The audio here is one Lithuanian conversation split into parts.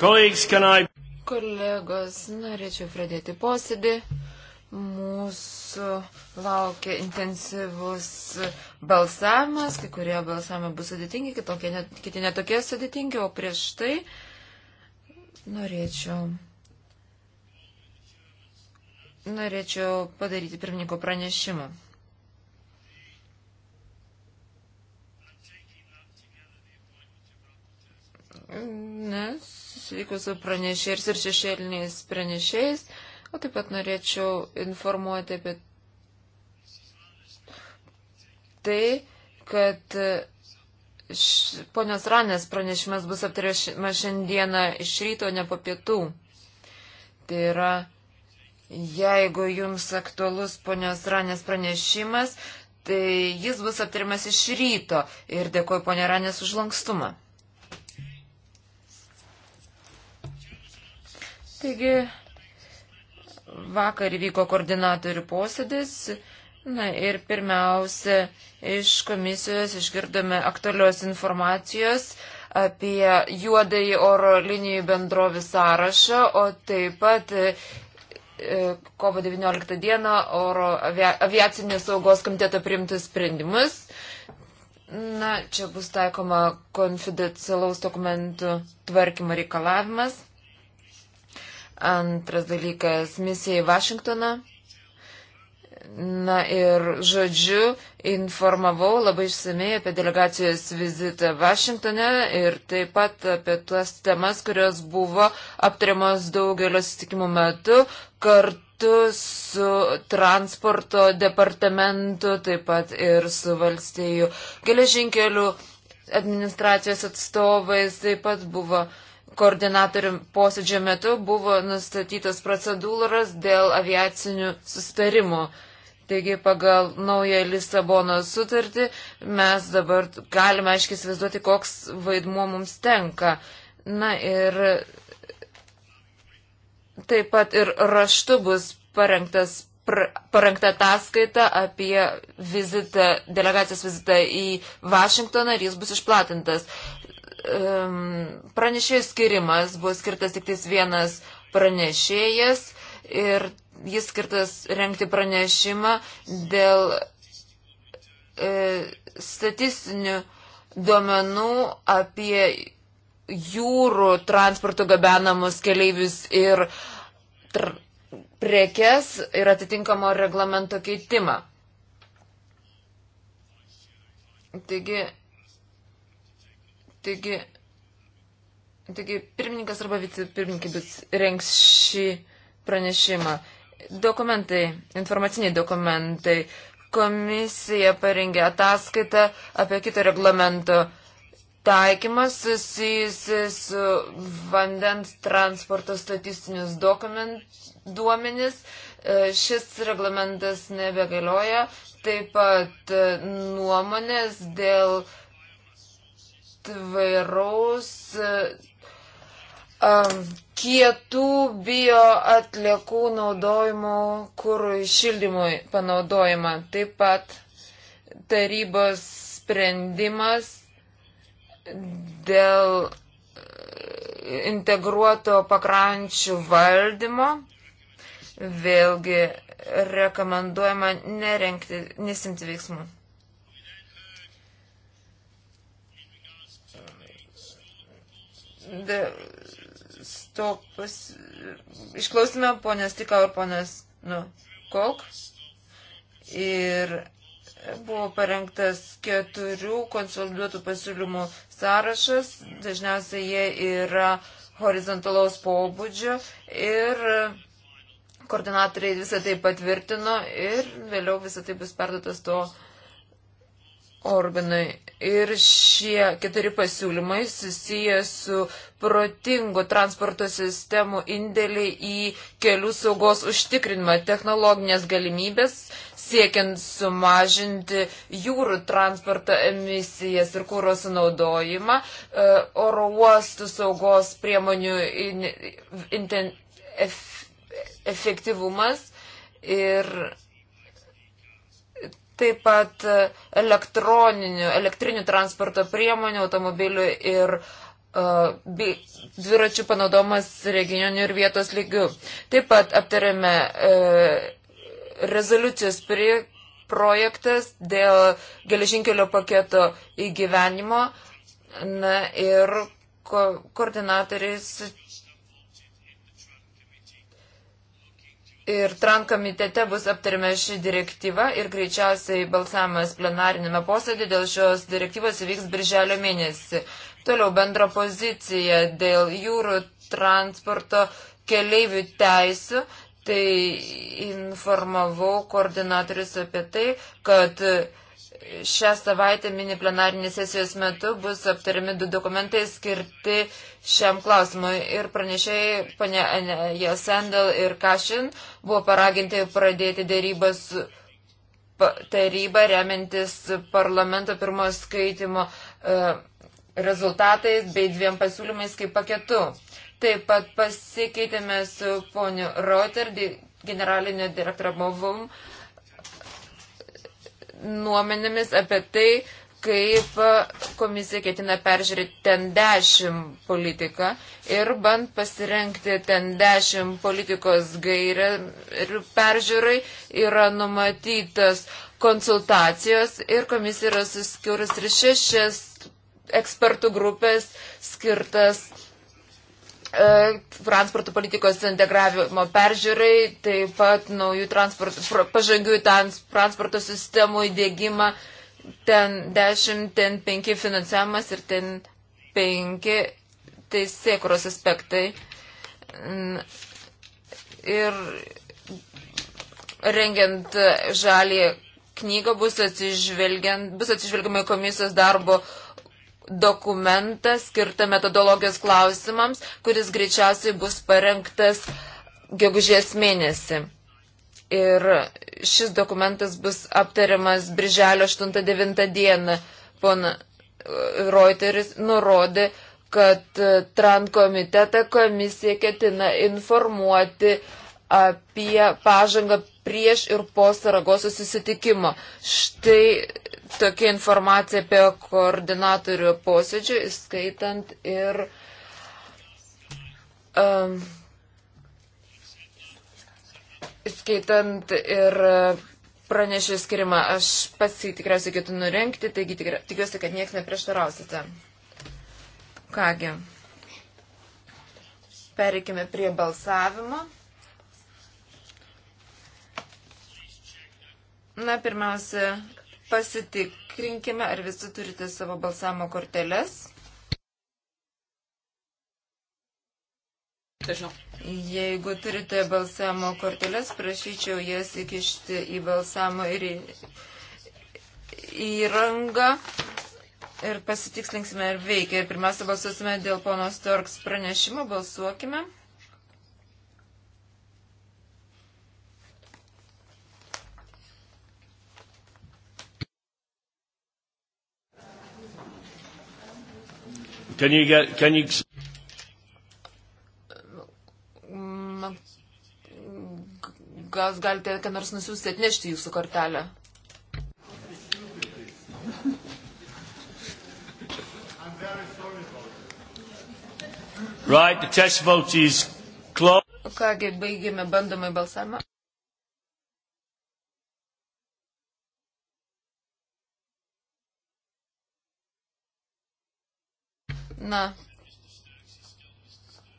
Kolegos, norėčiau pradėti posėdį. Mūsų laukia intensyvus balsavimas, kai kurie balsavimai bus sudėtingi, kitokie, net, kiti netokie sudėtingi, o prieš tai norėčiau. Norėčiau padaryti pirmininko pranešimą. santykių su pranešėjais ir šešėliniais pranešėjais, o taip pat norėčiau informuoti apie tai, kad š... ponios Ranės pranešimas bus aptariamas šiandieną iš ryto, ne po pietų. Tai yra, jeigu jums aktualus ponios Ranės pranešimas, tai jis bus aptariamas iš ryto ir dėkuoju ponė Ranės už lankstumą. Taigi, vakar vyko koordinatorių posėdis. Na ir pirmiausia, iš komisijos išgirdome aktualios informacijos apie juodąjį oro linijų bendrovį sąrašą, o taip pat e, kovo 19 dieną oro aviacinės saugos komiteto priimtus sprendimus. Na, čia bus taikoma konfidencialaus dokumentų tvarkymo reikalavimas. Antras dalykas - misija į Vašingtoną. Na ir žodžiu, informavau labai išsamei apie delegacijos vizitą Vašingtone ir taip pat apie tuos temas, kurios buvo aptariamos daugelio susitikimų metu kartu su transporto departamentu, taip pat ir su valstijų geležinkelių administracijos atstovais, taip pat buvo uh, koordinatorių posėdžio metu buvo nustatytos procedūros dėl aviacinių sustarimų. Taigi pagal naują Lisabono sutartį mes dabar galime aiškiai įsivaizduoti, koks vaidmuo mums tenka. Na ir taip pat ir raštu bus parengtas parengta ataskaita apie vizitą, delegacijos vizitą į Vašingtoną ir jis bus išplatintas pranešėjų skirimas buvo skirtas tik tais vienas pranešėjas ir jis skirtas renkti pranešimą dėl e, statistinių duomenų apie jūrų transportų gabenamus keleivius ir prekes ir atitinkamo reglamento keitimą. Taigi, Taigi, taigi pirmininkas arba vicepirmininkas renks šį pranešimą. Dokumentai, informaciniai dokumentai. Komisija parengė ataskaitą apie kito reglamento taikymas susijusi su vandens transporto statistinius duomenis. E, šis reglamentas nebegalioja. Taip pat e, nuomonės dėl uh, tvairos um, kietų bio atliekų naudojimo kūrui šildymui panaudojimą. Taip pat tarybos sprendimas dėl e, integruoto pakrančių valdymo. Vėlgi rekomenduojama nerenkti, nesimti veiksmų. Stopas. Išklausime ponios Tikau ir ponios nu, Kok. Ir buvo parengtas keturių konsoliduotų pasiūlymų sąrašas. Dažniausiai jie yra horizontalaus pobūdžio. Ir koordinatoriai visą tai patvirtino ir vėliau visą tai bus perduotas to. Uh, Orbanui. Ir šie keturi pasiūlymai susiję su protingų transporto sistemų indėlį į kelių saugos užtikrinimą, technologinės galimybės, siekiant sumažinti jūrų transporto emisijas ir kūro sunaudojimą, e, oro uostų saugos priemonių efektyvumas ir taip pat elektroninių, elektrinių transporto priemonių, automobilių ir uh, dviračių panaudomas regionių ir vietos lygių. Taip pat aptarėme uh, rezoliucijos prie projektas dėl geležinkelio paketo įgyvenimo. Na ir ko, koordinatoriai Ir TRAN komitete bus aptarime ši direktyva ir greičiausiai balsavimas plenarinėme posėdė dėl šios direktyvos įvyks birželio mėnesį. Toliau bendra pozicija dėl jūrų transporto keleivių teisų. Tai informavau koordinatorius apie tai, kad šią savaitę mini plenarinės sesijos metu bus aptariami du dokumentai skirti šiam klausimui. Ir pranešėjai, ponė Jasendel ir Kašin, buvo paraginti pradėti dėrybas taryba remiantis parlamento pirmojo skaitimo e, rezultatais bei dviem pasiūlymais kaip paketu. Taip pat pasikeitėme su poniu Rotter, generaliniu direktoriamovum, e, nuomenėmis apie tai, kaip komisija ketina peržiūrėti ten 10 politiką ir band pasirenkti ten 10 politikos gairių peržiūrai yra numatytas konsultacijos ir komisija yra suskiurus ir šešias ekspertų grupės skirtas E, transporto politikos integravimo peržiūrai, taip pat naujų transporto, pažangių transporto sistemų įdėgymą, ten 10, ten 5 finansavimas ir ten 5 teisėkuros tai aspektai. Ir rengiant žalį knygą bus, atsižvelgiant, bus atsižvelgiama į komisijos darbo uh, dokumentą skirtą metodologijos klausimams, kuris greičiausiai bus parengtas gegužės mėnesį. Ir šis dokumentas bus aptariamas birželio 8-9 dieną. Pona e, Reuteris nurodė, kad e, Tran komitetą komisija ketina informuoti uh, apie pažangą prieš ir po Saragoso susitikimo. Štai tokia informacija apie koordinatorių posėdžių, įskaitant ir um, skaitant ir pranešį skirimą, aš pats jį tikriausiai ketinu rengti, taigi tikiuosi, kad niekas neprieštarausite. Kągi, pereikime prie balsavimo. Na, pirmiausia, pasitikrinkime, ar visi turite savo balsavimo korteles. Jeigu turite balsavimo korteles, prašyčiau jas įkišti į balsavimo ir į įrangą. Ir pasitikslinksime, ar veikia. Ir pirmiausia, balsuosime dėl ponos Torks pranešimo. Balsuokime. Can you get, can you... Gal galite, ką nors nusiųsti, atnešti jūsų kortelę. Right, the test vote is closed. Kągi, baigėme bandomai balsavimą. Na,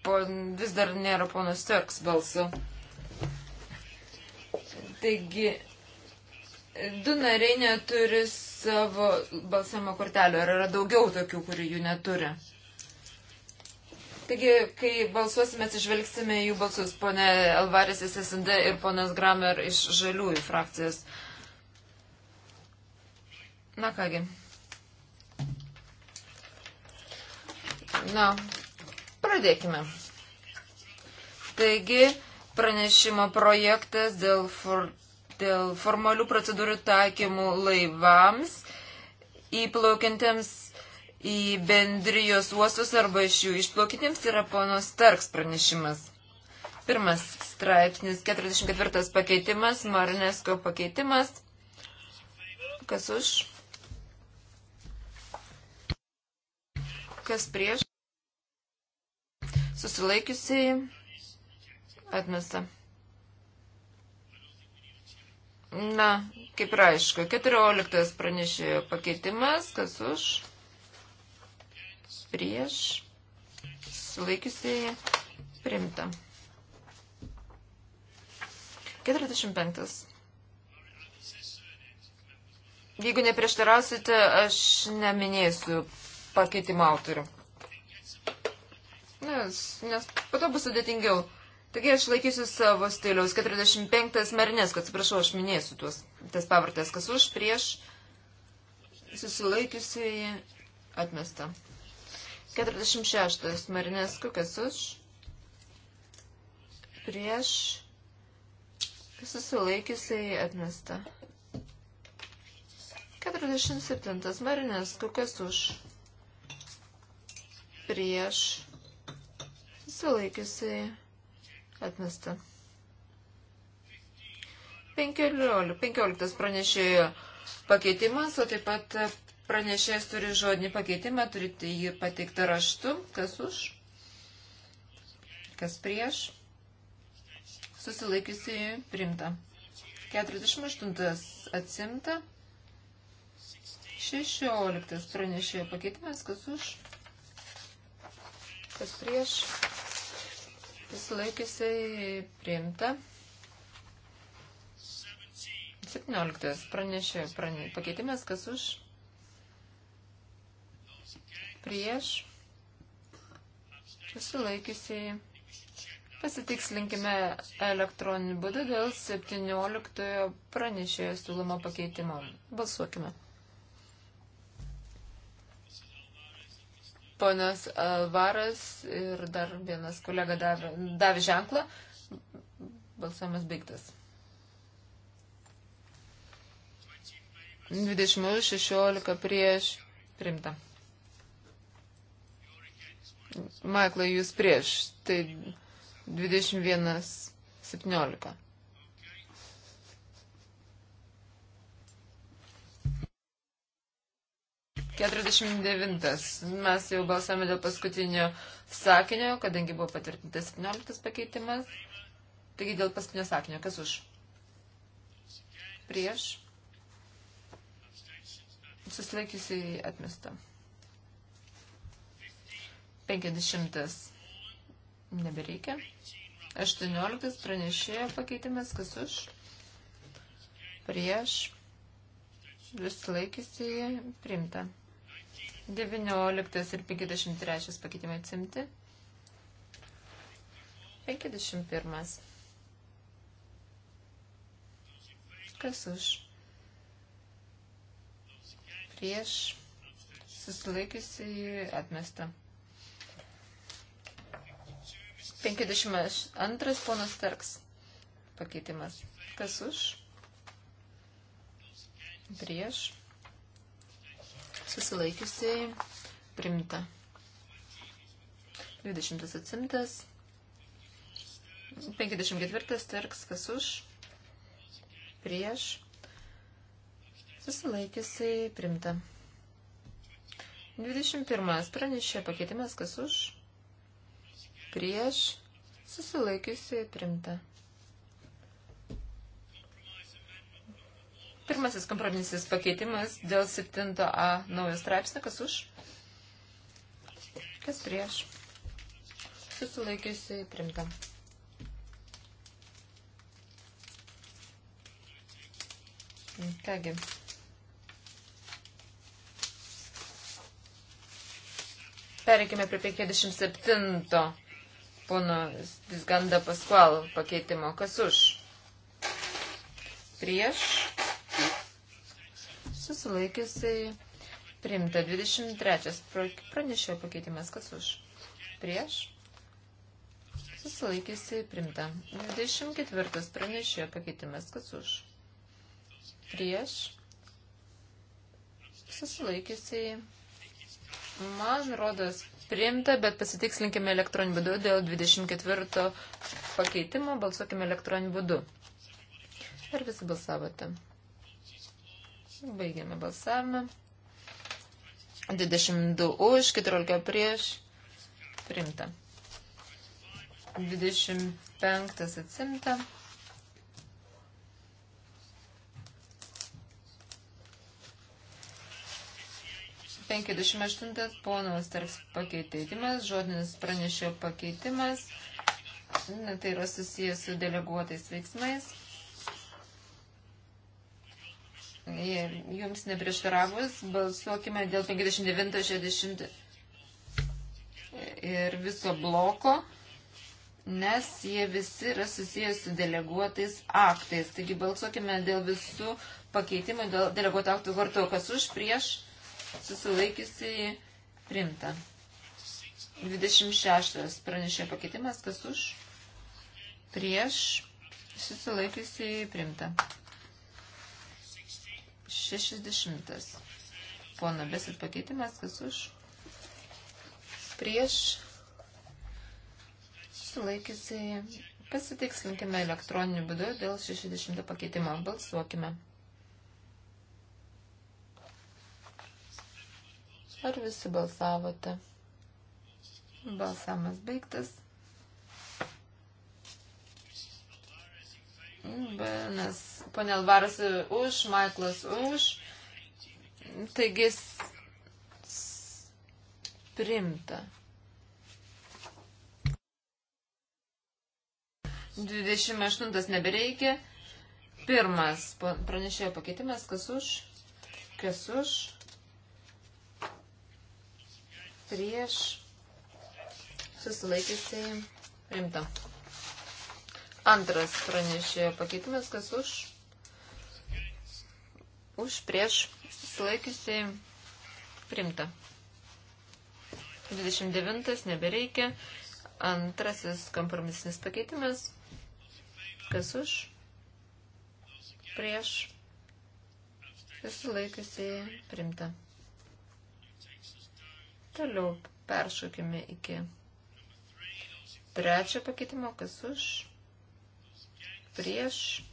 pon, vis dar nėra pono Sturks balsų. Taigi, du nariai neturi savo balsamo kortelio. Ar yra daugiau tokių, kurių jų neturi? Taigi, kai balsuosime, atsižvelgsime jų balsus. Pone Alvaris iš SND ir ponas Gramer iš Žaliųjų frakcijos. Na kągi. Na, pradėkime. Taigi, pranešimo projektas dėl, for, dėl formalių procedūrų taikymų laivams įplaukiantiems į bendrijos uostus arba iš jų išplaukintiems yra ponos Tarks pranešimas. Pirmas straipsnis, 44 pakeitimas, Marinesko pakeitimas. Kas už? Kas prieš? susilaikiusiai atmesta. Na, kaip ir aišku, 14 pranešėjo pakeitimas, kas už, prieš, sulaikiusiai, primta. 45. Jeigu neprieštarausite, aš neminėsiu pakeitimo autorių. Nes, nes po to bus sudėtingiau. Taigi aš laikysiu savo stiliaus 45 marinės, kad atsiprašau, aš minėsiu tuos tas pavartės, kas už, prieš, susilaikiusiai, atmesta. 46 marinės, kas už, prieš, susilaikiusiai, atmesta. 47 marinės, kas už, prieš, sulaikiusiai atmesta. 15, 15 pranešėjo pakeitimas, o taip pat pranešėjas turi žodinį pakeitimą, turite jį pateiktą raštu, kas už, kas prieš, susilaikiusi primta. 48 atsimta, 16 pranešėjo pakeitimas, kas už, kas prieš, susilaikiusiai priimta. 17. Pranešė, pranė, pakeitimas, kas už, prieš, susilaikiusiai. Pasitikslinkime elektroninį būdą dėl 17 pranešėjo siūlomo pakeitimo. Balsuokime. Ponas Alvaras ir dar vienas kolega davė, davė ženklą. Balsavimas baigtas. 20 už 16 prieš primta. Maiklai, jūs prieš. Tai 21 17. 49. Mes jau balsavome dėl paskutinio sakinio, kadangi buvo patvirtintas 17 pakeitimas. Taigi dėl paskutinio sakinio. Kas už? Prieš. Susilaikiusi atmesta. 50. Nebereikia. 18. Pranešėjo pakeitimas. Kas už? Prieš. Vis laikysi priimta. 19 ir 53 pakeitimai atsimti. 51. Kas už? Prieš susilaikiusi atmesta. 52 ponas Tarks pakeitimas. Kas už? Prieš susilaikiusiai primta. 20 atsimtas. 54 tarks kas už, prieš, susilaikiusiai primta. 21 pranešė pakeitimas kas už, prieš, susilaikiusiai primta. Pirmasis kompromisinis pakeitimas dėl 7a naujo straipsnio, kas už, kas prieš. Susilaikiusi primta. Kągi. Pereikime prie 57 pono Disganda Paskual pakeitimo. Kas už? Prieš susilaikiusiai primta. 23 pranešėjo pakeitimas, kas už, prieš, susilaikiusiai primta. 24 pranešėjo pakeitimas, kas už, prieš, susilaikiusiai, man rodos, priimta, bet pasitikslinkime elektroniniu būdu dėl 24 pakeitimo, balsuokime elektroniniu būdu. Ar visi balsavote? Baigiame balsavimą. 22 už, 14 prieš. Primta. 25 atsimta. Penkiasdešimt aštuntas ponos tarks pakeitimas, žodinis pranešėjo pakeitimas, na, tai yra susijęs su deleguotais veiksmais. Jums neprieštaravus, balsuokime dėl 59, 60 ir viso bloko, nes jie visi yra susijęs su deleguotais aktais. Taigi balsuokime dėl visų pakeitimų, dėl deleguotų aktų varto, kas už prieš susilaikiusi primta. 26 pranešė pakeitimas, kas už prieš susilaikiusi primta. 60. Pono Besit pakeitimas, kas už prieš sulaikysiai. Pasitikslinkime elektroniniu būdu dėl 60 pakeitimo. Balsuokime. Ar visi balsavote? Balsamas baigtas. Benas Pone Alvaras už, Maiklas už. Taigi primta. 28 nebereikia. Pirmas pranešėjo pakeitimas, kas už, kas už, prieš, susilaikysiai, primta. Antras pranešėjo pakeitimas, kas už, už prieš sulaikiusi primta. 29 nebereikia. Antrasis kompromisinis pakeitimas. Kas už? Prieš. Susilaikiusi primta. Toliau peršokime iki trečio pakeitimo. Kas už? Prieš.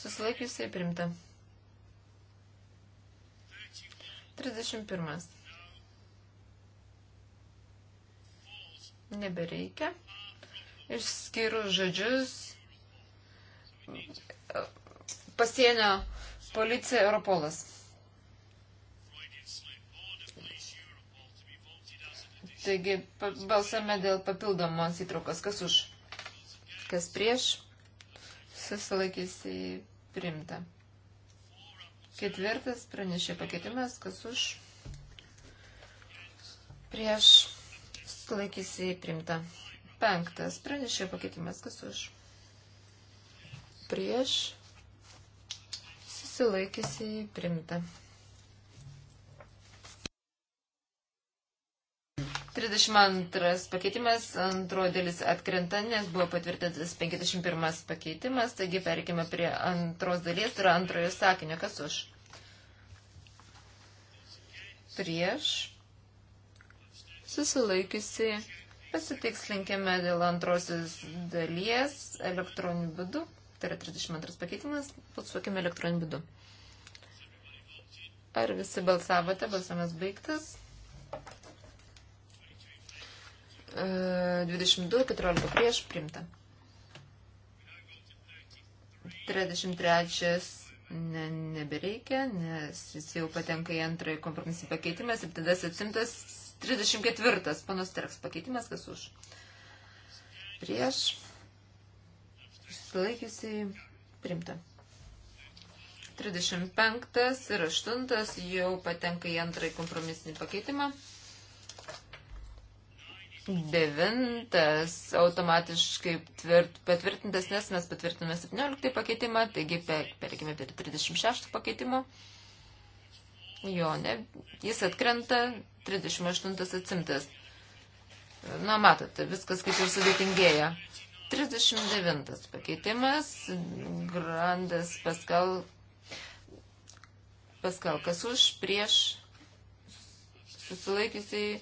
Susilaikiusi primta. 31. Nebereikia. Išskyrus žodžius pasienio policija Europolas. Taigi balsame dėl papildomos įtraukos. Kas už? Kas prieš? Susilaikys į primtą. Ketvirtas pranešė pakeitimas, kas už prieš sulaikysi primta. Penktas pranešė pakeitimas, kas už prieš susilaikysi primta. 32 pakeitimas, antroji dalis atkrenta, nes buvo patvirtintas 51 pakeitimas, taigi perkime prie antros dalies, tai yra antrojo sakinio, kas už. Prieš susilaikiusi pasitikslinkime dėl antrosios dalies elektroniniu būdu, tai yra 32 pakeitimas, balsuokime elektroniniu būdu. Ar visi balsavote, balsamas baigtas? 22 ir 14 prieš primta. 33 ne, nebereikia, nes jis jau patenka į antrąjį kompromisinį pakeitimą ir tada 734 panos terks pakeitimas, kas už. Prieš susilaikiusi primta. 35 ir 8 jau patenka į antrąjį kompromisinį pakeitimą devintas automatiškai tvirt, patvirtintas, nes mes patvirtiname 17 pakeitimą, taigi perkime prie 36 pakeitimo. Jo, ne, jis atkrenta, 38 atsimtas. Na, matote, viskas kaip ir sudėtingėja. 39 pakeitimas, Grandas Paskal, Paskal kas už, prieš, susilaikysiai,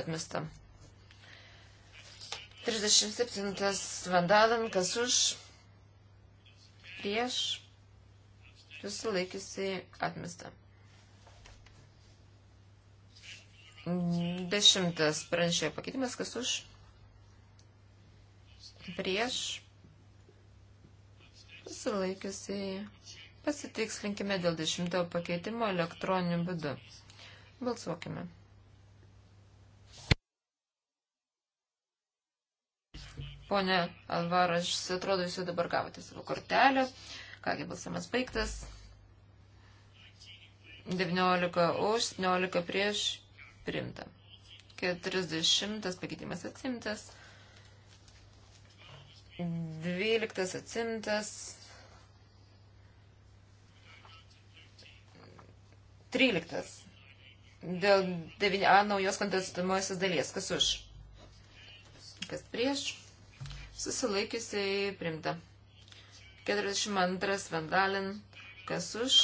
atmestam. 37 vandalin, kas už, prieš, susilaikiusi atmesta. Dešimtas pranešėjo pakeitimas, kas už, prieš, susilaikiusi. Pasitikslinkime dėl dešimtojo pakeitimo elektroniniu būdu. Balsuokime. Pone Alvaras, atrodo, jūs jau dabar gavote savo kortelę. Kągi, balsamas baigtas. 19 už, 17 prieš, primta. 40 pakeitimas atsimtas. 12 atsimtas. 13. Dėl 9a naujos kontestamuosios dalies. Kas už? Kas prieš? susilaikiusiai primta. 42 vandalin, kas už,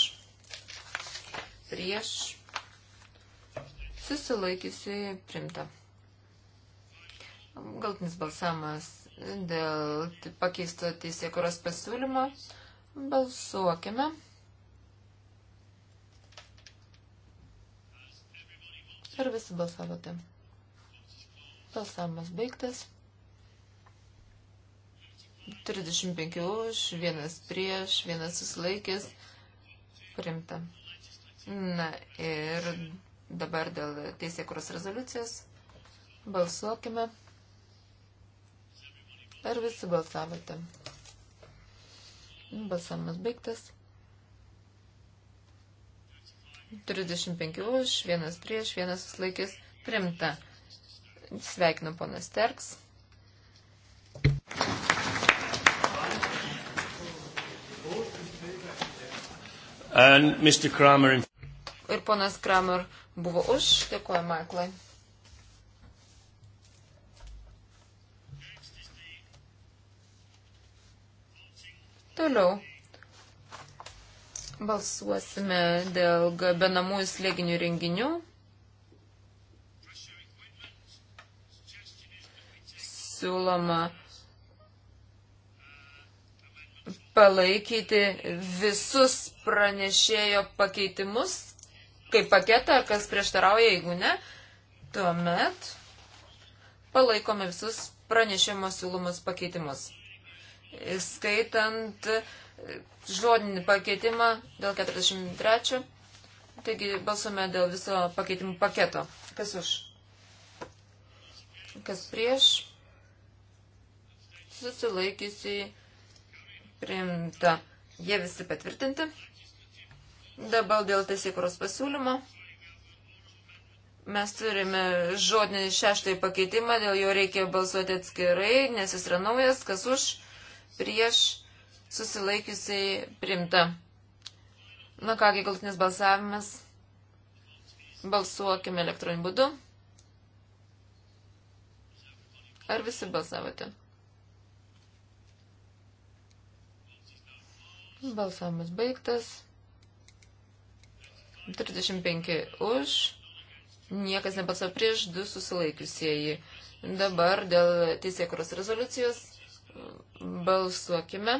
prieš, susilaikiusiai primta. Galtinis balsamas dėl pakeisto teisėkuros pasiūlymo. Balsuokime. Ar visi balsavote? Balsavimas baigtas. 35 už, vienas prieš, vienas susilaikęs. Primta. Na ir dabar dėl teisėkuros rezoliucijos. Balsuokime. Ar visi balsavote? Balsavimas baigtas. 35 už, vienas prieš, vienas susilaikęs. Primta. Sveikinu ponas Terks. Kramer... Ir ponas Kramer buvo už. Dėkuoju, Maiklai. Toliau. Balsuosime dėl gabenamųjų slėginių renginių. Siūloma palaikyti visus pranešėjo pakeitimus kaip paketą, ar kas prieštarauja, jeigu ne, tuomet palaikome visus pranešimo siūlomus pakeitimus. Skaitant žodinį pakeitimą dėl 43, taigi balsuome dėl viso pakeitimų paketo. Kas už? Kas prieš? Susilaikysiai Priimta. Jie visi patvirtinti. Dabar dėl teisėkuros pasiūlymo. Mes turime žodinį šeštąjį pakeitimą, dėl jo reikia balsuoti atskirai, nes jis yra naujas, kas už, prieš, susilaikiusiai primta. Na kągi, galtinis balsavimas. Balsuokime elektroniniu būdu. Ar visi balsavote? Balsavimas baigtas. 35 už, niekas nepasavo prieš, 2 susilaikiusieji. Dabar dėl teisėkuros rezoliucijos mm, balsuokime.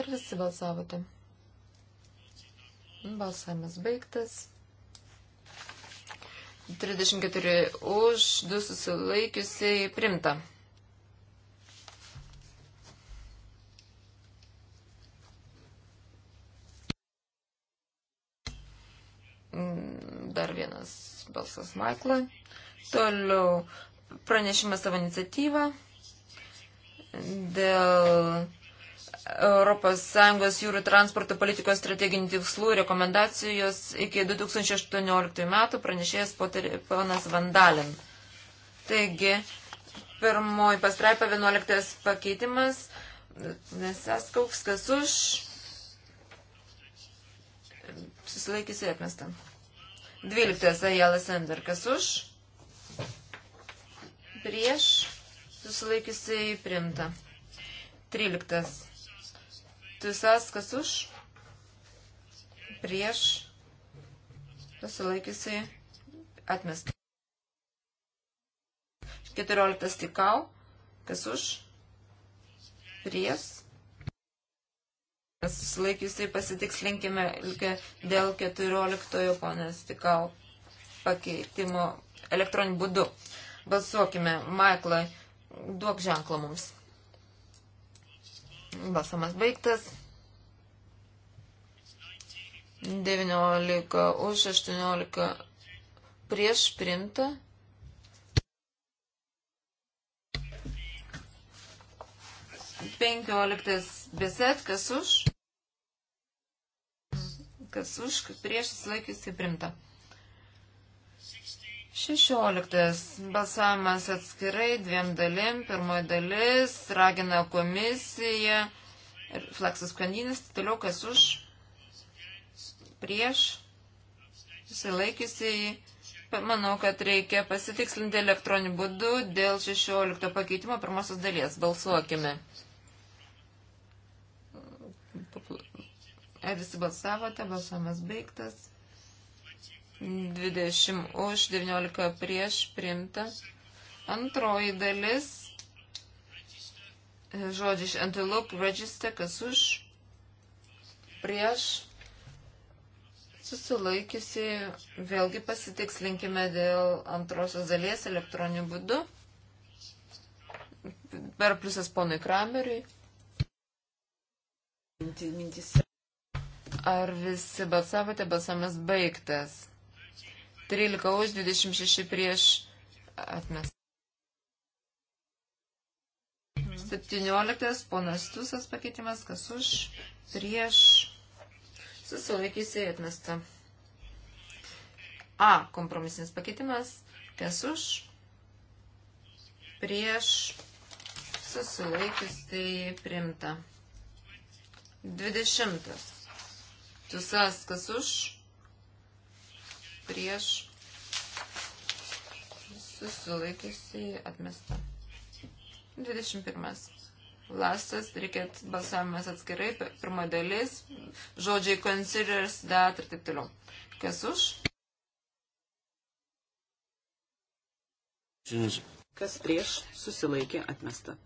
Ar visi balsavote? Balsavimas baigtas. 34 už, 2 susilaikiusiai primta. Dar vienas balsas Maiklui. Toliau pranešimas savo iniciatyvą dėl ES jūrų transporto politikos strateginių tikslų rekomendacijos iki 2018 metų pranešėjas ponas Vandalin. Taigi, pirmoji pastraipa 11 pakeitimas, nes eskauks, kas už, susilaikysi atmestą. 12 Ajalas Ender, kas už, prieš, susilaikysi primta. 13 visas, kas už, prieš, susilaikysi, atmesti. 14 tikau, kas už, prieš, susilaikysi, pasitikslinkime dėl 14 ponės tikau pakeitimo elektroniniu būdu. Balsuokime, Maiklai, duok ženklą mums. Balsamas baigtas. 19 už 18 prieš primtą. Penkioliktas beset, kas už, kas už, prieš susilaikiusi primta. Šešioliktas balsavimas atskirai dviem dalim. Pirmoji dalis ragina komisiją ir flaksas kandinis. Toliau kas už prieš susilaikysiai. Manau, kad reikia pasitikslinti elektroniniu būdu dėl 16 pakeitimo pirmosios dalies. Balsuokime. Ar visi balsavote? Balsavimas baigtas. 20 už, 19 prieš, primta. Antroji dalis, žodžiai iš antelope register, kas už, prieš, susilaikiusi, vėlgi pasitikslinkime dėl antrosios dalies elektroniniu būdu. Per pliusas ponui Krameriui. Ar visi balsavote, balsamas baigtas. 13 už 26 prieš atmestą. 17 ponas Tusas pakeitimas, kas už prieš susilaikysiai atmestą. A kompromisinis pakeitimas, kas už prieš susilaikysiai primta. 20. Tusas, kas už prieš susilaikiusiai atmesta. 21. Lastas, reikia balsavimas atskirai, pirma dalis, žodžiai considers, that ir taip toliau. Kas už? Kas prieš susilaikė atmesta.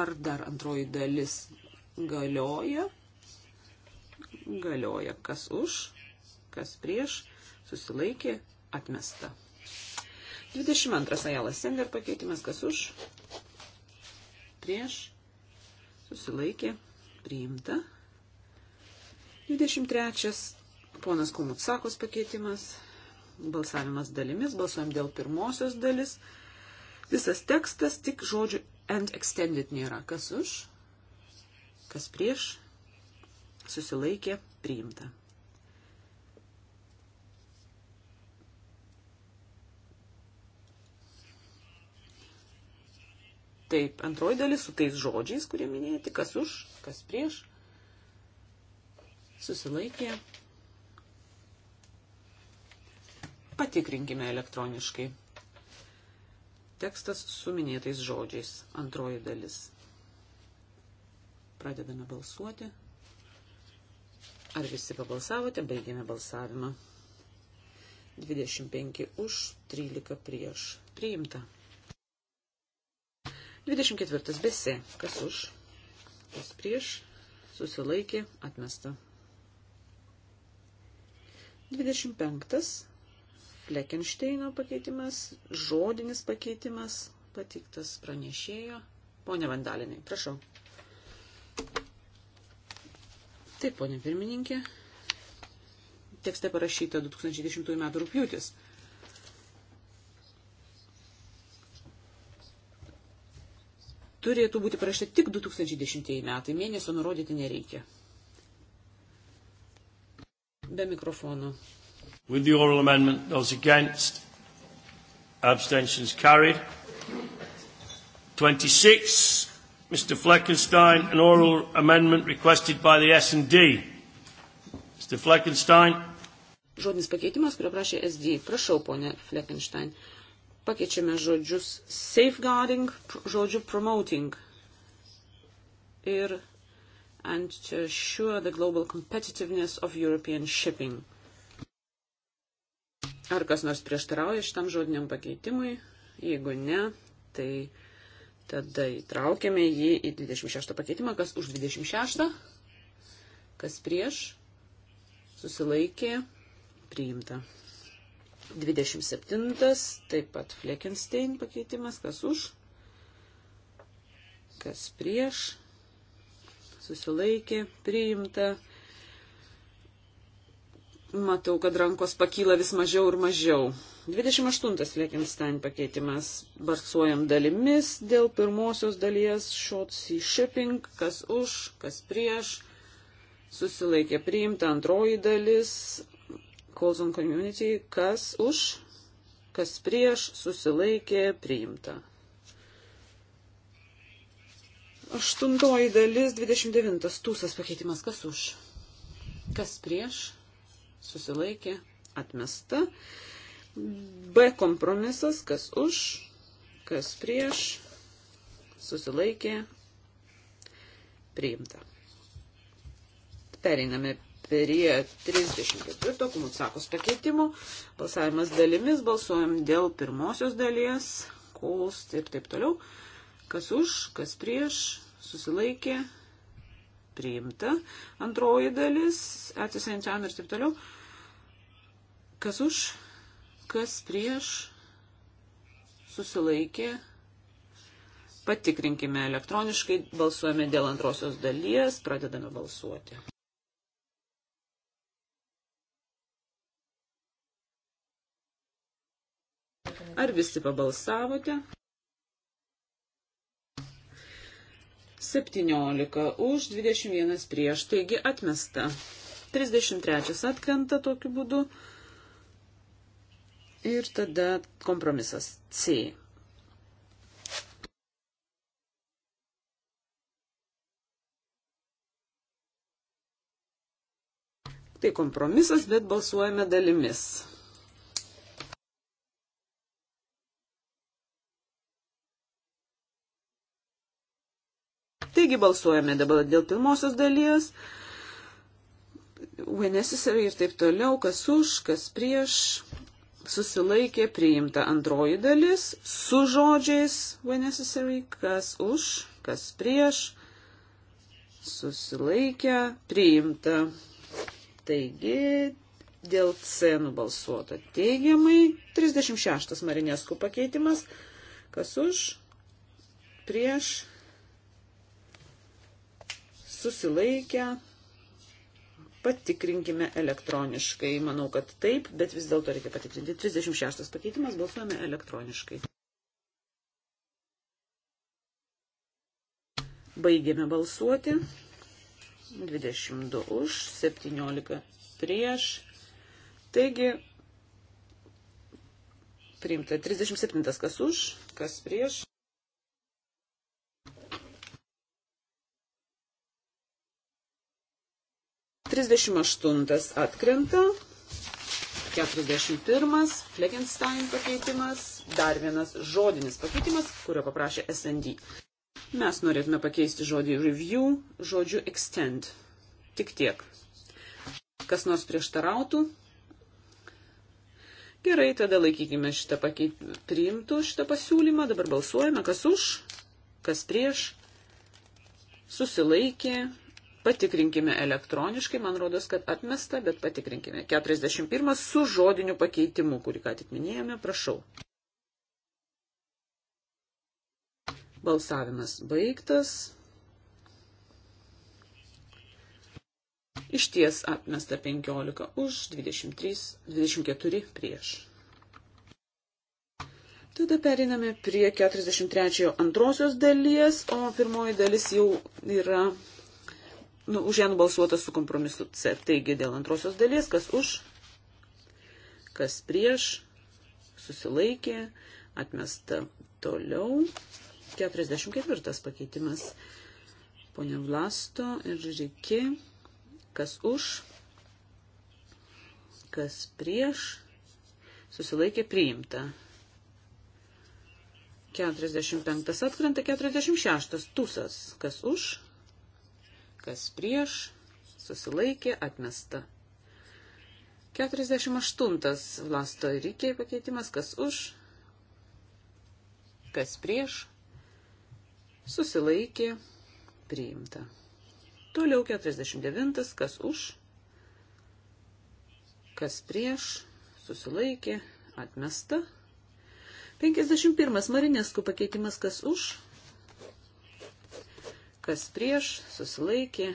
Ar dar antroji dalis galioja? Galioja. Kas už? kas prieš, susilaikė, atmesta. 22 Ajalas Sender pakeitimas, kas už, prieš, susilaikė, priimta. 23 ponas Kumutsakos pakeitimas, balsavimas dalimis, balsuojam dėl pirmosios dalis. Visas tekstas, tik žodžių and extended nėra. Kas už, kas prieš, susilaikė, priimta. Taip, antroji dalis su tais žodžiais, kurie minėti, kas už, kas prieš. Susilaikė. Patikrinkime elektroniškai. Tekstas su minėtais žodžiais. Antroji dalis. Pradedame balsuoti. Ar visi pabalsavote? Baigėme balsavimą. 25 už, 13 prieš. Priimta. 24 bese. Kas už? Kas prieš? Susilaikė. Atmesta. 25. Fleckensteino pakeitimas. Žodinis pakeitimas. Patiktas pranešėjo. Pone Vandalinai, prašau. Taip, ponė pirmininkė. Tekste parašyta 2010 m. rūpjūtis. turėtų būti parašyta tik 2010 metai, mėnesio nurodyti nereikia. Be mikrofono. With the oral amendment, those against, abstentions carried. 26, Mr Fleckenstein, an oral amendment requested by the S&D. Mr Fleckenstein. Žodinis pakeitimas, kurio prašė SD. Prašau, ponė Fleckenstein. Uh, Pakeičiame žodžius safeguarding, žodžiu promoting. Ir and to assure the global competitiveness of European shipping. Ar kas nors prieštarauja šitam žodiniam pakeitimui? Jeigu ne, tai tada įtraukėme jį į 26 pakeitimą. Kas už 26? Kas prieš? Susilaikė. Priimta. 27, taip pat Fleckenstein pakeitimas, kas už, kas prieš, susilaikė, priimta. Matau, kad rankos pakyla vis mažiau ir mažiau. 28 Fleckenstein pakeitimas. Barsuojam dalimis dėl pirmosios dalies shots į shipping, kas už, kas prieš, susilaikė priimta antroji dalis, calls on community, kas už, kas prieš, susilaikė, priimta. Aštuntoji dalis, 29. Tūsas pakeitimas, kas už, kas prieš, susilaikė, atmesta. B kompromisas, kas už, kas prieš, susilaikė, priimta. Pereiname prie 34 kumutsakos pakeitimų. Balsavimas dalimis, balsuojam dėl pirmosios dalies, kost ir taip toliau. Kas už, kas prieš, susilaikė, priimta. Antroji dalis, atsisenčiam ir taip toliau. Kas už, kas prieš, susilaikė. Patikrinkime elektroniškai, balsuojame dėl antrosios dalies, pradedame balsuoti. Ar visi pabalsavote? 17 už, 21 prieš, taigi atmesta. 33 atkrenta tokiu būdu. Ir tada kompromisas C. Tai kompromisas, bet balsuojame dalimis. Taigi balsuojame dabar dėl pirmosios dalies. When necessary ir taip toliau, kas už, kas prieš, susilaikė priimta antroji dalis su žodžiais when necessary, kas už, kas prieš, susilaikė priimta. Taigi dėl C nubalsuota teigiamai. 36 Marinesku pakeitimas, kas už, prieš, susilaikę, patikrinkime elektroniškai. Manau, kad taip, bet vis dėlto reikia patikrinti. 36 pakeitimas balsuojame elektroniškai. Baigėme balsuoti. 22 už, 17 prieš. Taigi, priimta 37 kas už, kas prieš. 38 atkrenta. 41 Fleckenstein pakeitimas. Dar vienas žodinis pakeitimas, kurio paprašė SND. Mes norėtume pakeisti žodį review žodžiu extend. Tik tiek. Kas nors prieštarautų? Gerai, tada laikykime šitą pakeitimą, priimtų šitą pasiūlymą. Dabar balsuojame, kas už, kas prieš. Susilaikė, Patikrinkime elektroniškai, man rodos, kad atmesta, bet patikrinkime. 41 su žodiniu pakeitimu, kurį ką tik minėjome, prašau. Balsavimas baigtas. Iš ties atmesta 15 už 23, 24 prieš. Tada periname prie 43 antrosios dalies, o pirmoji dalis jau yra nu, už ją nubalsuota su kompromisu C. Taigi dėl antrosios dalies, kas už, kas prieš, susilaikė, atmesta toliau. 44 pakeitimas. Pone Vlasto ir Žiki, kas už, kas prieš, susilaikė priimta. 45 atkrenta 46 tūsas, kas už, kas prieš, susilaikė, atmesta. 48 vlasto rykiai pakeitimas, kas už, kas prieš, susilaikė, priimta. Toliau 49, kas už, kas prieš, susilaikė, atmesta. 51 marineskų pakeitimas, kas už, kas prieš, susilaikė,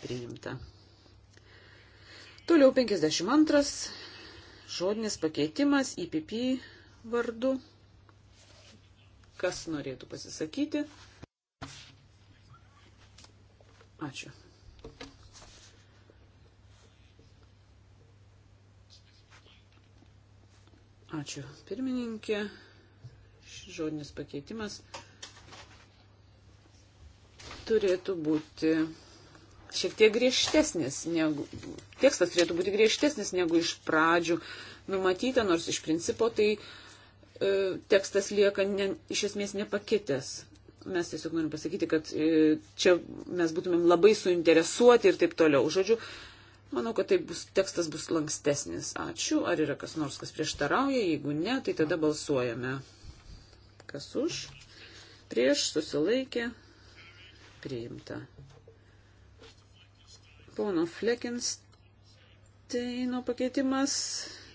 priimta. Toliau 52, žodinis pakeitimas IPP vardu. Kas norėtų pasisakyti? Ačiū. Ačiū pirmininkė. Šis žodinis pakeitimas turėtų būti šiek tiek griežtesnis, negu, tekstas turėtų būti griežtesnis negu iš pradžių numatyta, nors iš principo tai e, tekstas lieka ne, iš esmės nepakitęs. Mes tiesiog norim pasakyti, kad e, čia mes būtumėm labai suinteresuoti ir taip toliau. Žodžiu, manau, kad tai bus, tekstas bus lankstesnis. Ačiū. Ar yra kas nors, kas prieštarauja? Jeigu ne, tai tada balsuojame. Kas už? Prieš susilaikė priimta. Pono Flekinsteino pakeitimas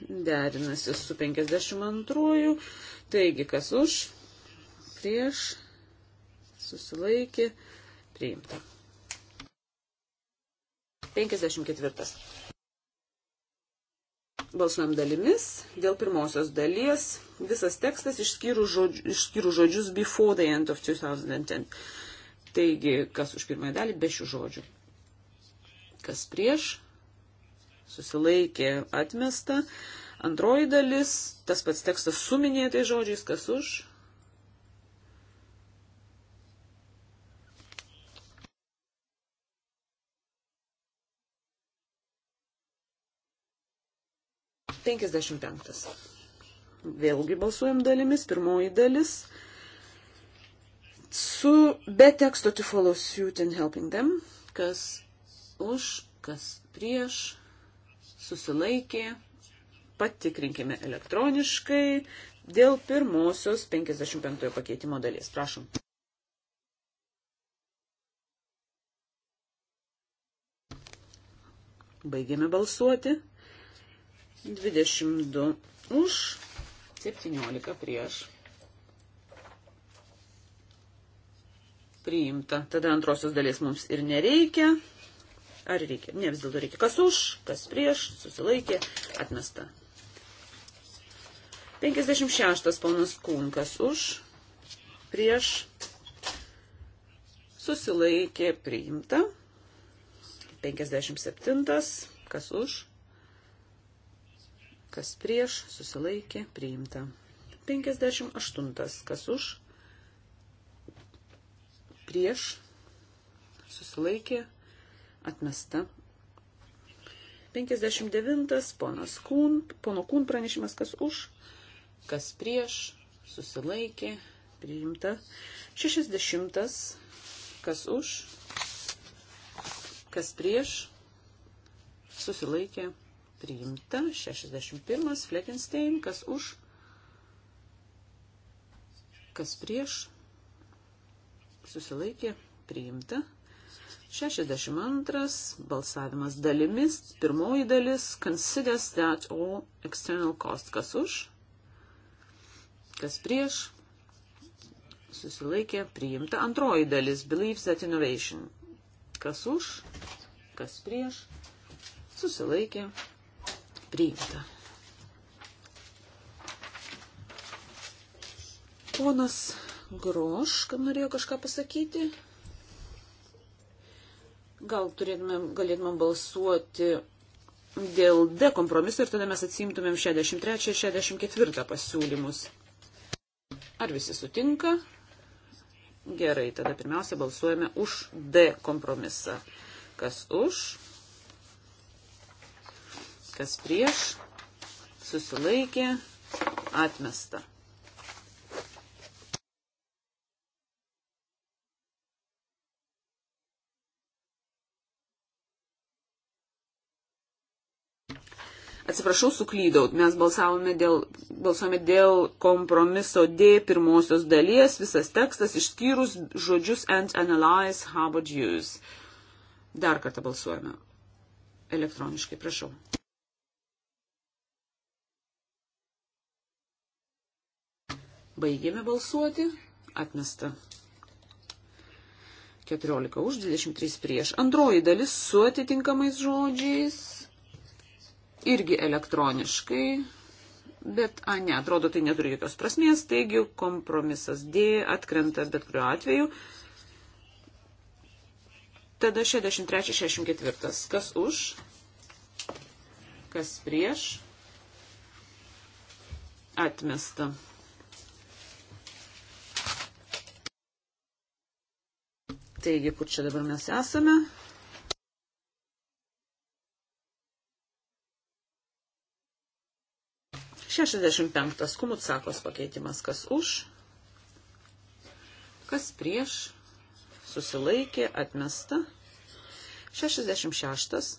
derinasi su 52. Taigi, kas už, prieš, susilaikė, priimta. 54. Balsuojam dalimis. Dėl pirmosios dalies visas tekstas išskyrus žodžius, išskyrus žodžius before the end of 2010. Taigi, kas už pirmąją dalį be šių žodžių. Kas prieš, susilaikė atmesta. Antroji dalis, tas pats tekstas suminėtai žodžiais, kas už. Penkisdešimt penktas. Vėlgi balsuojam dalimis. Pirmoji dalis su be teksto to follow suit and helping them, kas už, kas prieš, susilaikė, patikrinkime elektroniškai dėl pirmosios 55 pakeitimo dalies. Prašom. Baigėme balsuoti. 22 už, 17 prieš priimta. Tada antrosios dalies mums ir nereikia. Ar reikia? Ne, vis dėlto reikia. Kas už, kas prieš, susilaikė, atmesta. 56 ponas Kunkas už, prieš, susilaikė, priimta. 57 kas už, kas prieš, susilaikė, priimta. 58 kas už, prieš, susilaikė, atmesta. 59. Ponas Kūn, pono Kūn pranešimas, kas už, kas prieš, susilaikė, priimta. 60. Kas už, kas prieš, susilaikė, priimta. 61. Fleckenstein, kas už, kas prieš, susilaikė, priimta. 62 balsavimas dalimis, pirmoji dalis, considers that all external cost, kas už, kas prieš, susilaikė, priimta. Antroji dalis, believes that innovation, kas už, kas prieš, susilaikė, priimta. Ponas Groš, kad norėjo kažką pasakyti. Gal turėtumėm, galėtumėm balsuoti dėl D kompromiso ir tada mes atsimtumėm 63 ir 64 pasiūlymus. Ar visi sutinka? Gerai, tada pirmiausia balsuojame už D kompromisą. Kas už? Kas prieš? Susilaikė? Atmesta. Atsiprašau, suklydau. Mes balsavome dėl, balsavome dėl kompromiso D pirmosios dalies, visas tekstas išskyrus žodžius and analyze Harvard use. Dar kartą balsuojame. Elektroniškai, prašau. Baigėme balsuoti. Atmesta. 14 už, 23 prieš. Antroji dalis su atitinkamais žodžiais irgi elektroniškai, bet, a ne, atrodo, tai neturi jokios prasmės, taigi kompromisas D atkrenta bet kuriuo atveju. Tada 63-64. Kas už? Kas prieš? Atmesta. Taigi, kur čia dabar mes esame? 65. Kumutsakos pakeitimas. Kas už? Kas prieš? Susilaikė, atmesta. 66.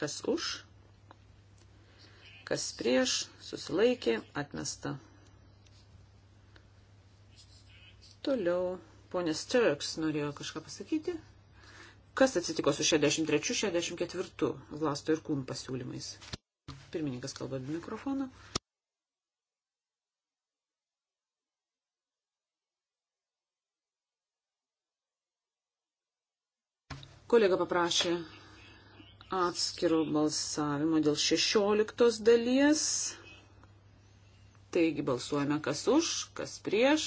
Kas už? Kas prieš? Susilaikė, atmesta. Toliau. Ponė Sturks norėjo kažką pasakyti. Kas atsitiko su 63-64 Vlasto ir Kum pasiūlymais? Pirmininkas kalba be mikrofono. Kolega paprašė atskirų balsavimo dėl 16 dalies. Taigi balsuojame kas už, kas prieš.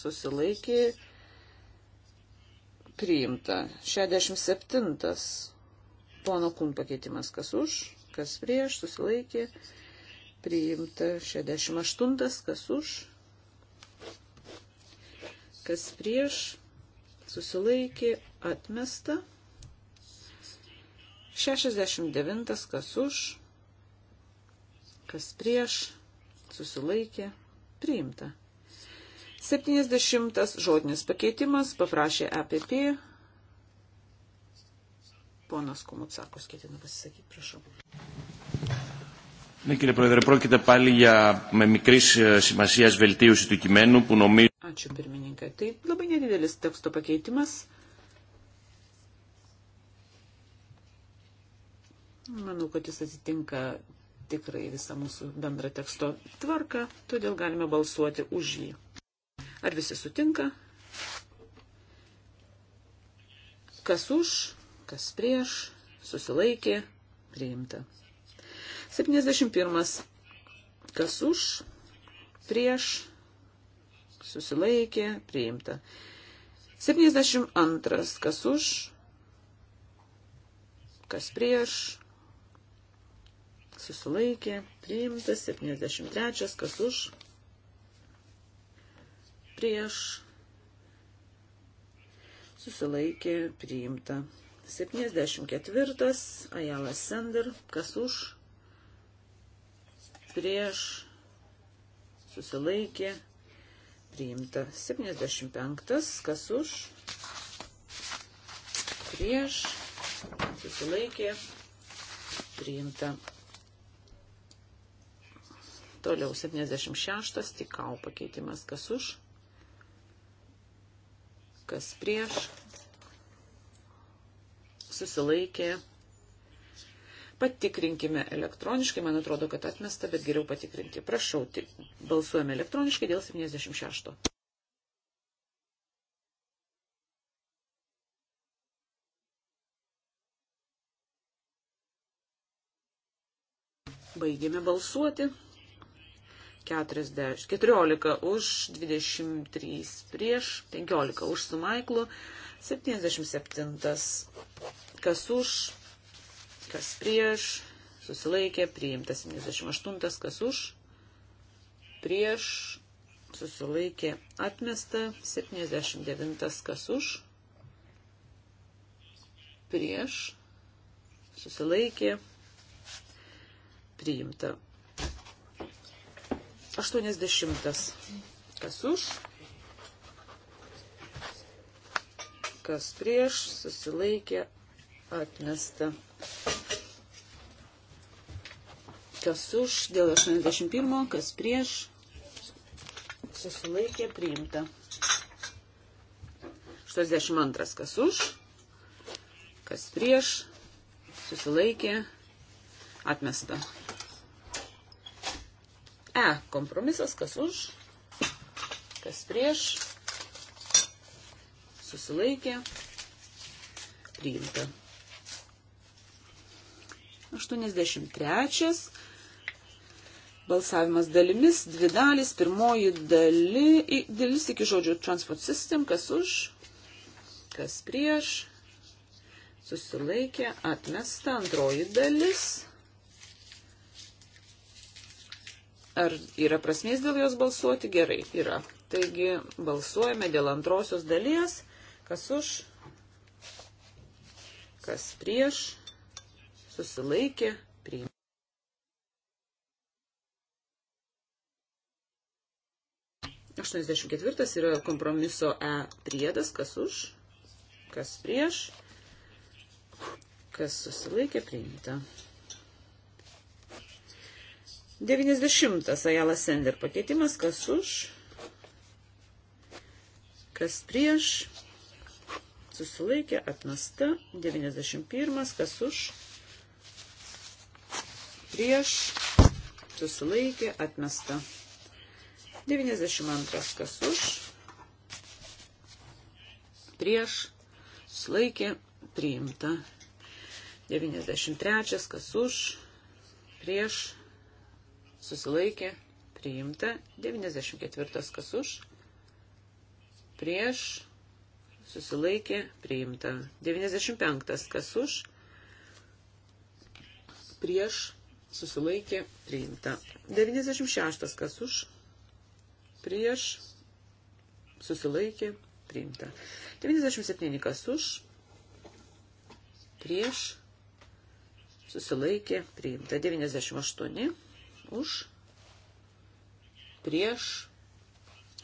Susilaikė. Priimta. 67. Pono kum pakeitimas kas už, kas prieš, susilaikė, priimta 68, kas už, kas prieš, susilaikė, atmesta 69, kas už, kas prieš, susilaikė, priimta. 70 žodinis pakeitimas paprašė EPP Ponas Komutsakos ketina pasisakyti, prašau. Ναι, κύριε Πρόεδρε, πρόκειται πάλι για με μικρή σημασία βελτίωση του κειμένου που νομίζω. Ačiū, pirmininkai. Tai labai nedidelis teksto pakeitimas. Manau, kad jis atitinka tikrai visą mūsų bendrą teksto tvarką, todėl galime balsuoti už jį. Ar visi sutinka? Kas už? kas prieš, susilaikė, priimta. 71. Kas už, prieš, susilaikė, priimta. 72. Kas už, kas prieš, susilaikė, priimta. 73. Kas už, prieš, susilaikė, priimta. 74. Ajala Sender. Kas už? Prieš. Susilaikė. Priimta. 75. Kas už? Prieš. Susilaikė. Priimta. Toliau 76. Tikau pakeitimas. Kas už? Kas prieš? susilaikė. Patikrinkime elektroniškai, man atrodo, kad atmesta, bet geriau patikrinti. Prašau, tik balsuojame elektroniškai dėl 76. Baigėme balsuoti. 40, 14 už, 23 prieš, 15 už su Maiklu, 77 Kas už, kas prieš, susilaikė, priimtas 78, kas už, prieš, susilaikė, atmesta 79, kas už, prieš, susilaikė, priimta 80, kas už, kas prieš, susilaikė, atmesta. Kas už, dėl 81, kas prieš, susilaikė priimta. 82, kas už, kas prieš, susilaikė atmesta. E, kompromisas, kas už, kas prieš, susilaikė priimta. 83. Balsavimas dalimis, dvi dalis, pirmoji dali, dalis iki žodžių transport system, kas už, kas prieš, susilaikė, atmesta antroji dalis. Ar yra prasmės dėl jos balsuoti? Gerai, yra. Taigi balsuojame dėl antrosios dalies, kas už, kas prieš, susilaikė, priimta. Aštuoniasdešimt ketvirtas yra kompromiso E priedas, kas už, kas prieš, kas susilaikė, priimta. 90. Ajala Sender pakeitimas, kas už, kas prieš, susilaikė, atmesta, 91. kas už, prieš, susilaikė, atmesta. 92 kas už, prieš, susilaikė, priimta. 93 kas už, prieš, susilaikė, priimta. 94 kas už, prieš, susilaikė, priimta. 95 kas už, prieš, susilaikė priimta. 96 kas už, prieš susilaikė priimta. 97 kas už, prieš susilaikė priimta. 98 už, prieš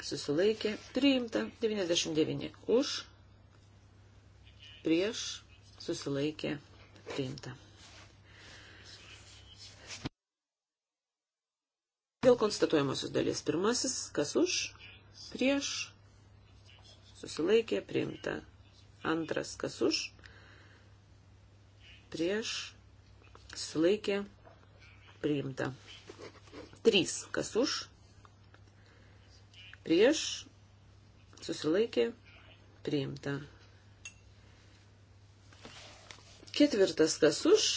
susilaikė priimta. 99 už, prieš susilaikė priimta. Dėl konstatuojamosios dalies pirmasis, kas už, prieš, susilaikė, priimta. Antras, kas už, prieš, susilaikė, priimta. Trys, kas už, prieš, susilaikė, priimta. Ketvirtas, kas už,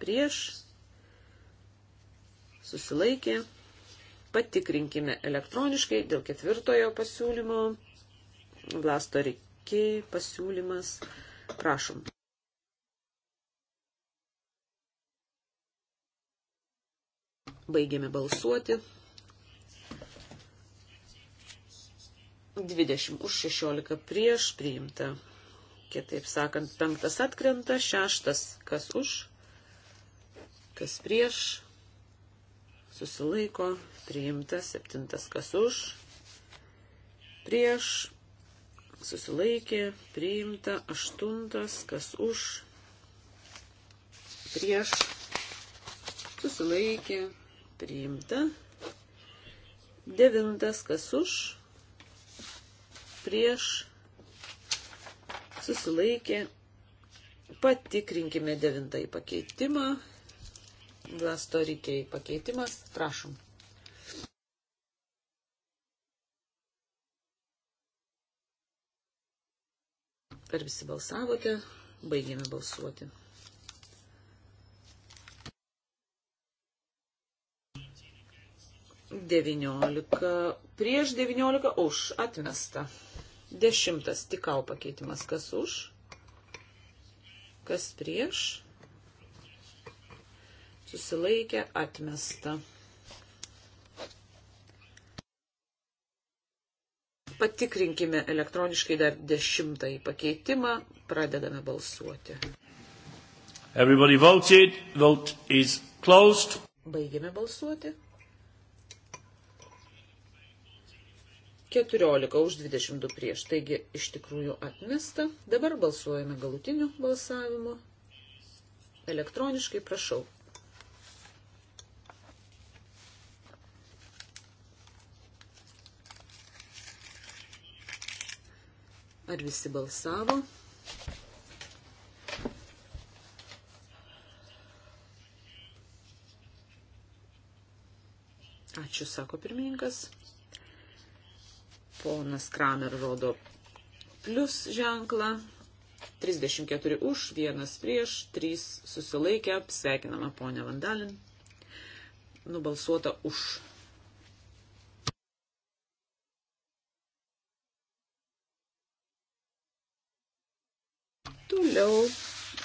prieš, susilaikė. Patikrinkime elektroniškai dėl ketvirtojo pasiūlymo. Vlasto reikiai pasiūlymas. Prašom. Baigėme balsuoti. 20 už 16 prieš priimta. Kitaip sakant, penktas atkrenta, šeštas kas už, kas prieš, susilaiko, priimta, septintas kas už, prieš, susilaikė, priimta, aštuntas kas už, prieš, susilaikė, priimta, devintas kas už, prieš, susilaikė, patikrinkime devintąjį pakeitimą. Glastorikiai pakeitimas. Prašom. Ar visi balsavote? Baigėme balsuoti. Devyniolika. Prieš devyniolika už. Atmesta. Dešimtas. Tikau pakeitimas. Kas už? Kas prieš? susilaikė, atmesta. Patikrinkime elektroniškai dar dešimtąjį pakeitimą, pradedame balsuoti. Everybody voted, vote is closed. Baigėme balsuoti. 14 už 22 prieš, taigi iš tikrųjų atmesta. Dabar balsuojame galutiniu balsavimu. Elektroniškai prašau, Ar visi balsavo? Ačiū, sako pirmininkas. Ponas Kramer rodo plus ženklą. 34 už, 1 prieš, 3 susilaikę. Sveikinama ponia Vandalin. Nubalsuota už Toliau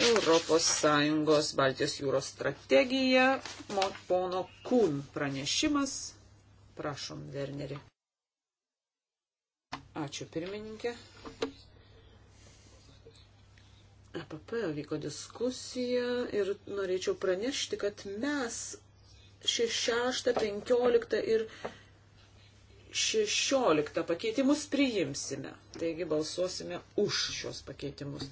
Europos Sąjungos Baltijos jūros strategija, pono Kūn pranešimas. Prašom, Werneri. Ačiū pirmininkė. EPP vyko diskusija ir norėčiau pranešti, kad mes 6, 15 ir 16 pakeitimus priimsime. Taigi balsuosime už šios pakeitimus.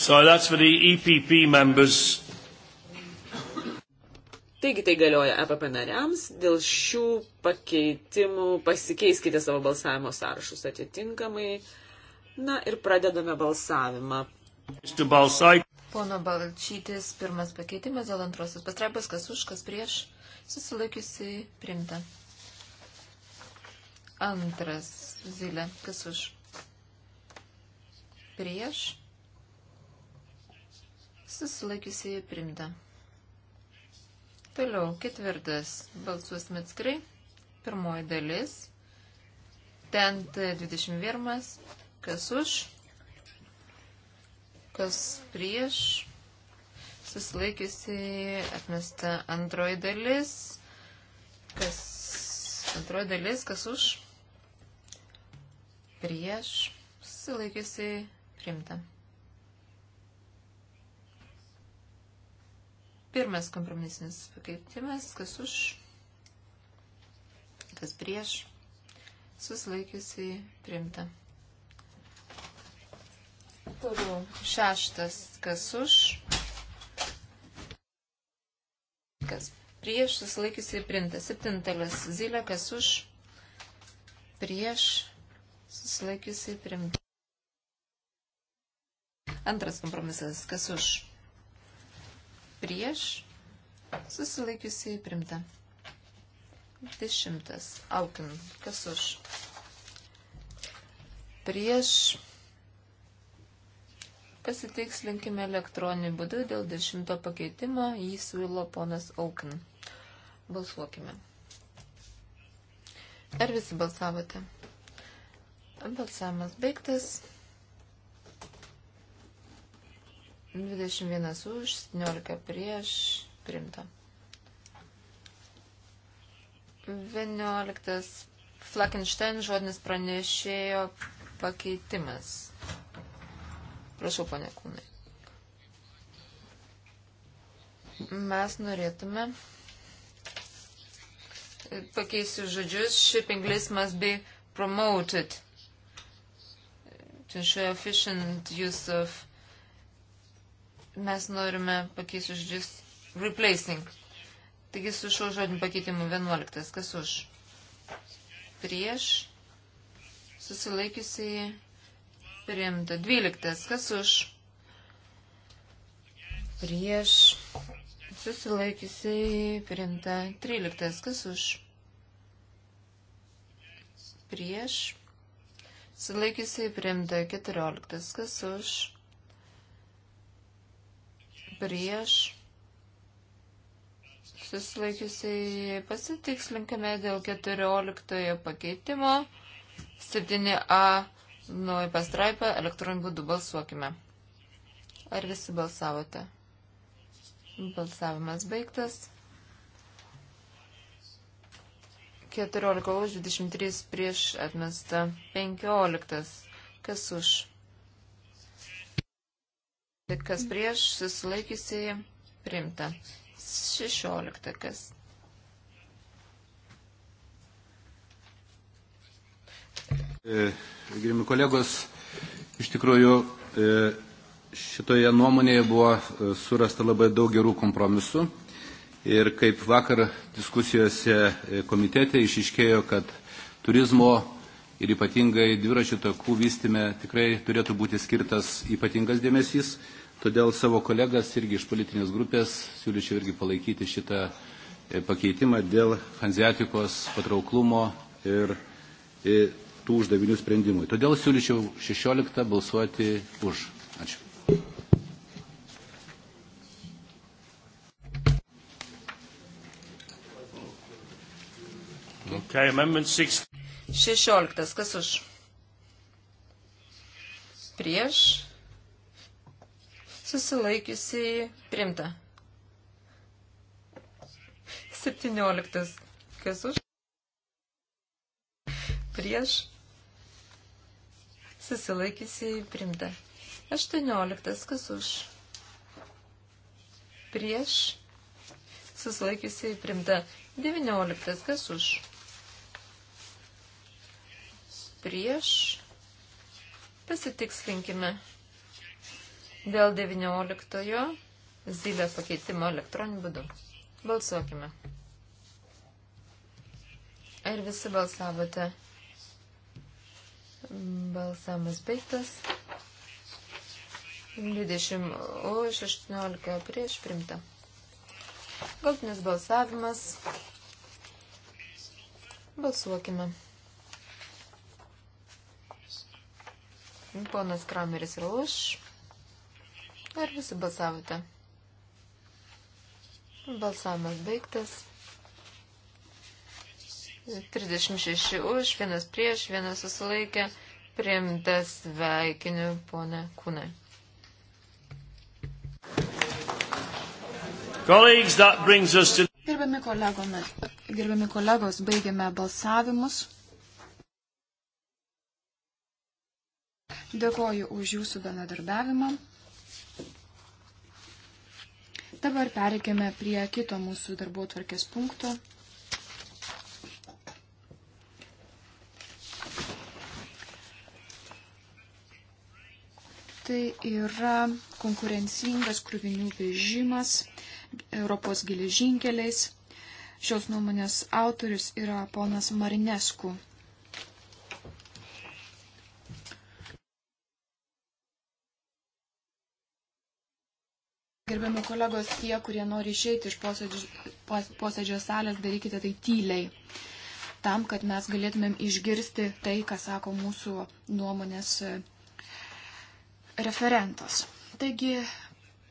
So that's for the EPP members. Taigi tai galioja EPP nariams, dėl šių pakeitimų pasikeiskite savo balsavimo sąrašus atitinkamai. Na ir pradedame balsavimą. Pono Balčytis, pirmas pakeitimas dėl antrosios pastraipos, kas už, kas prieš, susilaikiusi primta. Antras, Zilė, kas už, prieš, susilaikiusiai primta. Toliau, ketvirtas. Balsuosime atskirai. Pirmoji dalis. Ten 21. Kas už? Kas prieš? Susilaikiusiai atmesta antroji dalis. Kas antroji dalis? Kas už? Prieš? Susilaikiusiai primta. Pirmas kompromisinis pakeitimas, kas už, kas prieš, susilaikiusi priimta. Toliau šeštas, kas už, kas prieš, susilaikiusi priimta. Septintelis, zylė, kas už, prieš, susilaikiusi priimta. Antras kompromisas, kas už prieš, susilaikiusiai primta. Dešimtas, aukin, kas už, prieš, pasitikslinkime elektroninį būdų dėl dešimto pakeitimo, jį siūlo ponas aukin. Balsuokime. Ar visi balsavote? Balsavimas baigtas. 21 už, 17 prieš, primta. 11 Flakenstein žodinis pranešėjo pakeitimas. Prašau, pane Kūnai. Mes norėtume pakeisiu žodžius shipping list must be promoted to show efficient use of Mes norime pakeisti žodžius replacing. Taigi su šiuo žodiniu pakeitimu 11. Kas už? Prieš. Susilaikiusiai priimta. 12. Kas už? Prieš. Susilaikiusiai priimta. 13. Kas už? Prieš. Susilaikiusiai priimta. 14. Kas už? prieš susilaikiusiai pasitikslinkime dėl 14 pakeitimo 7a naują pastraipą elektroniniu būdu balsuokime. Ar visi balsavote? Balsavimas baigtas. 14 už 23 prieš atmesta 15. Kas už? Kas prieš susilaikiusiai primta. 16. Kas e, Gerimi kolegos, iš tikrųjų e, šitoje nuomonėje buvo e, surasta labai daug gerų kompromisų ir kaip vakar diskusijose komitete išiškėjo, kad turizmo ir ypatingai dviračių takų vystime tikrai turėtų būti skirtas ypatingas dėmesys. Todėl savo kolegas irgi iš politinės grupės siūlyčiau irgi palaikyti šitą e, pakeitimą dėl fanziatikos patrauklumo ir e, tų uždavinių sprendimui. Todėl siūlyčiau 16 balsuoti už. Ačiū. Okay, amendment 16. Kas už? Prieš susilaikiusiai primta. 17. Kas už? Prieš susilaikiusiai primta. 18. Kas už? Prieš susilaikiusiai primta. 19. Kas už? Prieš pasitikslinkime. Dėl 19 zylės pakeitimo elektroniniu būdu. Balsuokime. Ar visi balsavote? Balsamas baigtas. 20 už 16 prieš primta. Galtinis balsavimas. Balsuokime. Ponas Krameris yra už. Ar visi balsavote? Balsavimas baigtas. 36 už, vienas prieš, vienas susilaikė. Priimtas sveikiniu, pone Kūnai. Gerbiami, gerbiami kolegos, baigiame balsavimus. Dėkoju už jūsų bendradarbiavimą. Dabar pereikėme prie kito mūsų darbo tvarkės punkto. Tai yra konkurencingas krūvinių vežimas Europos geležinkeliais. Šios nuomonės autorius yra ponas Marinesku. Gerbiami kolegos, tie, kurie nori išeiti iš posėdžio, posėdžio salės, darykite tai tyliai, tam, kad mes galėtumėm išgirsti tai, ką sako mūsų nuomonės e, referentas. Taigi,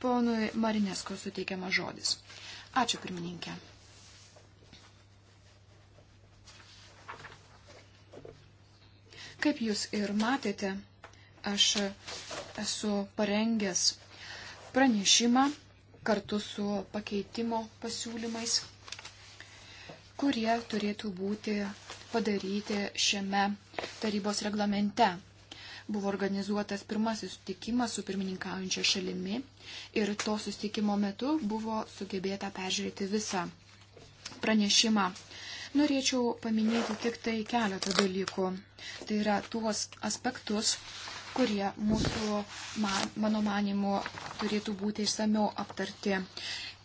ponui Marinesko suteikiamas žodis. Ačiū, pirmininkė. Kaip jūs ir matėte, aš esu parengęs pranešimą kartu su pakeitimo pasiūlymais, kurie turėtų būti padaryti šiame tarybos reglamente. Buvo organizuotas pirmasis sutikimas su pirmininkaujančia šalimi ir to sustikimo metu buvo sugebėta peržiūrėti visą pranešimą. Norėčiau paminėti tik tai keletą dalykų. Tai yra tuos aspektus, kurie mūsų, man, mano manimu, turėtų būti išsameu aptarti.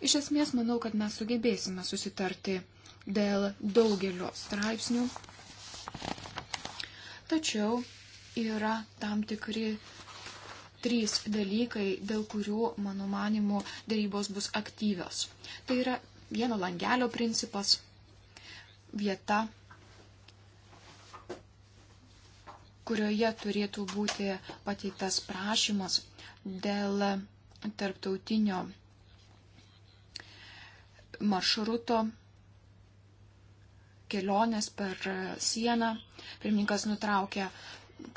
Iš esmės, manau, kad mes sugebėsime susitarti dėl daugelio straipsnių, tačiau yra tam tikri trys dalykai, dėl kurių, mano manimu, dėrybos bus aktyvios. Tai yra vieno langelio principas, vieta kurioje turėtų būti pateiktas prašymas dėl tarptautinio maršruto kelionės per sieną. Pirmininkas nutraukė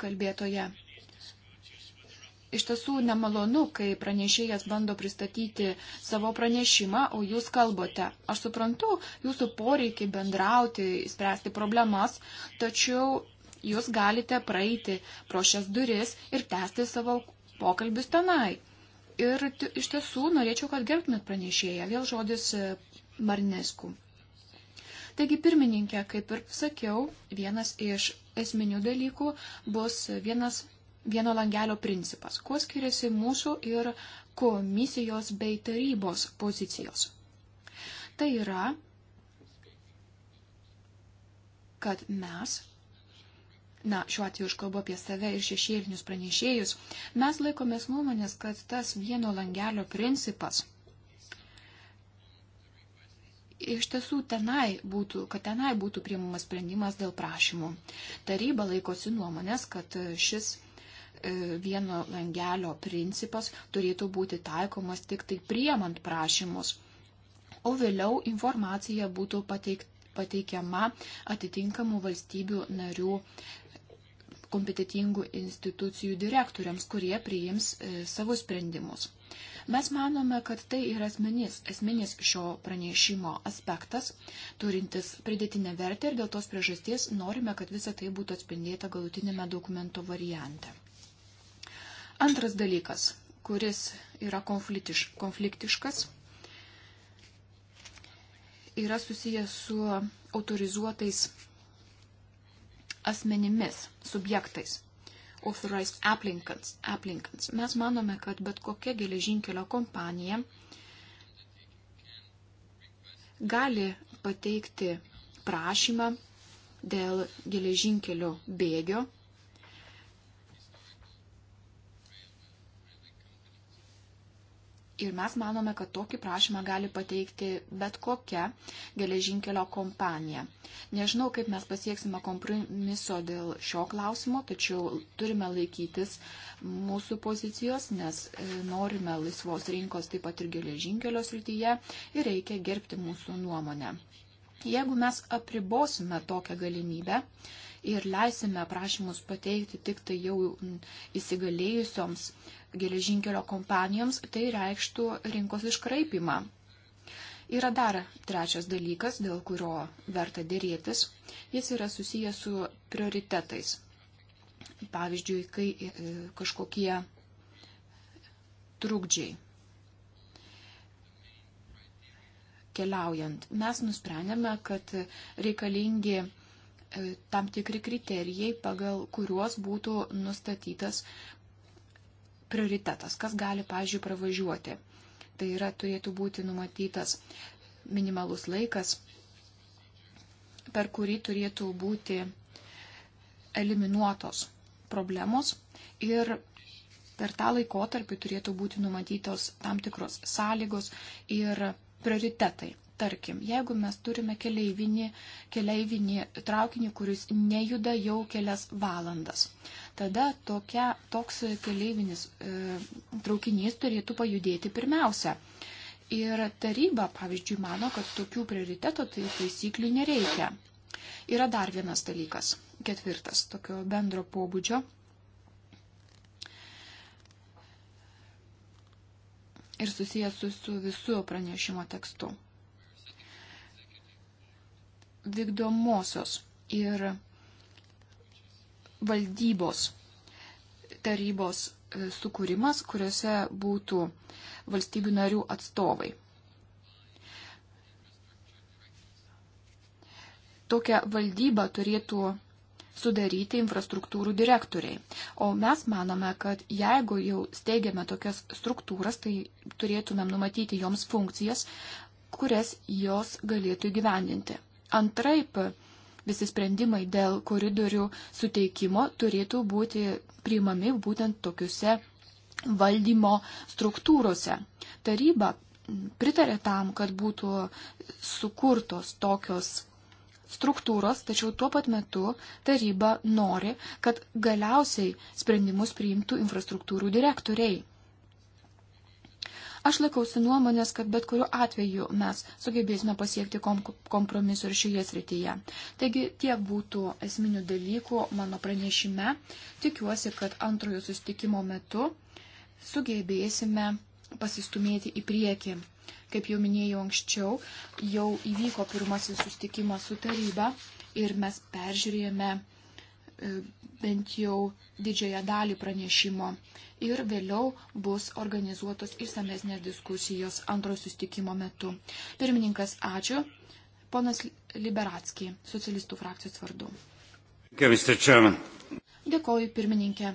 kalbėtoje. Iš tiesų nemalonu, kai pranešėjas bando pristatyti savo pranešimą, o jūs kalbote. Aš suprantu jūsų poreikį bendrauti, spręsti problemas, tačiau jūs galite praeiti pro šias duris ir tęsti savo pokalbius tenai. Ir iš tiesų norėčiau, kad gerbtumėt pranešėją. Vėl žodis e, Marnesku. Taigi, pirmininkė, kaip ir sakiau, vienas iš esminių dalykų bus vienas vieno langelio principas. Kuo skiriasi mūsų ir komisijos bei tarybos pozicijos? Tai yra, kad mes na, šiuo atveju aš kalbu apie save ir šešėlinius pranešėjus, mes laikomės nuomonės, kad tas vieno langelio principas iš tiesų tenai būtų, kad tenai būtų priimamas sprendimas dėl prašymų. Taryba laikosi nuomonės, kad šis e, vieno langelio principas turėtų būti taikomas tik tai priemant prašymus, o vėliau informacija būtų pateikta pateikiama atitinkamų valstybių narių kompetitingų institucijų direktoriams, kurie priims e, savo sprendimus. Mes manome, kad tai yra esminis, esminis šio pranešimo aspektas, turintis pridėtinę vertę ir dėl tos priežasties norime, kad visa tai būtų atspindėta galutinėme dokumento variante. Antras dalykas, kuris yra konfliktiš, konfliktiškas, yra susijęs su autorizuotais asmenimis, subjektais, authorized applicants, applicants. Mes manome, kad bet kokia geležinkelio kompanija gali pateikti prašymą dėl geležinkelio bėgio Ir mes manome, kad tokį prašymą gali pateikti bet kokia geležinkelio kompanija. Nežinau, kaip mes pasieksime kompromiso dėl šio klausimo, tačiau turime laikytis mūsų pozicijos, nes e, norime laisvos rinkos taip pat ir geležinkelio srityje ir reikia gerbti mūsų nuomonę. Jeigu mes apribosime tokią galimybę, ir leisime prašymus pateikti tik tai jau įsigalėjusioms geležinkelio kompanijoms, tai reikštų rinkos iškraipimą. Yra dar trečias dalykas, dėl kurio verta dėrėtis. Jis yra susijęs su prioritetais. Pavyzdžiui, kai e, kažkokie trukdžiai keliaujant. Mes nusprendėme, kad reikalingi E, tam tikri kriterijai, pagal kuriuos būtų nustatytas prioritetas, kas gali, pažiūrėjau, pravažiuoti. Tai yra, turėtų būti numatytas minimalus laikas, per kurį turėtų būti eliminuotos problemos ir per tą laikotarpį turėtų būti numatytos tam tikros sąlygos ir prioritetai, Tarkim, jeigu mes turime keleivinį, keleivinį traukinį, kuris nejuda jau kelias valandas, tada tokia, toks keleivinis e, traukinys turėtų pajudėti pirmiausia. Ir taryba, pavyzdžiui, mano, kad tokių prioriteto tai taisyklių nereikia. Yra dar vienas dalykas, ketvirtas, tokio bendro pobūdžio. Ir susijęs su, su visų pranešimo tekstu vykdomosios ir valdybos tarybos e, sukūrimas, kuriuose būtų valstybių narių atstovai. Tokią valdybą turėtų sudaryti infrastruktūrų direktoriai. O mes manome, kad jeigu jau steigiame tokias struktūras, tai turėtumėm numatyti joms funkcijas, kurias jos galėtų įgyvendinti. Antraip, visi sprendimai dėl koridorių suteikimo turėtų būti priimami būtent tokiuose valdymo struktūrose. Taryba pritarė tam, kad būtų sukurtos tokios struktūros, tačiau tuo pat metu taryba nori, kad galiausiai sprendimus priimtų infrastruktūrų direktoriai. Aš laikausi nuomonės, kad bet kuriuo atveju mes sugebėsime pasiekti kompromisu ir šioje srityje. Taigi tiek būtų esminių dalykų mano pranešime. Tikiuosi, kad antrojo sustikimo metu sugebėsime pasistumėti į priekį. Kaip jau minėjau anksčiau, jau įvyko pirmasis sustikimas su taryba ir mes peržiūrėjome E, bent jau didžiąją dalį pranešimo ir vėliau bus organizuotos išsamesnės diskusijos antrojo sustikimo metu. Pirmininkas, ačiū. Ponas Liberatski, socialistų frakcijos vardu. Dėkoju, pirmininkė.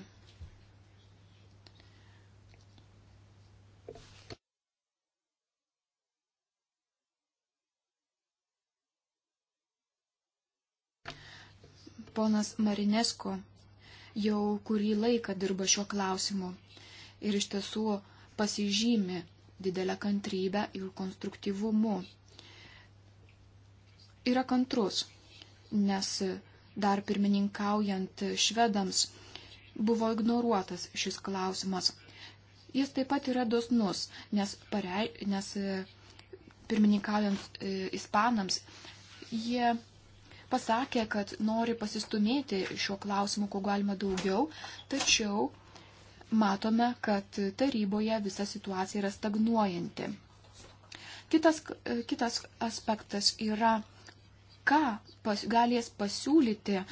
Ponas Marinesko jau kurį laiką dirba šiuo klausimu ir iš tiesų pasižymi didelę kantrybę ir konstruktyvumu. Yra kantrus, nes dar pirmininkaujant švedams buvo ignoruotas šis klausimas. Jis taip pat yra dosnus, nes, parei, nes e, pirmininkaujant e, ispanams jie pasakė, kad nori pasistumėti šiuo klausimu, kuo galima daugiau, tačiau matome, kad taryboje visa situacija yra stagnuojanti. Kitas, kitas aspektas yra, ką pas, galės pasiūlyti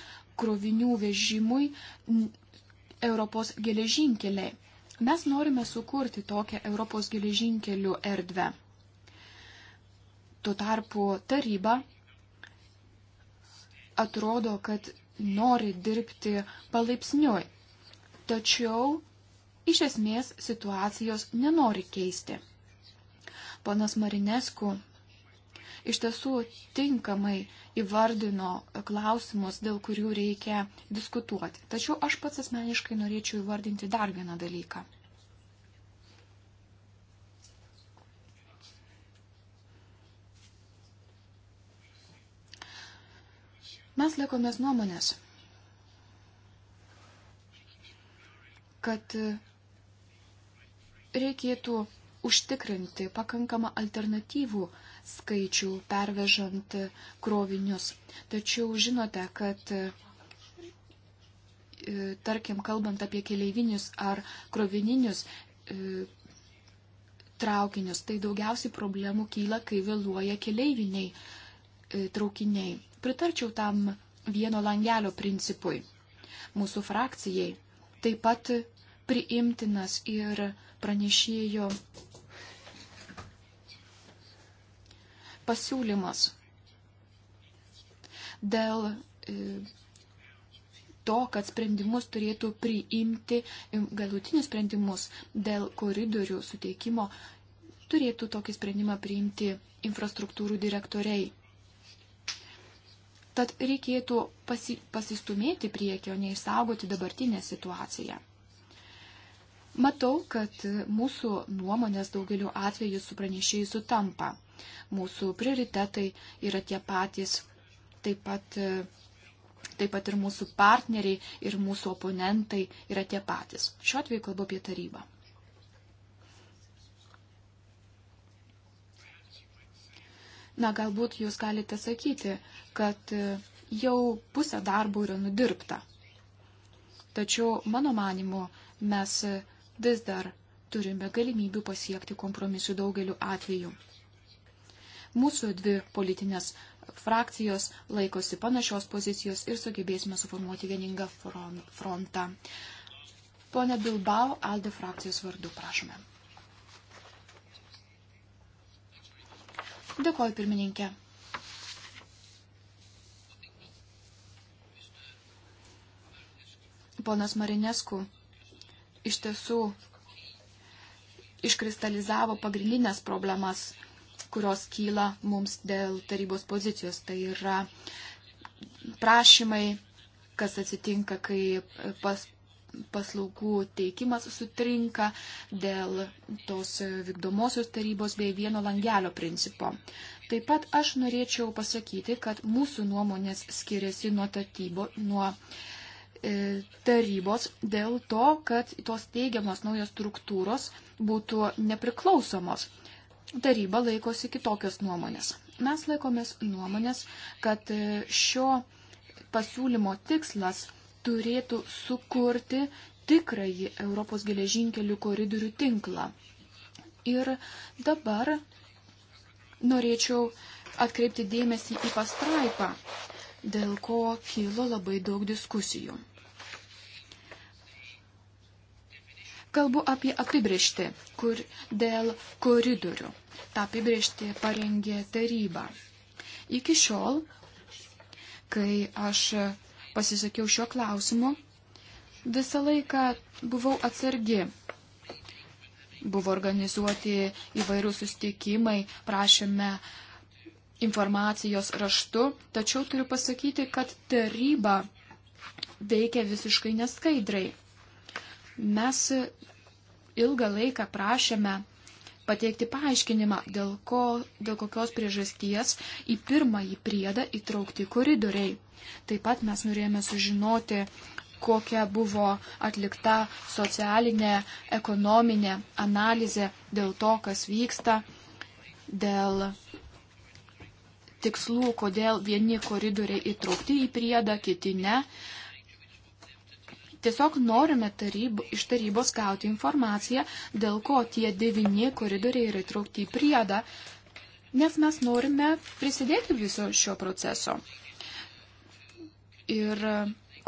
krovinių vežimui Europos geležinkeliai. Mes norime sukurti tokią Europos geležinkelių erdvę. Tuo tarpu taryba atrodo, kad nori dirbti palaipsniui, tačiau iš esmės situacijos nenori keisti. Ponas Marinesku iš tiesų tinkamai įvardino klausimus, dėl kurių reikia diskutuoti. Tačiau aš pats asmeniškai norėčiau įvardinti dar vieną dalyką. Mes laikomės nuomonės, kad reikėtų užtikrinti pakankamą alternatyvų skaičių pervežant krovinius. Tačiau žinote, kad e, tarkim, kalbant apie keleivinius ar krovininius e, traukinius, tai daugiausiai problemų kyla, kai vėluoja keleiviniai e, traukiniai. Pritarčiau tam vieno langelio principui. Mūsų frakcijai taip pat priimtinas ir pranešėjo pasiūlymas dėl e, to, kad sprendimus turėtų priimti, e, galutinius sprendimus dėl koridorių suteikimo turėtų tokį sprendimą priimti infrastruktūrų direktoriai. Tad reikėtų pasi, pasistumėti priekio, neišsaugoti dabartinę situaciją. Matau, kad mūsų nuomonės daugeliu atveju su pranešėjai sutampa. Mūsų prioritetai yra tie patys, taip pat, taip pat ir mūsų partneriai ir mūsų oponentai yra tie patys. Šiuo atveju kalbu apie tarybą. Na, galbūt jūs galite sakyti, kad jau pusė darbo yra nudirbta. Tačiau, mano manimu, mes vis dar turime galimybių pasiekti kompromisų daugeliu atveju. Mūsų dvi politinės frakcijos laikosi panašios pozicijos ir sugebėsime suformuoti vieningą frontą. Pone Bilbao, Alde frakcijos vardu, prašome. Dėkoju, pirmininkė. Ponas Marinesku iš tiesų iškristalizavo pagrindinės problemas, kurios kyla mums dėl tarybos pozicijos. Tai yra prašymai, kas atsitinka, kai pas, paslaugų teikimas sutrinka dėl tos vykdomosios tarybos bei vieno langelio principo. Taip pat aš norėčiau pasakyti, kad mūsų nuomonės skiriasi nuo tatybo, nuo uh, E, tarybos dėl to, kad tos teigiamos naujos struktūros būtų nepriklausomos. Taryba laikosi kitokios nuomonės. Mes laikomės nuomonės, kad e, šio pasiūlymo tikslas turėtų sukurti tikrąjį Europos geležinkelių koridorių tinklą. Ir dabar norėčiau atkreipti dėmesį į pastraipą, dėl ko kilo labai daug diskusijų. Kalbu apie apibriešti, kur dėl koridorių. Ta apibriešti parengė taryba. Iki šiol, kai aš pasisakiau šiuo klausimu, visą laiką buvau atsargi. Buvo organizuoti įvairių sustikimai, prašėme informacijos raštu, tačiau turiu pasakyti, kad taryba veikia visiškai neskaidrai. Mes ilgą laiką prašėme pateikti paaiškinimą, dėl, ko, dėl kokios priežasties į pirmąjį priedą įtraukti koridoriai. Taip pat mes norėjome sužinoti, kokia buvo atlikta socialinė, ekonominė analizė dėl to, kas vyksta, dėl tikslų, kodėl vieni koridoriai įtraukti į priedą, kiti ne tiesiog norime taryb, iš tarybos gauti informaciją, dėl ko tie devyni koridoriai yra įtraukti į priedą, nes mes norime prisidėti viso šio proceso. Ir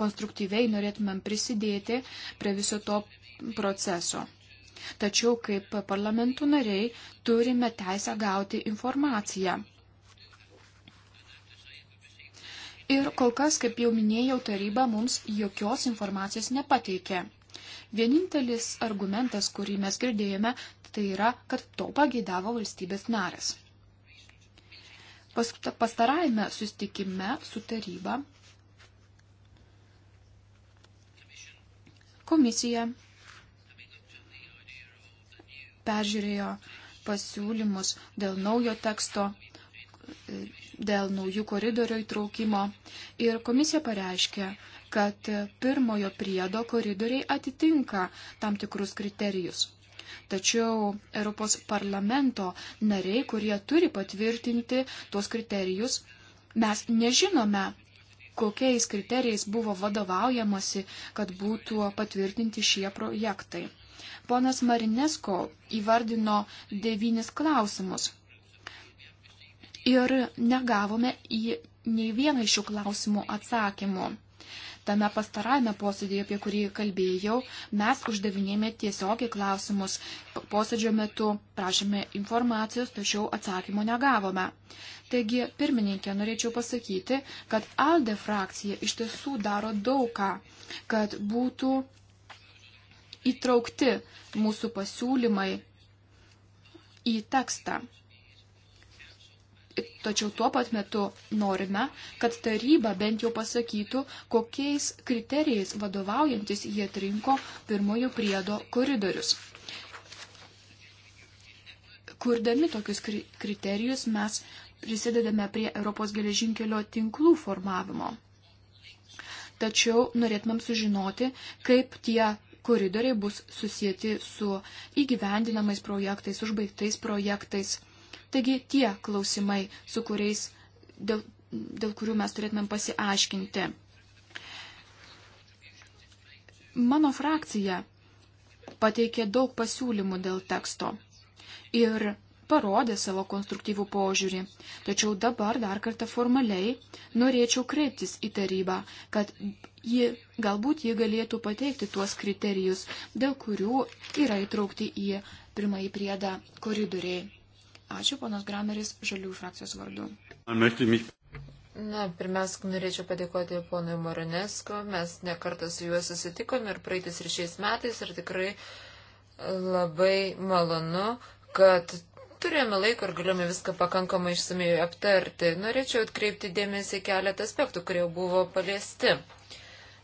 konstruktyviai norėtumėm prisidėti prie viso to proceso. Tačiau kaip parlamentų nariai turime teisę gauti informaciją. Ir kol kas, kaip jau minėjau, taryba mums jokios informacijos nepateikė. Vienintelis argumentas, kurį mes girdėjome, tai yra, kad to pageidavo valstybės narės. Pastarajame sustikime su taryba komisija peržiūrėjo pasiūlymus dėl naujo teksto dėl naujų koridorių įtraukimo ir komisija pareiškė, kad pirmojo priedo koridoriai atitinka tam tikrus kriterijus. Tačiau Europos parlamento nariai, kurie turi patvirtinti tuos kriterijus, mes nežinome, kokiais kriterijais buvo vadovaujamasi, kad būtų patvirtinti šie projektai. Ponas Marinesko įvardino devynis klausimus ir negavome į nei vieną iš šių klausimų atsakymų. Tame pastarajame posėdėje, apie kurį kalbėjau, mes uždavinėme tiesiogiai klausimus. Posėdžio metu prašėme informacijos, tačiau atsakymo negavome. Taigi, pirmininkė, norėčiau pasakyti, kad ALDE frakcija iš tiesų daro daugą, kad būtų įtraukti mūsų pasiūlymai į tekstą. Tačiau tuo pat metu norime, kad taryba bent jau pasakytų, kokiais kriterijais vadovaujantis jie atrinko pirmojo priedo koridorius. Kurdami tokius kriterijus mes prisidedame prie Europos geležinkelio tinklų formavimo. Tačiau norėtumėm sužinoti, kaip tie koridoriai bus susijęti su įgyvendinamais projektais, užbaigtais projektais Taigi tie klausimai, su kuriais, dėl, dėl kurių mes turėtumėm pasiaiškinti. Mano frakcija pateikė daug pasiūlymų dėl teksto ir parodė savo konstruktyvų požiūrį. Tačiau dabar dar kartą formaliai norėčiau kreiptis į tarybą, kad ji, galbūt ji galėtų pateikti tuos kriterijus, dėl kurių yra įtraukti į pirmąjį priedą koridoriai. Ačiū, ponas Grameris, žalių frakcijos vardu. Na, pirmiausia, norėčiau padėkoti ponui Moronesko. Mes nekartą su juo susitikom ir praeitis ir šiais metais ir tikrai labai malonu, kad turėjome laiko ir galėjome viską pakankamai išsamei aptarti. Norėčiau atkreipti dėmesį keletą aspektų, kurie buvo paliesti. Uh,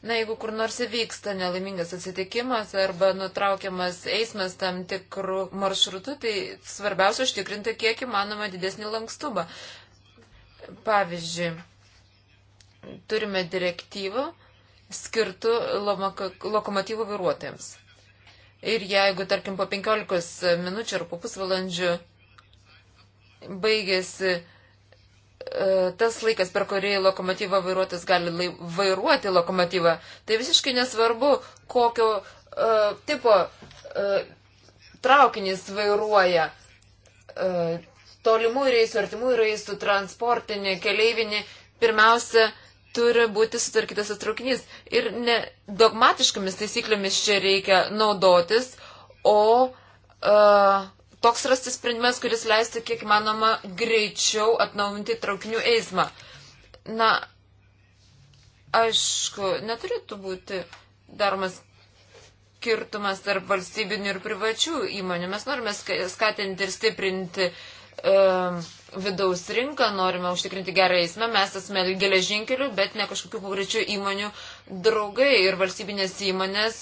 Na, jeigu kur nors įvyksta nelaimingas atsitikimas arba nutraukiamas eismas tam tikrų maršrutų, tai svarbiausia užtikrinti kiek įmanoma didesnį lankstumą. Pavyzdžiui, turime direktyvą skirtų lokomotyvų vairuotojams. Ir jeigu, tarkim, po 15 minučių ar po pusvalandžių baigėsi E, tas laikas, per kurį lokomotyvo vairuotojas gali lai, vairuoti lokomotyvą, tai visiškai nesvarbu, kokio uh, tipo uh, traukinys vairuoja. Uh, tolimų reisų, artimų reisų, transportinį, keleivinį, pirmiausia, turi būti sutvarkytas atraukinys. Ir ne dogmatiškomis taisyklėmis čia reikia naudotis, o uh, toks rasti sprendimas, kuris leistų kiek manoma greičiau atnaujinti traukinių eismą. Na, aišku, neturėtų būti daromas skirtumas tarp valstybinių ir privačių įmonių. Mes norime skatinti ir stiprinti um, e, vidaus rinką, norime užtikrinti gerą eismą, mes esame geležinkelių, bet ne kažkokių konkrečių įmonių draugai ir valstybinės įmonės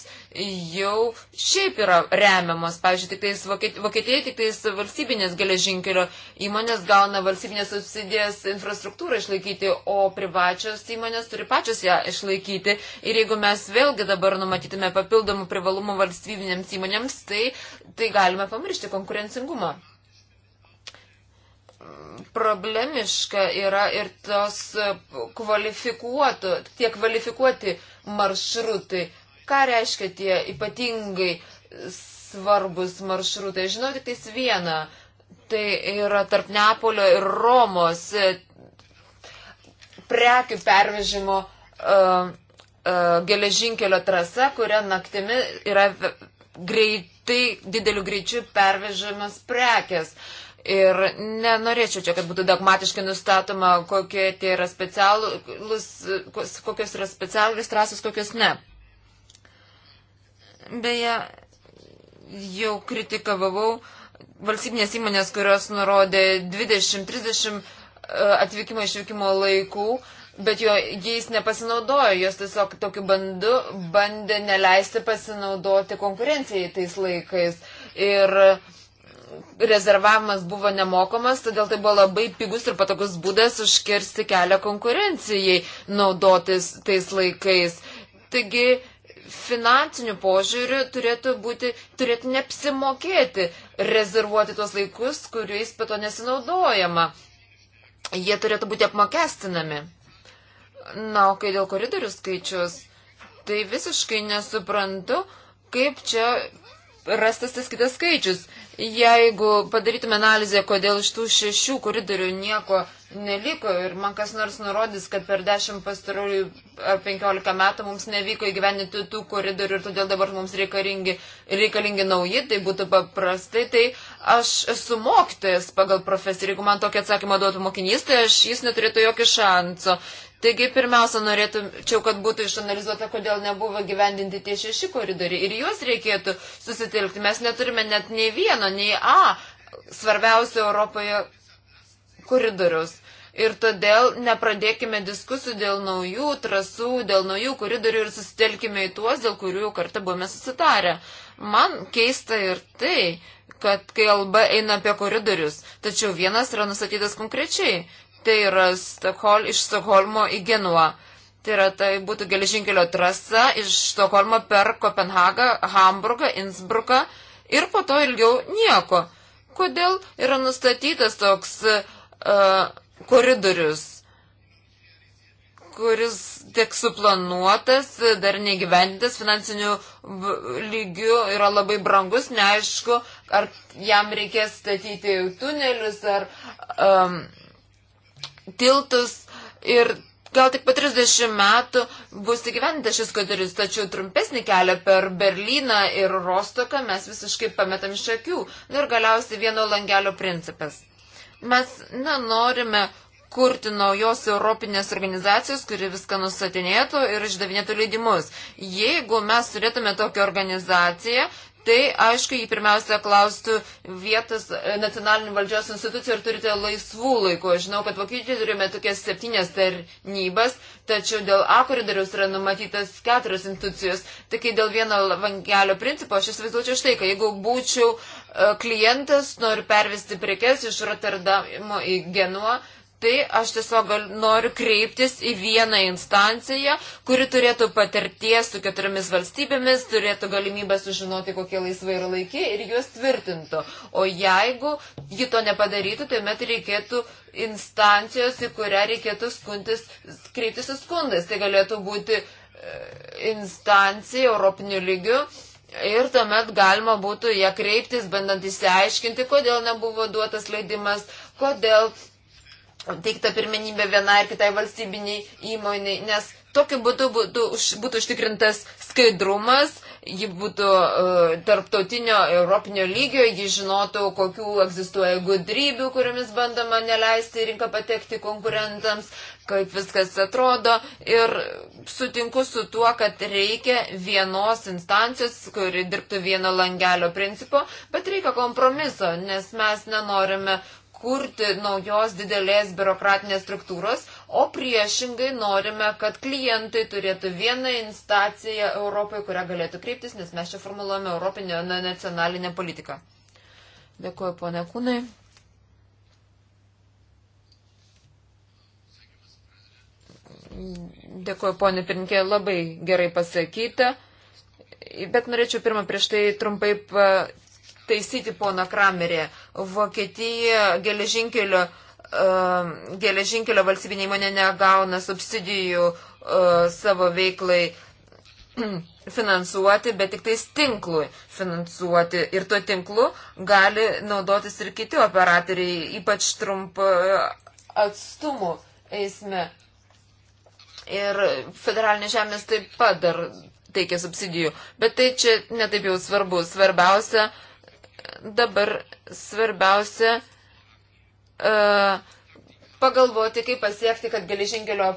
jau šiaip yra remiamos. Pavyzdžiui, tik tais Vokietijai tik tais valstybinės geležinkelio įmonės gauna valstybinės subsidijas infrastruktūrą išlaikyti, o privačios įmonės turi pačios ją išlaikyti. Ir jeigu mes vėlgi dabar numatytume papildomų privalumų valstybinėms įmonėms, tai, tai galime pamiršti konkurencingumą problemiška yra ir tos e, kvalifikuotų, tie kvalifikuoti maršrutai. Ką reiškia tie ypatingai svarbus maršrutai? Žinau tik tais vieną. Tai yra tarp Neapolio ir Romos e, prekių pervežimo uh, uh, geležinkelio trasa, kuria naktimi yra greitai, dideliu greičiu pervežimas prekes. Uh, Ir nenorėčiau čia, kad būtų dogmatiškai nustatoma, kokie tai yra specialus, kokios yra specialus trasos, kokios ne. Beje, jau kritikavau valstybinės įmonės, kurios nurodė 20-30 e, atvykimo išvykimo laikų, bet jo, jais nepasinaudojo, jos tiesiog tokiu bandu bandė neleisti pasinaudoti konkurencijai tais laikais. Ir uh, rezervavimas buvo nemokamas, todėl tai buvo labai pigus ir patogus būdas užkirsti kelią konkurencijai naudotis tais laikais. Taigi, finansinių požiūrių turėtų būti, turėtų neapsimokėti rezervuoti tuos laikus, kuriais pato nesinaudojama. Jie turėtų būti apmokestinami. Na, o kai dėl koridorių skaičius, tai visiškai nesuprantu, kaip čia rastas tas kitas skaičius. Jeigu padarytume analizę, kodėl iš tų šešių koridorių nieko neliko ir man kas nors nurodys, kad per 10 pastarųjų ar 15 metų mums nevyko įgyveninti tų koridorių ir todėl dabar mums reikalingi, reikalingi nauji, tai būtų paprastai, tai aš esu mokytojas pagal profesiją. Jeigu man tokį atsakymą duotų mokinys, tai aš jis neturėtų jokio šanso. Taigi, pirmiausia, norėčiau, kad būtų išanalizuota, kodėl nebuvo gyvendinti tie šeši koridoriai. Ir juos reikėtų susitelkti. Mes neturime net nei vieno, nei A svarbiausio Europoje koridoriaus. Ir todėl nepradėkime diskusijų dėl naujų trasų, dėl naujų koridorių ir susitelkime į tuos, dėl kurių kartą buvome susitarę. Man keista ir tai, kad kalba eina apie koridorius, tačiau vienas yra nusatytas konkrečiai tai yra Stokhol, iš Stokholmo į Genuą. Tai yra, tai būtų geležinkelio trasa iš Stokholmo per Kopenhagą, Hamburgą, Innsbruką ir po to ilgiau nieko. Kodėl yra nustatytas toks uh, koridorius? kuris tiek suplanuotas, dar negyventintas finansinių lygių yra labai brangus, neaišku, ar jam reikės statyti tunelius, ar um, tiltus ir gal tik po 30 metų bus įgyventas šis koridorius, tačiau trumpesnį kelią per Berliną ir Rostoką mes visiškai pametam iš akių. Nu ir galiausiai vieno langelio principas. Mes nenorime kurti naujos Europinės organizacijos, kuri viską nusatinėtų ir išdavinėtų leidimus. Jeigu mes turėtume tokią organizaciją, tai aišku, jį pirmiausia klaustų vietos e, nacionalinių valdžios institucijų ir turite laisvų laikų. Aš žinau, kad Vokietijoje turime tokias septynės tarnybas, tačiau dėl A koridoriaus yra numatytas keturios institucijos. Tai kai dėl vieno vangelio principo, aš įsivaizduočiau štai, kad jeigu būčiau e, klientas, noriu pervesti prekes iš Rotterdamo į Genuą, tai aš tiesiog noriu kreiptis į vieną instanciją, kuri turėtų patirties su keturiomis valstybėmis, turėtų galimybę sužinoti, kokie laisvai yra laikiai ir juos tvirtintų. O jeigu ji to nepadarytų, tuomet reikėtų instancijos, į kurią reikėtų skundis, kreiptis su skundais. Tai galėtų būti e, instancija Europinių lygių. Ir tuomet galima būtų ją kreiptis, bandant įsiaiškinti, kodėl nebuvo duotas leidimas, kodėl teikta pirmenybė vienai ar kitai valstybiniai įmoniai, nes tokiu būdu būtų, būtų užtikrintas skaidrumas, ji būtų uh, tarptautinio europinio lygio, ji žinotų, kokių egzistuoja gudrybių, kuriomis bandoma neleisti rinką patekti konkurentams, kaip viskas atrodo. Ir sutinku su tuo, kad reikia vienos instancijos, kuri dirbtų vieno langelio principo, bet reikia kompromiso, nes mes nenorime uh, kurti naujos didelės biurokratinės struktūros, o priešingai norime, kad klientai turėtų vieną instanciją Europoje, kurią galėtų kreiptis, nes mes čia formuluojame Europinę nacionalinę politiką. Dėkuoju, pone Kūnai. Dėkuoju, ponė Pirinkė, labai gerai pasakyta. Bet norėčiau pirmą prieš tai trumpai taisyti pono Kramerį. Vokietija geležinkelio, uh, geležinkelio valstybinė įmonė negauna subsidijų uh, savo veiklai finansuoti, bet tik tais tinklui finansuoti. Ir tuo tinklu gali naudotis ir kiti operatoriai, ypač trump uh, atstumų eisme. Ir federalinė žemės taip pat dar teikia subsidijų. Bet tai čia netaip jau svarbu. Svarbiausia, dabar svarbiausia uh, pagalvoti, kaip pasiekti, kad geležinkelio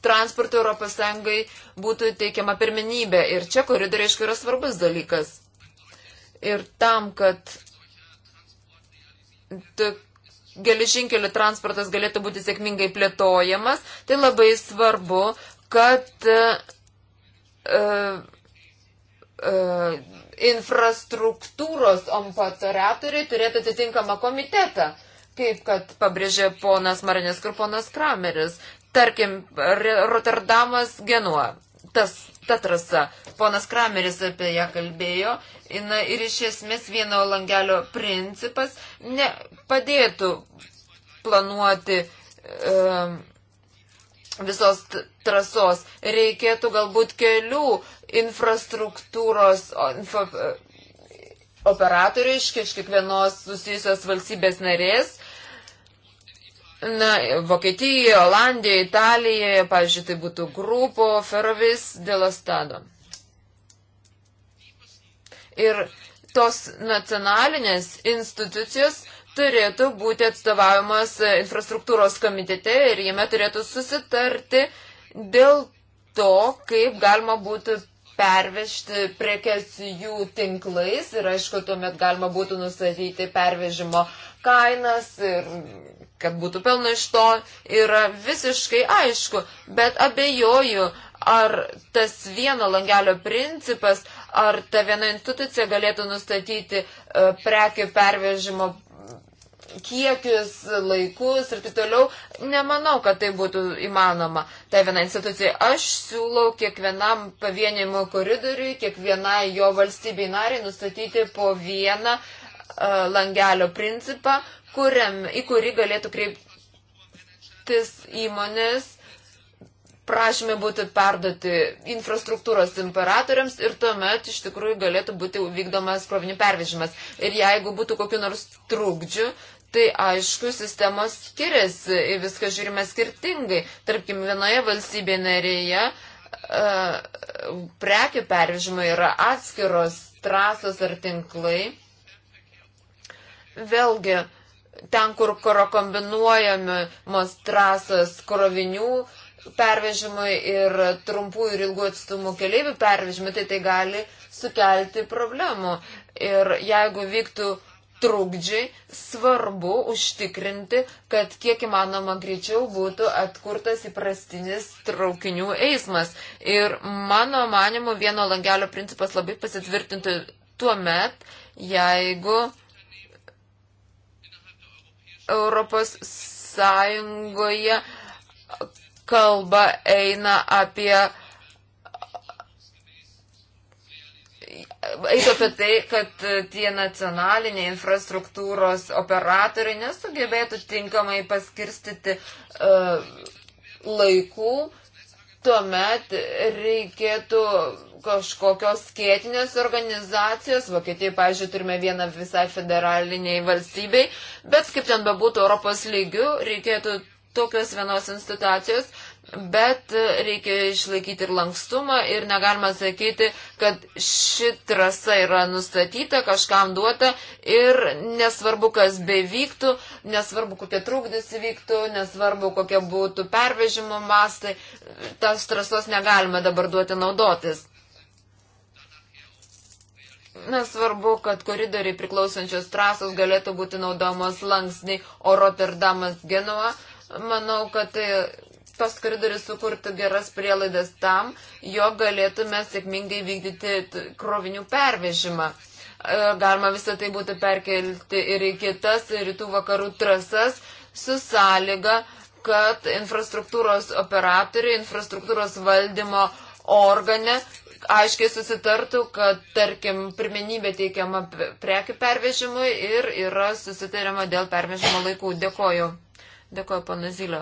transporto Europos Sąjungai būtų teikiama pirmenybė. Ir čia koridoriai, aišku, yra svarbus dalykas. Ir tam, kad geležinkelių transportas galėtų būti sėkmingai plėtojamas, tai labai svarbu, kad uh, uh, infrastruktūros operatoriai turėtų atitinkamą komitetą, kaip kad pabrėžė ponas Marinės ir ponas Krameris. Tarkim, Rotterdamas Genua. Tas, ta trasa. Ponas Krameris apie ją kalbėjo. Na, ir iš esmės vieno langelio principas ne, padėtų planuoti um, visos trasos. Reikėtų galbūt kelių infrastruktūros info, e, operatorių iš kiekvienos susijusios valstybės narės. Na, Vokietijoje, Olandijoje, Italijoje, pavyzdžiui, tai būtų Grupo, Ferrovis, Delastado. Ir tos nacionalinės institucijos turėtų būti atstovaujamas infrastruktūros komitete ir jame turėtų susitarti dėl to, kaip galima būtų pervežti prekes jų tinklais ir aišku, tuomet galima būtų nustatyti pervežimo kainas ir kad būtų pelno iš to yra visiškai aišku, bet abejoju, ar tas vieno langelio principas, ar ta viena institucija galėtų nustatyti e, prekių pervežimo kiekius, laikus ir taip toliau, nemanau, kad tai būtų įmanoma. Tai viena institucija. Aš siūlau kiekvienam pavienimo koridoriui, kiekvienai jo valstybei nariai nustatyti po vieną uh, langelio principą, kuriam, į kurį galėtų kreiptis įmonės prašymai būtų perduoti infrastruktūros imperatoriams ir tuomet iš tikrųjų galėtų būti vykdomas krovinių pervežimas. Ir jeigu būtų kokiu nors trūkdžiu, tai aišku, sistemos skiriasi, į viską žiūrime skirtingai. Tarkim, vienoje valstybėje narėje e, prekių pervežimai yra atskiros trasos ar tinklai. Vėlgi, ten, kur karo kombinuojamos trasos krovinių pervežimui ir trumpų ir ilgų atstumų keliaivių pervežimui, tai tai gali sukelti problemų. Ir jeigu vyktų uh, trukdžiai, svarbu užtikrinti, kad kiek įmanoma greičiau būtų atkurtas įprastinis traukinių eismas. Ir mano manimo vieno langelio principas labai pasitvirtintų tuo met, jeigu Europos Sąjungoje kalba eina apie eitų apie tai, kad e, tie nacionaliniai infrastruktūros operatoriai nesugebėtų tinkamai paskirstyti uh, laikų, tuomet reikėtų kažkokios skėtinės organizacijos, Vokietijai, pažiūrėjau, turime vieną visai federaliniai valstybei, bet kaip ten bebūtų Europos lygių, reikėtų tokios vienos institucijos, bet reikia išlaikyti ir lankstumą ir negalima sakyti, kad ši trasa yra nustatyta, kažkam duota ir nesvarbu, kas bevyktų, nesvarbu, kokie trūkdys įvyktų, nesvarbu, kokie būtų pervežimo mastai, tas trasos negalima dabar duoti naudotis. Nesvarbu, kad koridoriai priklausančios trasos galėtų būti naudojamos lanksniai, o Rotterdamas Genua Manau, kad tai, tos koridorius sukurtų geras prielaidas tam, jo galėtume sėkmingai vykdyti krovinių pervežimą. E, galima visą tai būtų perkelti ir į kitas rytų vakarų trasas su sąlyga, kad infrastruktūros operatoriai, infrastruktūros valdymo organe aiškiai susitartų, kad, tarkim, pirmenybė teikiama prekių pervežimui ir yra susitariama dėl pervežimo laikų. Dėkoju. Dėkuoju, pana Zilio.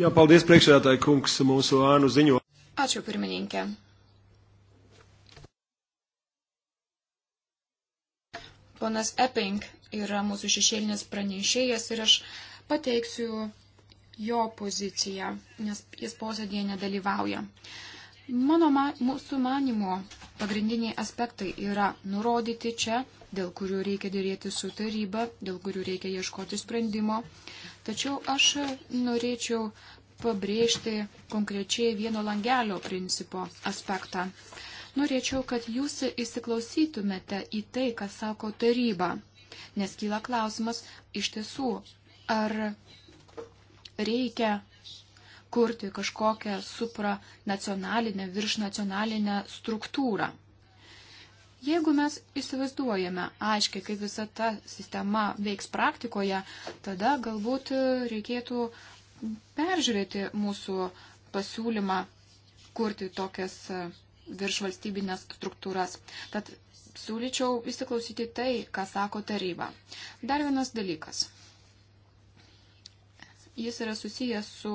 Jā, paldies priekšsēdētāji kungs mūsu ānu ziņo. Ačiū, pirmininkė. Ponas Epping yra mūsų šešėlinis pranešėjas ir aš pateiksiu jo poziciją, nes jis posėdėje nedalyvauja. Mano ma, mūsų manimo pagrindiniai aspektai yra nurodyti čia, dėl kurių reikia dėrėti su taryba, dėl kurių reikia ieškoti sprendimo. Uh, Tačiau aš norėčiau pabrėžti konkrečiai vieno langelio principo aspektą. Norėčiau, kad jūs įsiklausytumėte į tai, ką sako taryba, nes kyla klausimas iš tiesų, ar reikia kurti kažkokią supranacionalinę, viršnacionalinę struktūrą. Jeigu mes įsivaizduojame aiškiai, kaip visa ta sistema veiks praktikoje, tada galbūt reikėtų peržiūrėti mūsų pasiūlymą kurti tokias e, viršvalstybinės struktūras. Tad siūlyčiau įsiklausyti tai, ką sako taryba. Dar vienas dalykas. Jis yra susijęs su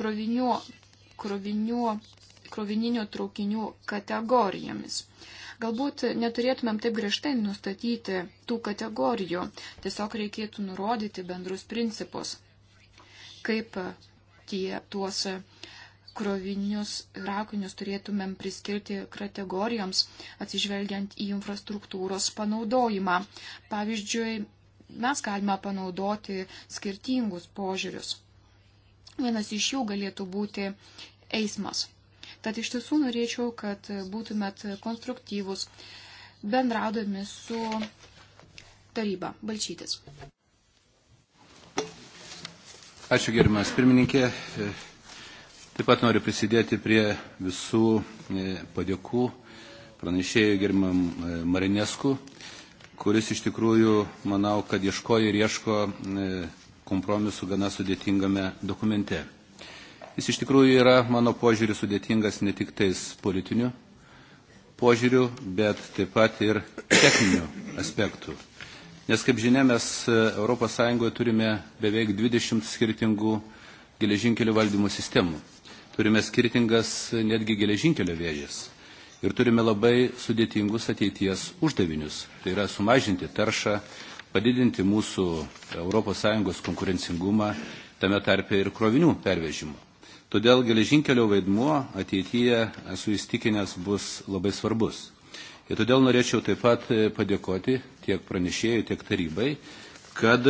krovinių, krovinių krovininių traukinių kategorijomis. Galbūt neturėtumėm taip griežtai nustatyti tų kategorijų, tiesiog reikėtų nurodyti bendrus principus, kaip tie tuos krovinius rakinius turėtumėm priskirti kategorijoms, atsižvelgiant į infrastruktūros panaudojimą. Pavyzdžiui, mes galime panaudoti skirtingus požiūrius. Vienas iš jų galėtų būti eismas. Tad iš tiesų norėčiau, kad būtumėt konstruktyvus bendraudami su taryba. Balčytis. Ačiū gerimas pirmininkė. Taip pat noriu prisidėti prie visų e, padėkų pranešėjų gerimam e, Marinesku, kuris iš tikrųjų, manau, kad ieškojo ir ieško e, kompromisų gana sudėtingame dokumente. Jis iš tikrųjų yra, mano požiūriu, sudėtingas ne tik tais politiniu požiūriu, bet taip pat ir techniniu aspektu. Nes, kaip žinia, mes ES turime beveik 20 skirtingų geležinkelių valdymo sistemų. Turime skirtingas e, netgi geležinkelio vėžės. Ir turime labai sudėtingus ateities uždavinius. Tai yra sumažinti taršą, padidinti mūsų ES konkurencingumą, tame tarpe ir krovinių pervežimų. Todėl geležinkelio vaidmuo ateityje, esu įstikinęs, bus labai svarbus. Ir todėl norėčiau taip pat e, padėkoti tiek pranešėjai, tiek tarybai, kad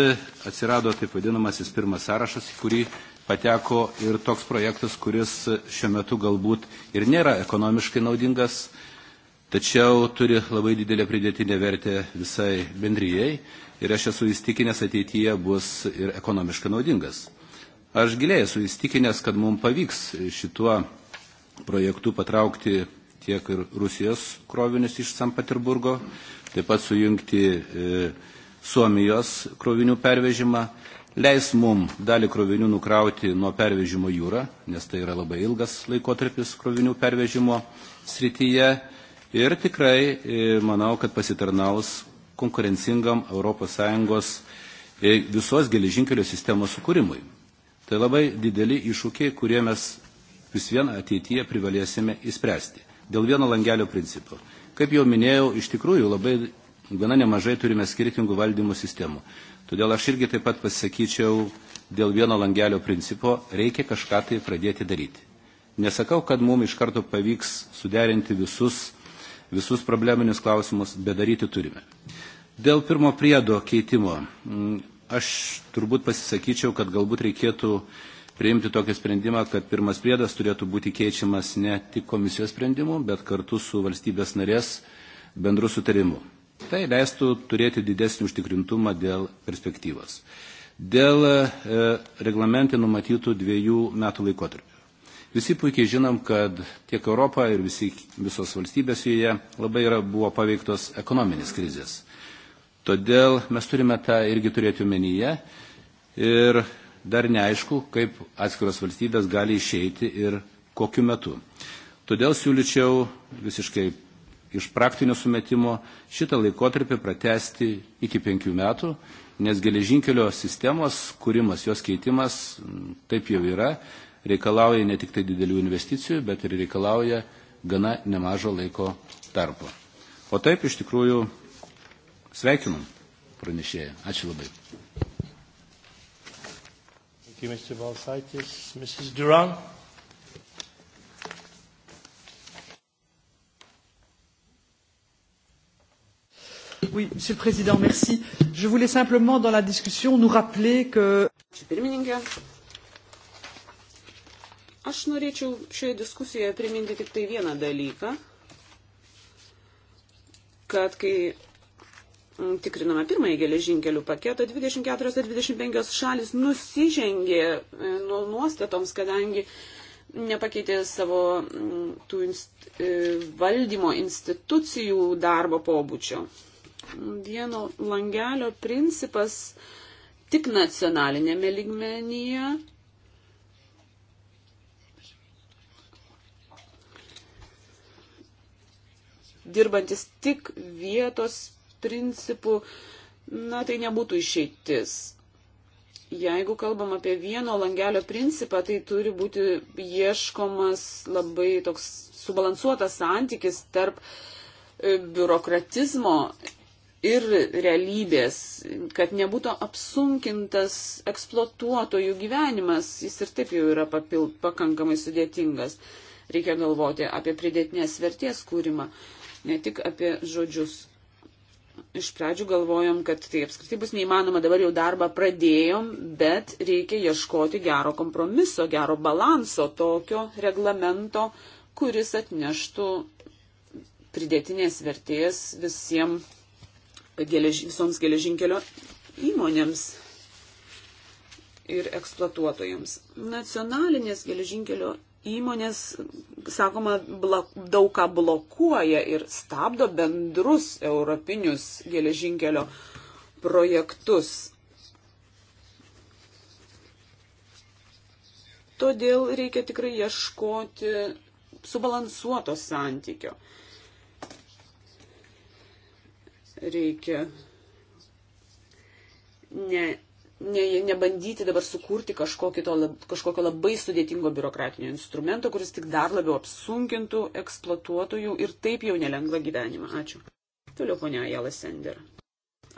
atsirado taip vadinamasis pirmas sąrašas, į kurį pateko ir toks projektas, kuris šiuo metu galbūt ir nėra ekonomiškai naudingas, tačiau turi labai didelę pridėtinę vertę visai bendrijai ir aš esu įstikinęs ateityje bus ir ekonomiškai naudingas. Aš giliai esu įstikinęs, kad mums pavyks šituo projektu patraukti tiek ir Rusijos krovinius iš San Peterburgo, taip pat sujungti e, Suomijos krovinių pervežimą, leis mum dalį krovinių nukrauti nuo pervežimo jūrą, nes tai yra labai ilgas laikotarpis krovinių pervežimo srityje ir tikrai e, manau, kad pasitarnaus konkurencingam ES e, visos geležinkelio sistemos sukūrimui. Tai labai dideli iššūkiai, kurie mes vis vieną ateityje privalėsime įspręsti. Dėl vieno langelio principo. Kaip jau minėjau, iš tikrųjų labai gana nemažai turime skirtingų valdymo sistemų. Todėl aš irgi taip pat pasakyčiau, dėl vieno langelio principo reikia kažką tai pradėti daryti. Nesakau, kad mums iš karto pavyks suderinti visus, visus probleminius klausimus, bet daryti turime. Dėl pirmo priedo keitimo mm, Aš turbūt pasisakyčiau, kad galbūt reikėtų priimti tokį sprendimą, kad pirmas priedas turėtų būti keičiamas ne tik komisijos sprendimu, bet kartu su valstybės narės bendru sutarimu. Tai leistų turėti didesnį užtikrintumą dėl perspektyvos. Dėl e, reglamentai numatytų dviejų metų laikotarpių. Visi puikiai žinom, kad tiek Europa ir visi, visos valstybės joje labai yra, buvo paveiktos ekonominės krizės. Todėl mes turime tą irgi turėti omenyje ir dar neaišku, kaip atskiros valstybės gali išeiti ir kokiu metu. Todėl siūlyčiau visiškai iš praktinio sumetimo šitą laikotarpį pratesti iki penkių metų, nes geležinkelio sistemos kūrimas, jos keitimas mm, taip jau yra, reikalauja ne tik tai didelių investicijų, bet ir reikalauja gana nemažo laiko tarpo. O taip iš tikrųjų Sveikinam pranešėją. Ačiū labai. Thank you, Mr. Balsaitis. Mrs. Duran. Oui, Monsieur le Président, merci. Je voulais simplement, dans la discussion, nous rappeler que. Pirmininkė, aš norėčiau šioje diskusijoje priminti tik tai vieną dalyką, kad kai tikrinome pirmąjį geležinkelių paketą, 24-25 šalis nusižengė e, nuo nuostatoms, kadangi nepakeitė savo mm, tų inst, e, valdymo institucijų darbo pobūdžio. Vieno langelio principas tik nacionalinėme ligmenyje dirbantis tik vietos principų, na tai nebūtų išeitis. Jeigu kalbam apie vieno langelio principą, tai turi būti ieškomas labai toks subalansuotas santykis tarp e, biurokratizmo ir realybės, kad nebūtų apsunkintas eksploatuotojų gyvenimas, jis ir taip jau yra papil, pakankamai sudėtingas. Reikia galvoti apie pridėtinės vertės kūrimą, ne tik apie žodžius iš pradžių galvojom, kad tai apskritai bus neįmanoma, dabar jau darbą pradėjom, bet reikia ieškoti gero kompromiso, gero balanso tokio reglamento, kuris atneštų pridėtinės vertės visiems, gelež, visoms geležinkelio įmonėms ir eksploatuotojams. Nacionalinės geležinkelio įmonės, sakoma, daug ką blokuoja ir stabdo bendrus europinius geležinkelio projektus. Todėl reikia tikrai ieškoti subalansuoto santykio. Reikia ne ne, nebandyti dabar sukurti kažkokio, to, kažkokio labai sudėtingo biurokratinio instrumento, kuris tik dar labiau apsunkintų eksploatuotojų ir taip jau nelengvą gyvenimą. Ačiū. Toliau ponia Jela Sender.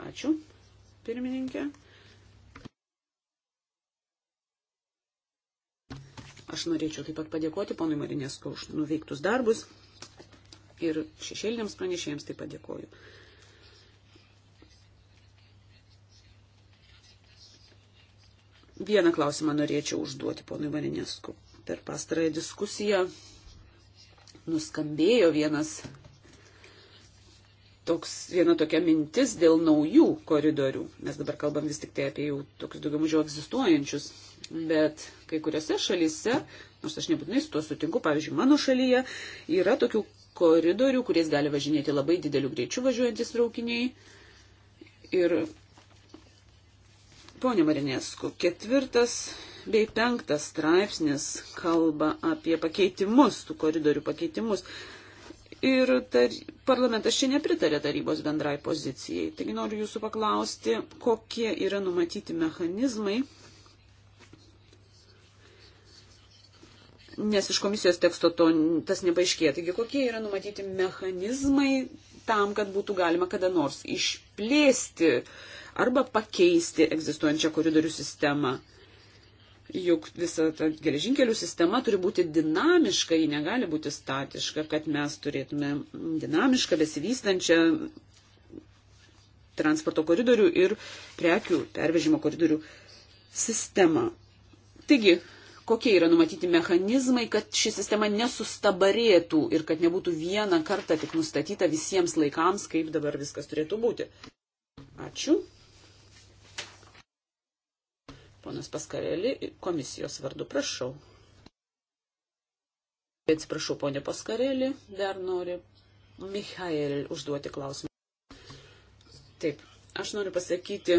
Ačiū, pirmininkė. Aš norėčiau taip pat padėkoti ponui Marinesko už nuveiktus darbus ir šešėliniams pranešėjams taip pat dėkoju. Vieną klausimą norėčiau užduoti ponui Marinesku. Per pastarąją diskusiją nuskambėjo vienas toks, viena tokia mintis dėl naujų koridorių. Mes dabar kalbam vis tik tai apie jau tokius daugiau mažiau egzistuojančius. Bet kai kuriuose šalyse, nors aš nebūtinai su tuo sutinku, pavyzdžiui, mano šalyje yra tokių koridorių, kuriais gali važinėti labai dideliu greičiu važiuojantis traukiniai. Ir Pone Marinesku, ketvirtas bei penktas straipsnis kalba apie pakeitimus, tų koridorių pakeitimus. Ir tar, parlamentas čia nepritarė tarybos bendrai pozicijai. Taigi noriu jūsų paklausti, kokie yra numatyti mechanizmai, nes iš komisijos teksto to tas nepaaiškėja. Taigi kokie yra numatyti mechanizmai tam, kad būtų galima kada nors išplėsti uh, arba pakeisti egzistuojančią koridorių sistemą. Juk visa ta geležinkelių sistema turi būti dinamiška, ji negali būti statiška, kad mes turėtume dinamišką, besivystančią transporto koridorių ir prekių pervežimo koridorių sistemą. Taigi, kokie yra numatyti mechanizmai, kad ši sistema nesustabarėtų ir kad nebūtų vieną kartą tik nustatyta visiems laikams, kaip dabar viskas turėtų būti. Ačiū. Ponas Paskarelį, komisijos vardu, prašau. Atsiprašau, ponė Paskarelį, dar nori Michael užduoti klausimą. Taip, aš noriu pasakyti,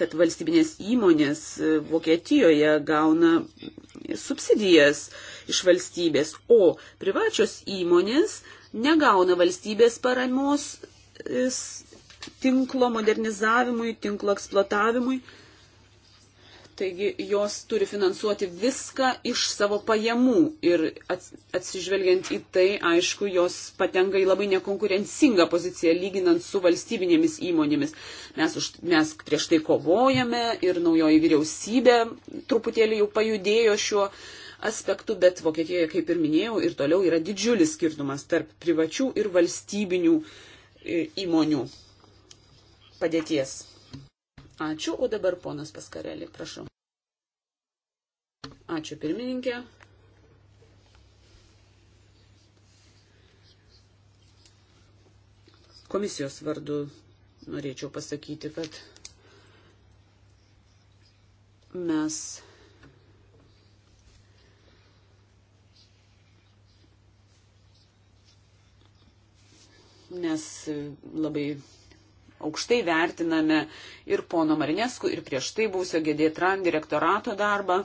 kad valstybinės įmonės e, Vokietijoje gauna subsidijas iš valstybės, o privačios įmonės negauna valstybės paramos e, tinklo modernizavimui, tinklo eksploatavimui. Taigi jos turi finansuoti viską iš savo pajamų ir atsižvelgiant į tai, aišku, jos patenka į labai nekonkurencingą poziciją lyginant su valstybinėmis įmonėmis. Mes, už, mes prieš tai kovojame ir naujoji vyriausybė truputėlį jau pajudėjo šiuo aspektu, bet Vokietijoje, kaip ir minėjau, ir toliau yra didžiulis skirtumas tarp privačių ir valstybinių e, įmonių padėties. Ačiū, o dabar ponas Paskarelį, prašau. Ačiū pirmininkė. Komisijos vardu norėčiau pasakyti, kad mes nes labai aukštai vertiname ir pono Marinesku, ir prieš tai būsio Gedėtran direktorato darbą.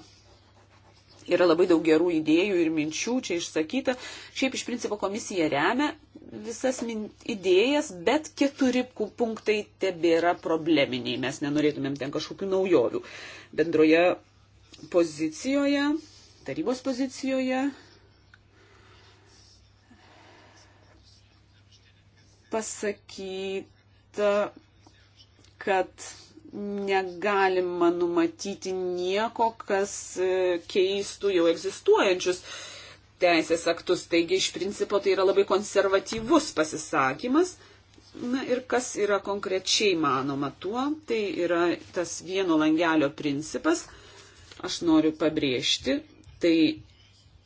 Yra labai daug gerų idėjų ir minčių čia išsakyta. Šiaip iš principo komisija remia visas min... idėjas, bet keturi punktai tebėra probleminiai. Mes nenorėtumėm ten kažkokių naujovių. Bendroje pozicijoje, tarybos pozicijoje pasakyt kad negalima numatyti nieko, kas e, keistų jau egzistuojančius teisės aktus. Taigi iš principo tai yra labai konservatyvus pasisakymas. Na ir kas yra konkrečiai manoma tuo, tai yra tas vieno langelio principas. Aš noriu pabrėžti, tai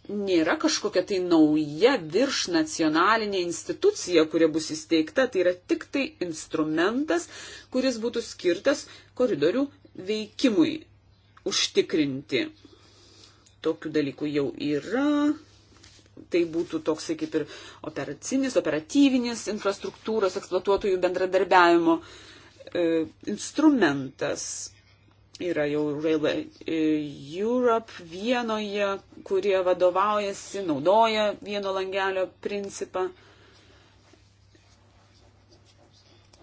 nėra kažkokia tai nauja virš nacionalinė institucija, kuri bus įsteigta, tai yra tik tai instrumentas, kuris būtų skirtas koridorių veikimui užtikrinti. Tokių dalykų jau yra. Tai būtų toksai kaip ir operacinis, operatyvinis infrastruktūros eksploatuotojų bendradarbiavimo e, instrumentas Yra jau Railway e, Europe vienoje, kurie vadovaujasi, naudoja vieno langelio principą.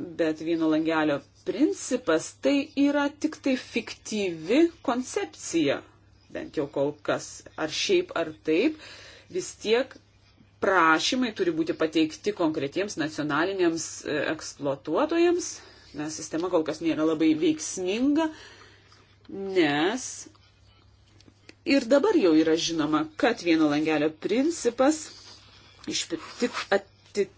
Bet vieno langelio principas tai yra tik tai fiktyvi koncepcija, bent jau kol kas, ar šiaip ar taip, vis tiek prašymai turi būti pateikti konkretiems nacionaliniams e, eksploatuotojams, nes sistema kol kas nėra labai veiksminga, nes ir dabar jau yra žinoma, kad vieno langelio principas iš tik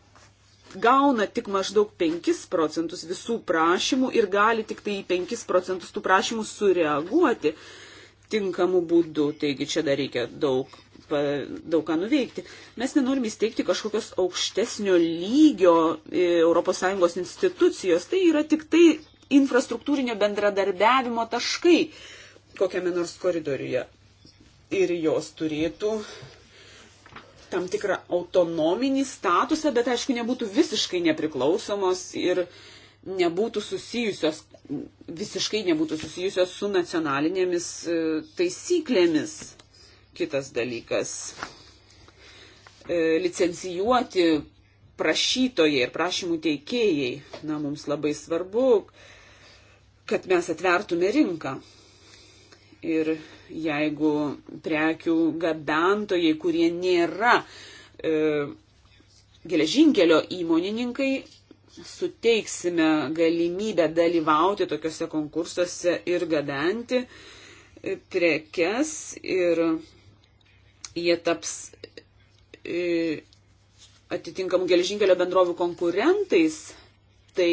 gauna tik maždaug 5 procentus visų prašymų ir gali tik tai 5 procentus tų prašymų sureaguoti tinkamu būdu. Taigi čia dar reikia daug, daug ką nuveikti. Mes nenorime įsteigti kažkokios aukštesnio lygio ES institucijos. Tai yra tik tai infrastruktūrinio bendradarbiavimo taškai kokiame nors koridoriuje. Ir jos turėtų tam tikrą autonominį statusą, bet aišku, nebūtų visiškai nepriklausomos ir nebūtų susijusios, visiškai nebūtų susijusios su nacionalinėmis e, taisyklėmis. Kitas dalykas e, - licencijuoti prašytojai ir prašymų teikėjai. Na, mums labai svarbu, kad mes atvertume rinką. Ir jeigu prekių gabentojai, kurie nėra e, geležinkelio įmonininkai, suteiksime galimybę dalyvauti tokiuose konkursuose ir gabenti e, prekes ir jie taps e, atitinkamų geležinkelio bendrovių konkurentais, tai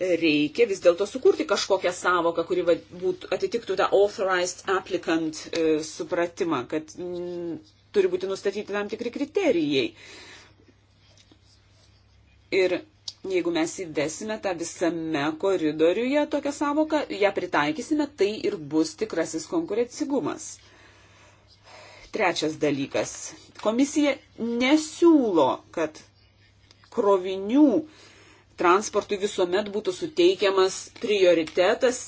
reikia vis dėlto sukurti kažkokią savoką, kuri būtų, atitiktų tą authorized applicant e, supratimą, kad m, mm, turi būti nustatyti tam tikri kriterijai. Ir jeigu mes įvesime tą visame koridoriuje tokią savoką, ją pritaikysime, tai ir bus tikrasis konkurencigumas. Trečias dalykas. Komisija nesiūlo, kad krovinių transportui visuomet būtų suteikiamas prioritetas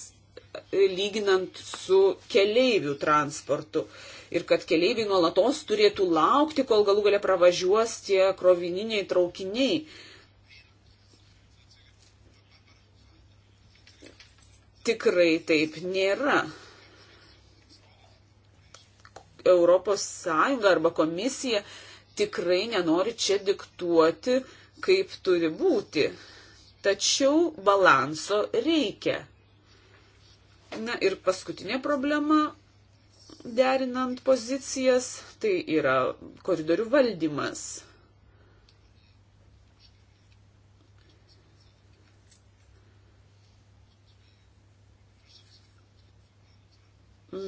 e, lyginant su keleivių transportu. Ir kad keleiviai nuolatos turėtų laukti, kol galų galia pravažiuos tie krovininiai traukiniai. Tikrai taip nėra. Europos Sąjunga arba komisija tikrai nenori čia diktuoti, kaip turi būti. Tačiau balanso reikia. Na ir paskutinė problema, derinant pozicijas, tai yra koridorių valdymas.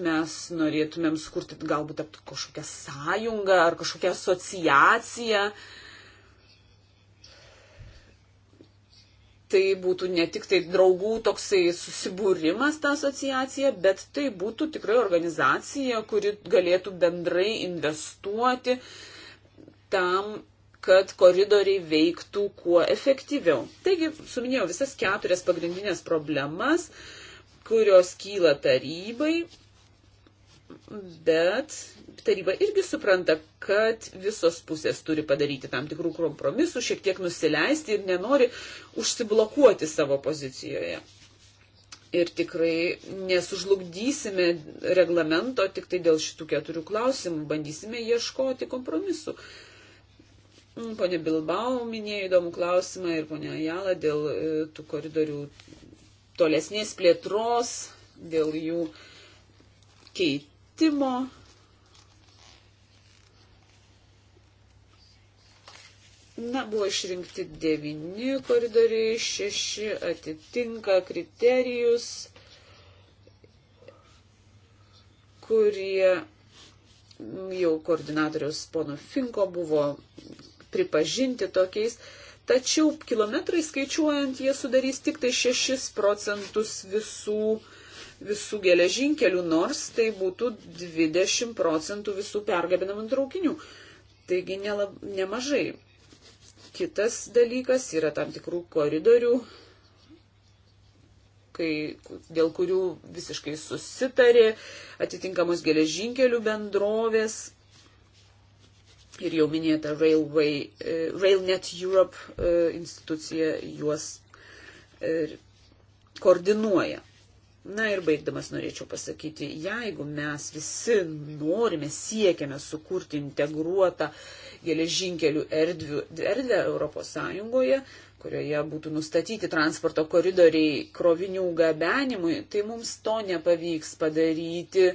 mes norėtumėm sukurti galbūt kažkokią sąjungą ar kažkokią asociaciją, tai būtų ne tik tai draugų toksai susibūrimas ta asociacija, bet tai būtų tikrai organizacija, kuri galėtų bendrai investuoti tam, kad koridoriai veiktų kuo efektyviau. Taigi, suminėjau visas keturias pagrindinės problemas, kurios kyla tarybai Bet taryba irgi supranta, kad visos pusės turi padaryti tam tikrų kompromisų, šiek tiek nusileisti ir nenori užsiblokuoti savo pozicijoje. Ir tikrai nesužlugdysime reglamento tik tai dėl šitų keturių klausimų, bandysime ieškoti kompromisų. Pone Bilbao minėjo įdomų klausimą ir pone Ajala dėl e, tų koridorių tolesnės plėtros, dėl jų keit, vertimo. Na, buvo išrinkti devyni koridoriai, šeši atitinka kriterijus, kurie jau koordinatorius pono Finko buvo pripažinti tokiais. Tačiau kilometrai skaičiuojant, jie sudarys tik tai 6 procentus visų uh, visų geležinkelių, nors tai būtų 20 procentų visų pergabinamų traukinių. Taigi nelab, nemažai. Kitas dalykas yra tam tikrų koridorių, kai, dėl kurių visiškai susitarė atitinkamos geležinkelių bendrovės ir jau minėta Railway, e, RailNet Europe e, institucija juos e, koordinuoja. Na ir baigdamas norėčiau pasakyti, jeigu mes visi norime, siekiame sukurti integruotą geležinkelių erdvių, erdvę Europos Sąjungoje, kurioje būtų nustatyti transporto koridoriai krovinių gabenimui, tai mums to nepavyks padaryti.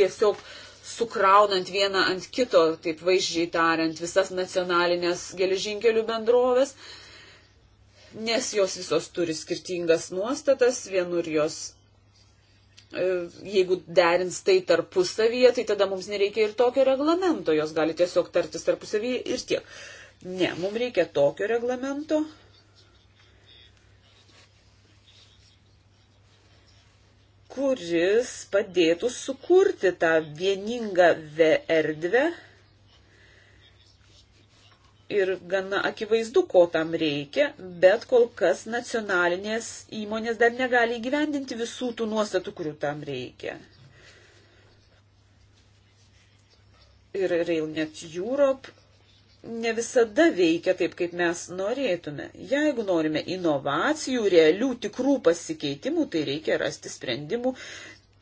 Tiesiog sukraunant vieną ant kito, taip vaizdžiai tariant, visas nacionalinės geležinkelių bendrovės, nes jos visos turi skirtingas nuostatas, vienur jos, e, jeigu derins tai tarpusavyje, tai tada mums nereikia ir tokio reglamento, jos gali tiesiog tartis tarpusavyje ir tiek. Ne, mums reikia tokio reglamento. kuris padėtų sukurti tą vieningą erdvę ir gana akivaizdu, ko tam reikia, bet kol kas nacionalinės įmonės dar negali įgyvendinti visų tų nuostatų, kurių tam reikia. Ir Railnet Europe ne visada veikia taip, kaip mes norėtume. Jeigu norime inovacijų, realių, tikrų pasikeitimų, tai reikia rasti sprendimų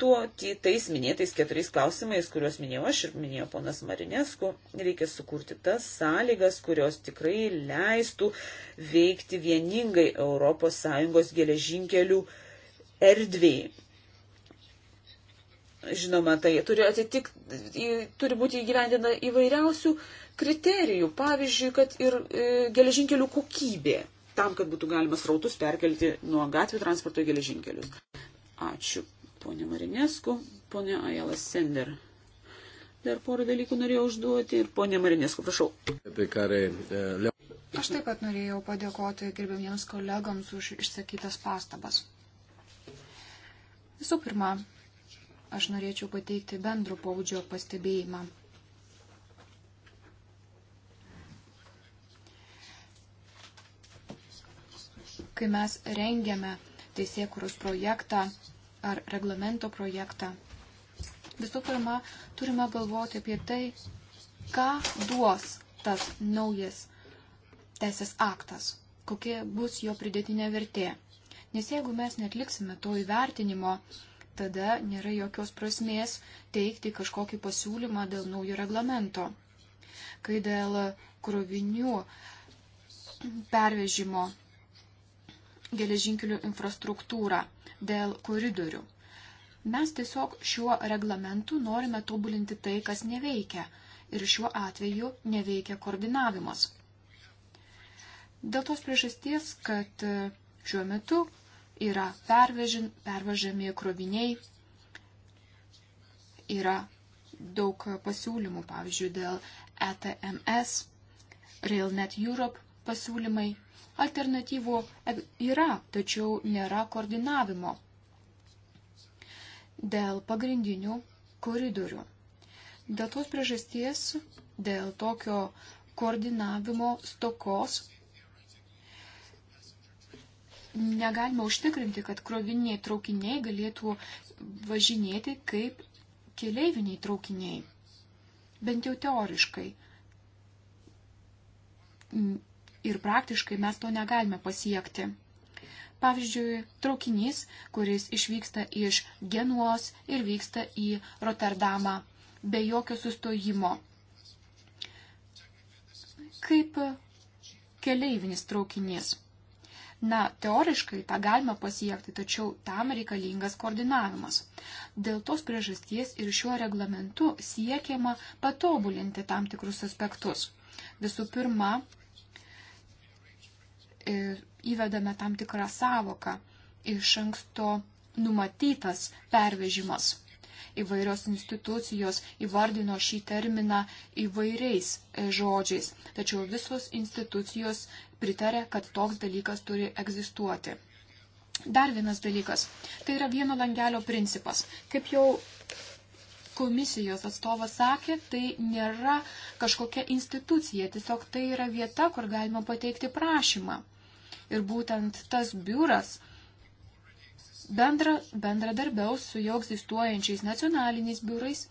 tuo tais minėtais keturiais klausimais, kuriuos minėjau aš ir minėjo ponas Marinesku, reikia sukurti tas sąlygas, kurios tikrai leistų veikti vieningai ES geležinkelių erdvėjai. Žinoma, tai turi, atitik, turi būti įgyvendina įvairiausių kriterijų, pavyzdžiui, kad ir e, geležinkelių kokybė, tam, kad būtų galima srautus perkelti nuo gatvių transporto į geležinkelius. Ačiū Pone Marinesku, pone Ajalas Sender. Dar porą dalykų norėjau užduoti ir ponė Marinesku, prašau. E, aš taip pat norėjau padėkoti gerbėmiems kolegams už išsakytas pastabas. Visų pirma, aš norėčiau pateikti bendro paudžio pastebėjimą. Kai mes rengėme teisėkurus projektą, ar reglamento projektą. Visų pirma, turime galvoti apie tai, ką duos tas naujas teisės aktas, kokia bus jo pridėtinė vertė. Nes jeigu mes netliksime to įvertinimo, tada nėra jokios prasmės teikti kažkokį pasiūlymą dėl naujo reglamento. Kai dėl krovinių pervežimo geležinkelių infrastruktūrą dėl koridorių. Mes tiesiog šiuo reglamentu norime tobulinti tai, kas neveikia. Ir šiuo atveju neveikia koordinavimas. Dėl tos priežasties, kad e, šiuo metu yra pervežin, pervežami kroviniai, yra daug pasiūlymų, pavyzdžiui, dėl ETMS, RailNet Europe pasiūlymai Alternatyvų e, yra, tačiau nėra koordinavimo dėl pagrindinių koridorių. Dėl tos priežasties, dėl tokio koordinavimo stokos negalima užtikrinti, kad kroviniai traukiniai galėtų važinėti kaip keleiviniai traukiniai. Bent jau teoriškai ir praktiškai mes to negalime pasiekti. Pavyzdžiui, traukinys, kuris išvyksta iš Genuos ir vyksta į Rotterdamą be jokio sustojimo. Kaip keleivinis traukinys. Na, teoriškai tą galima pasiekti, tačiau tam reikalingas koordinavimas. Dėl tos priežasties ir šiuo reglamentu siekiama patobulinti tam tikrus aspektus. Visų pirma, įvedame tam tikrą savoką iš anksto numatytas pervežimas. Įvairios institucijos įvardino šį terminą įvairiais e, žodžiais, tačiau visos institucijos pritarė, kad toks dalykas turi egzistuoti. Dar vienas dalykas - tai yra vieno langelio principas. Kaip jau komisijos atstovas sakė, tai nėra kažkokia institucija, tiesiog tai yra vieta, kur galima pateikti prašymą. Ir būtent tas biuras bendra, bendradarbiaus su jau egzistuojančiais nacionaliniais biurais.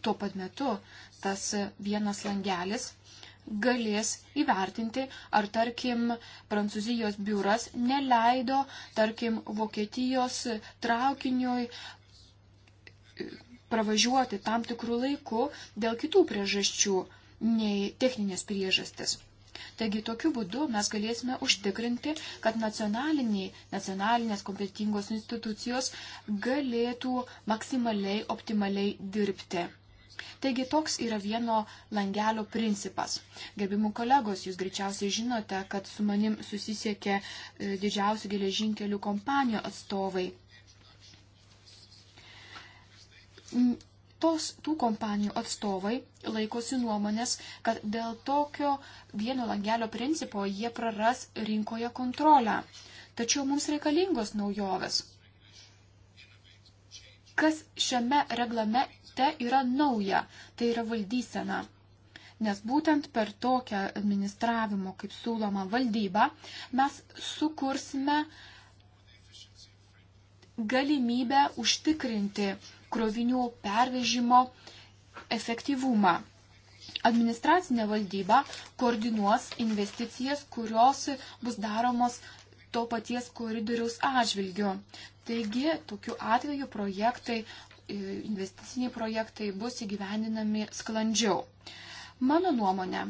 Tuo pat metu tas vienas langelis galės įvertinti, ar tarkim Prancūzijos biuras neleido, tarkim, Vokietijos traukiniui e, pravažiuoti tam tikrų laikų dėl kitų priežasčių nei techninės priežastis. Taigi tokiu būdu mes galėsime užtikrinti, kad nacionaliniai, nacionalinės kompetingos institucijos galėtų maksimaliai, optimaliai dirbti. Taigi toks yra vieno langelio principas. Gerbimų kolegos, jūs greičiausiai žinote, kad su manim susisiekė e, didžiausių geležinkelių kompanijų atstovai. Tos tų kompanijų atstovai laikosi nuomonės, kad dėl tokio vieno langelio principo jie praras rinkoje kontrolę. Tačiau mums reikalingos naujovės. Kas šiame reglame kontekste yra nauja, tai yra valdysena. Nes būtent per tokią administravimo, kaip siūloma valdyba, mes sukursime galimybę užtikrinti krovinių pervežimo efektyvumą. Administracinė valdyba koordinuos investicijas, kurios bus daromos to paties koridoriaus atžvilgiu. Taigi, tokiu atveju projektai investiciniai projektai bus įgyvendinami sklandžiau. Mano nuomonė,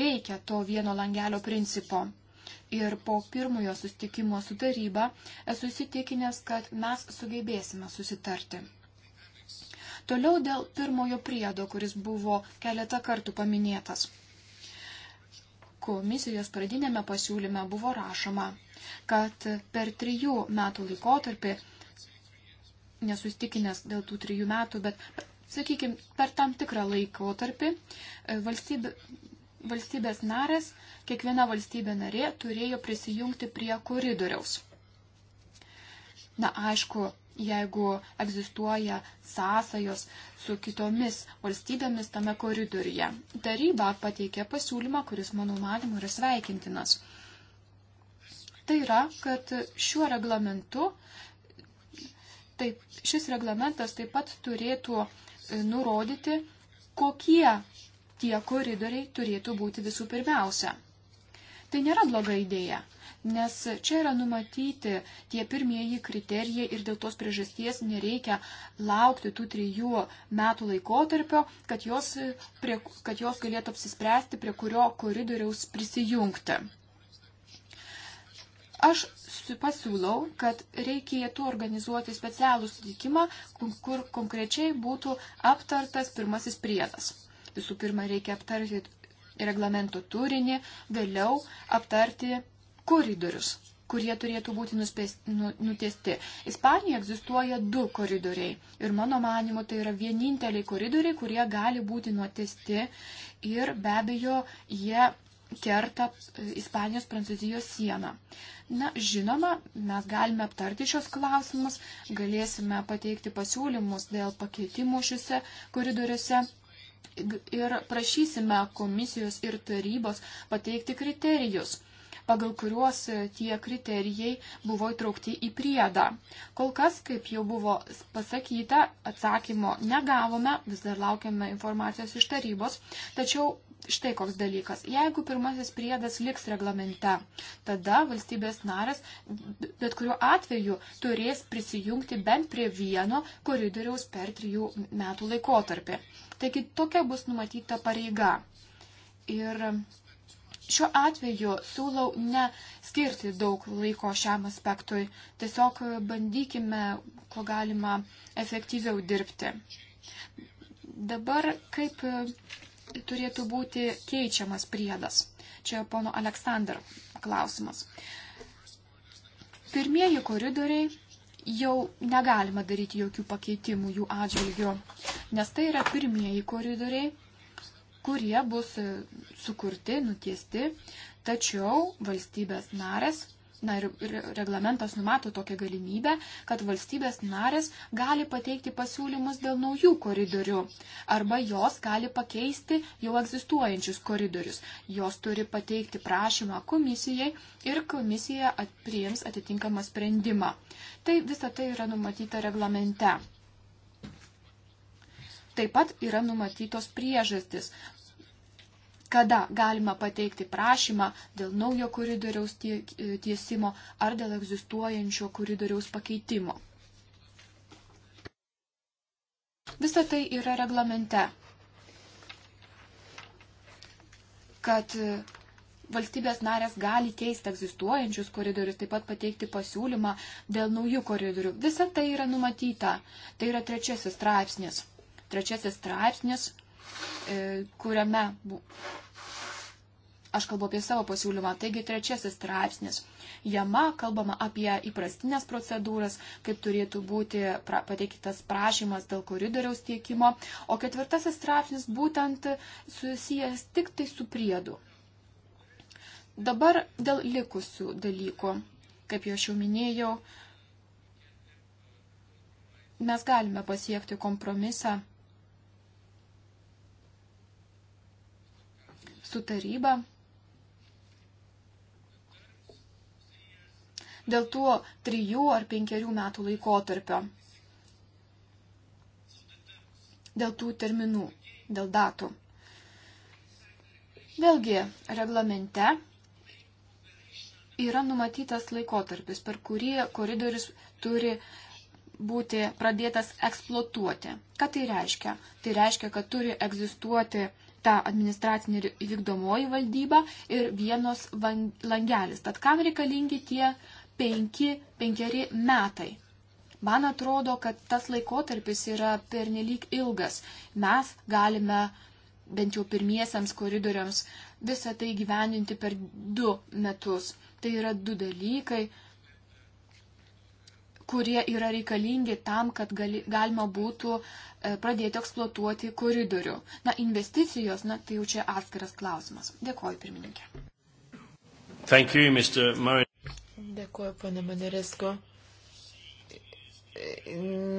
reikia to vieno langelio principo. Ir po pirmojo sustikimo su taryba esu įsitikinęs, kad mes sugebėsime susitarti. Toliau dėl pirmojo priedo, kuris buvo keletą kartų paminėtas. Komisijos pradinėme pasiūlyme buvo rašoma, kad per trijų metų laikotarpį nesustikinęs dėl tų trijų metų, bet, sakykime, per tam tikrą laikotarpį e, valstybė, valstybės narės, kiekviena valstybė narė turėjo prisijungti prie koridoriaus. Na, aišku, jeigu egzistuoja sąsajos su kitomis valstybėmis tame koridoriuje. Taryba pateikė pasiūlymą, kuris, mano manimu, yra sveikintinas. Tai yra, kad šiuo reglamentu Taip, šis reglamentas taip pat turėtų e, nurodyti, kokie tie koridoriai turėtų būti visų pirmiausia. Tai nėra bloga idėja, nes čia yra numatyti tie pirmieji kriterijai ir dėl tos priežasties nereikia laukti tų trijų metų laikotarpio, kad jos, e, prie, kad jos galėtų apsispręsti, prie kurio koridoriaus prisijungti. Aš pasiūlau, kad reikėtų organizuoti specialų sutikimą, kur konkrečiai būtų aptartas pirmasis priedas. Visų pirma, reikia aptarti reglamento turinį, vėliau aptarti koridorius, kurie turėtų būti nuspės, nu, nutiesti. Ispanijoje egzistuoja du koridoriai ir mano manimo tai yra vieninteliai koridoriai, kurie gali būti nutiesti ir be abejo jie kerta Ispanijos-Prancūzijos sieną. Na, žinoma, mes galime aptarti šios klausimus, galėsime pateikti pasiūlymus dėl pakeitimų šiuose koridoriuose. Ir prašysime komisijos ir tarybos pateikti kriterijus, pagal kuriuos tie kriterijai buvo įtraukti į priedą. Kol kas, kaip jau buvo pasakyta, atsakymo negavome, vis dar laukiame informacijos iš tarybos, tačiau štai koks dalykas. Jeigu pirmasis priedas liks reglamente, tada valstybės naras bet kuriuo atveju turės prisijungti bent prie vieno koridoriaus per trijų metų laikotarpį. Taigi tokia bus numatyta pareiga. Ir šiuo atveju siūlau ne skirti daug laiko šiam aspektui, tiesiog bandykime, ko galima efektyviau dirbti. Dabar kaip turėtų būti keičiamas priedas. Čia pono Aleksandr klausimas. Pirmieji koridoriai jau negalima daryti jokių pakeitimų jų atžvilgiu, nes tai yra pirmieji koridoriai, kurie bus sukurti, nutiesti, tačiau valstybės narės na ir reglamentas numato tokią galimybę, kad valstybės narės gali pateikti pasiūlymus dėl naujų koridorių arba jos gali pakeisti jau egzistuojančius koridorius. Jos turi pateikti prašymą komisijai ir komisija priims atitinkamą sprendimą. Tai visa tai yra numatyta reglamente. Taip pat yra numatytos priežastis, kada galima pateikti prašymą dėl naujo koridoriaus tiesimo ar dėl egzistuojančio koridoriaus pakeitimo. Visa tai yra reglamente, kad valstybės narės gali keisti egzistuojančius koridorius, taip pat pateikti pasiūlymą dėl naujų koridorių. Visa tai yra numatyta. Tai yra trečiasis straipsnis. Trečiasis straipsnis E, kuriame. Aš kalbu apie savo pasiūlymą. Taigi trečiasis straipsnis. Jama kalbama apie įprastinės procedūras, kaip turėtų būti pra, pateikitas prašymas dėl koridoriaus tiekimo. O ketvirtasis straipsnis būtent susijęs tik tai su priedu. Dabar dėl likusių dalykų. Kaip jau aš jau minėjau, mes galime pasiekti kompromisą su taryba. Dėl tuo trijų ar penkerių metų laikotarpio. Dėl tų terminų, dėl datų. Vėlgi, reglamente yra numatytas laikotarpis, per kurį koridorius turi būti pradėtas eksploatuoti. Ką tai reiškia? Tai reiškia, kad turi egzistuoti ta administracinė ir vykdomoji valdyba ir vienos langelis. Tad kam reikalingi tie penki, penkeri metai? Man atrodo, kad tas laikotarpis yra pernelyg ilgas. Mes galime bent jau pirmiesiams koridoriams visą tai gyveninti per du metus. Tai yra du dalykai, kurie yra reikalingi tam, kad gali, galima būtų e, pradėti eksploatuoti koridorių. Na, investicijos, na, tai jau čia atskiras klausimas. Dėkuoju, pirmininkė. Thank you, Mr. Marin. Dėkuoju, pane Maneresko.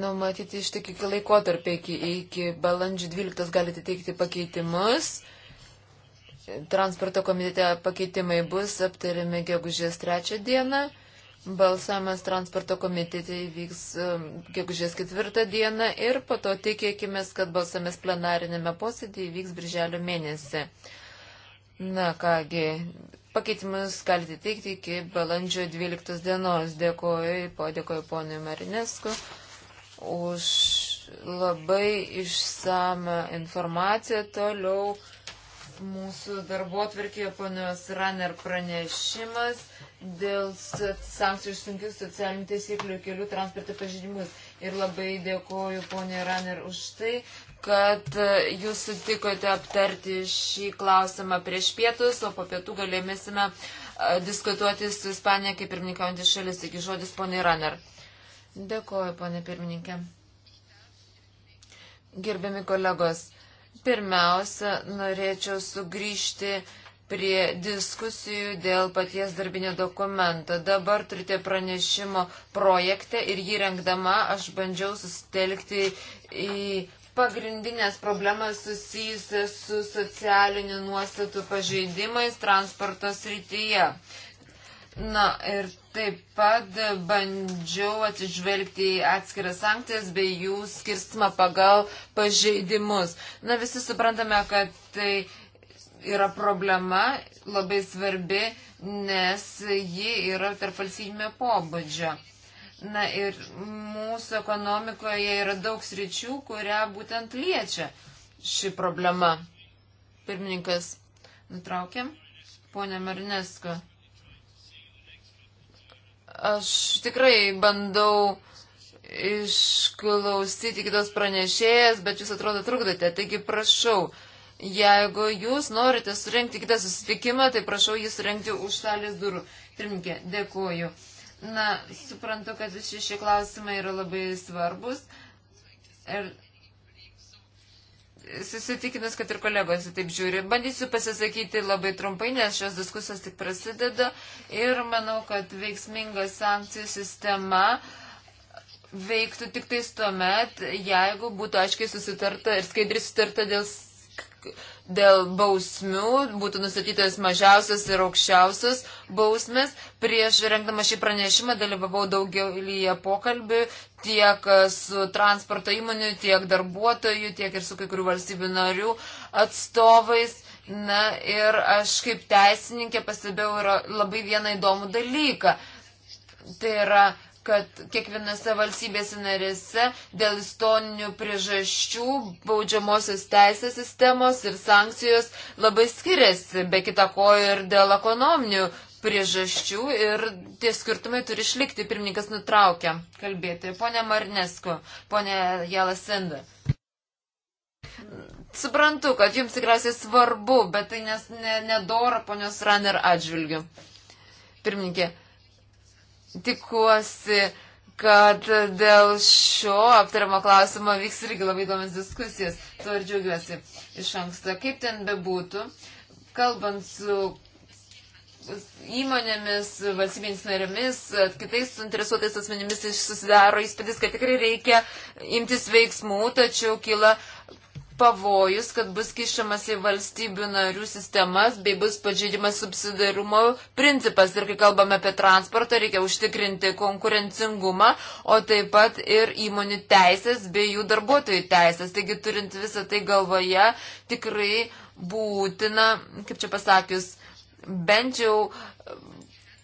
Numatyti iš tik iki laikotarpį, iki, iki balandžio 12 galite teikti pakeitimus. Transporto komitete pakeitimai bus aptariami gegužės 3 dieną. Balsavimas transporto komitete įvyks gegužės ketvirtą dieną ir po to tikėkime, kad balsavimas plenarinėme posėdėje įvyks birželio mėnesį. Na kągi, pakeitimus galite teikti iki balandžio 12 dienos. Dėkoju, padėkoju ponui Marinesku už labai išsamą informaciją toliau mūsų darbo atverkėjo ponios Raner pranešimas dėl sankcijų už sunkius socialinių taisyklių kelių transporto pažydimus. Ir labai dėkoju ponė Raner už tai, kad e, jūs sutikote aptarti šį klausimą prieš pietus, o po pietų galėsime e, diskutuoti su Ispanija kaip pirmininkaujantis šalis. Taigi žodis ponė Raner. Dėkoju, ponė pirmininkė. Gerbiami kolegos, pirmiausia, norėčiau sugrįžti prie diskusijų dėl paties darbinio dokumento. Dabar turite pranešimo projektą ir jį rengdama aš bandžiau susitelkti į pagrindinės problemas susijusias su socialiniu nuostatų pažeidimais transporto srityje. Na ir taip pat bandžiau atsižvelgti į atskiras sankcijas bei jų skirstimą pagal pažeidimus. Na visi suprantame, kad tai yra problema labai svarbi, nes ji yra tarp valstybinio pobūdžio. Na ir mūsų ekonomikoje yra daug sričių, kurią būtent liečia ši problema. Pirmininkas, nutraukiam. Pone Marinesko, aš tikrai bandau išklausyti kitos pranešėjas, bet jūs atrodo trukdote, taigi prašau Jeigu jūs norite surenkti kitą susitikimą, tai prašau jį surenkti už salės durų. Pirminkė, dėkuoju. Na, suprantu, kad visi šie klausimai yra labai svarbus. Ir susitikinus, kad ir kolegos taip žiūri. Bandysiu pasisakyti labai trumpai, nes šios diskusijos tik prasideda. Ir manau, kad veiksminga sankcijų sistema veiktų tik tais tuomet, jeigu būtų aiškiai susitarta ir skaidriai susitarta dėl dėl bausmių būtų nustatytos mažiausios ir aukščiausios bausmės. Prieš rengdama šį pranešimą dalyvavau daugelįje pokalbių tiek su transporto įmonių, tiek darbuotojų, tiek ir su kai kurių valstybių narių atstovais. Na ir aš kaip teisininkė pastebėjau yra labai vieną įdomų dalyką. Tai yra kad kiekvienose valstybėse narėse dėl istorinių priežasčių baudžiamosios teisės sistemos ir sankcijos labai skiriasi, be kita ko ir dėl ekonominių priežasčių ir tie skirtumai turi išlikti. Pirmininkas nutraukia kalbėti. Pone Marnesko, pone Jalasenda. Suprantu, kad jums tikriausiai svarbu, bet tai nes nedora ne, ne ponios Runner atžvilgiu. Pirmininkė, Tikiuosi, kad dėl šio aptariamo klausimo vyks irgi labai įdomias diskusijas. Tuo ir džiaugiuosi iš anksto. Kaip ten bebūtų, kalbant su įmonėmis, valstybėmis narėmis, kitais suinteresuotais asmenimis tai susidaro įspūdis, kad tikrai reikia imtis veiksmų, tačiau kyla pavojus, kad bus kišamas į valstybių narių sistemas bei bus pažydimas subsidarumo principas. Ir kai kalbame apie transportą, reikia užtikrinti konkurencingumą, o taip pat ir įmonių teisės bei jų darbuotojų teisės. Taigi turint visą tai galvoje, tikrai būtina, kaip čia pasakius, bent jau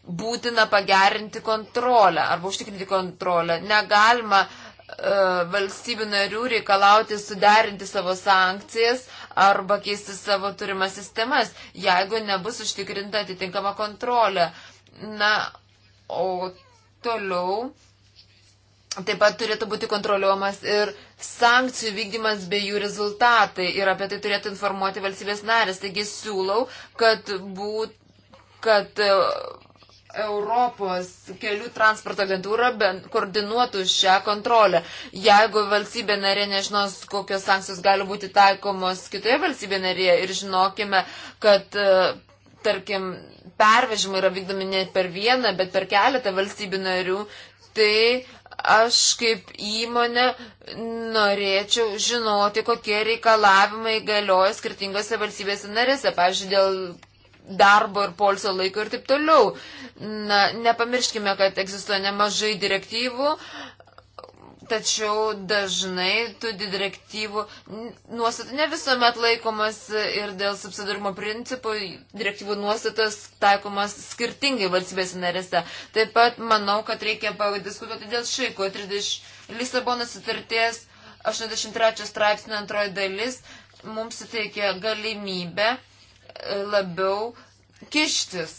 būtina pagerinti kontrolę arba užtikrinti kontrolę. Negalima uh, E, valstybių narių reikalauti suderinti savo sankcijas arba keisti savo turimas sistemas, jeigu nebus užtikrinta atitinkama kontrolė. Na, o toliau taip pat turėtų būti kontroliuojamas ir sankcijų vykdymas bei jų rezultatai ir apie tai turėtų informuoti valstybės narės. Taigi siūlau, kad būtų kad uh, Europos kelių transporto agentūra koordinuotų šią kontrolę. Jeigu valstybė narė nežinos, kokios sankcijos gali būti taikomos kitoje valstybė narėje ir žinokime, kad, e, tarkim, pervežimai yra vykdomi ne per vieną, bet per keletą valstybių narių, tai aš kaip įmonė norėčiau žinoti, kokie reikalavimai galioja skirtingose valstybėse narėse. Pavyzdžiui, dėl darbo ir polsio laiko ir taip toliau. Na, nepamirškime, kad egzistuoja nemažai direktyvų, tačiau dažnai tų direktyvų nuostatų ne visuomet laikomas ir dėl subsidarimo principų direktyvų nuostatas taikomas skirtingai valstybės narėse. Taip pat manau, kad reikia padiskutuoti dėl šaiko 30 Lisabono sutarties 83 straipsnio antroji dalis mums suteikia galimybę labiau kištis,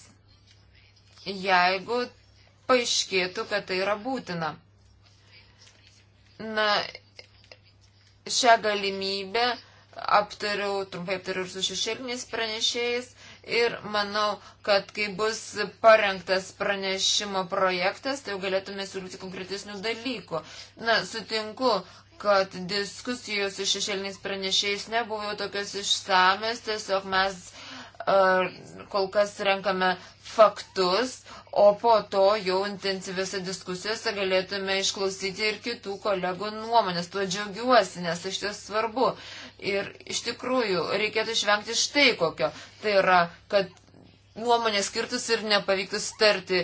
jeigu paaiškėtų, kad tai yra būtina. Na, šią galimybę aptariau, trumpai aptariau ir su šešėliniais pranešėjais ir manau, kad kai bus parengtas pranešimo projektas, tai jau galėtume siūlyti konkretesnių dalykų. Na, sutinku, kad diskusijos su šešėliniais pranešėjais nebuvo tokios išsames, tiesiog mes kol kas renkame faktus, o po to jau intensyviose diskusijose galėtume išklausyti ir kitų kolegų nuomonės. Tuo džiaugiuosi, nes iš ties svarbu. Ir iš tikrųjų reikėtų išvengti štai kokio. Tai yra, kad nuomonės skirtus ir nepavyktų starti.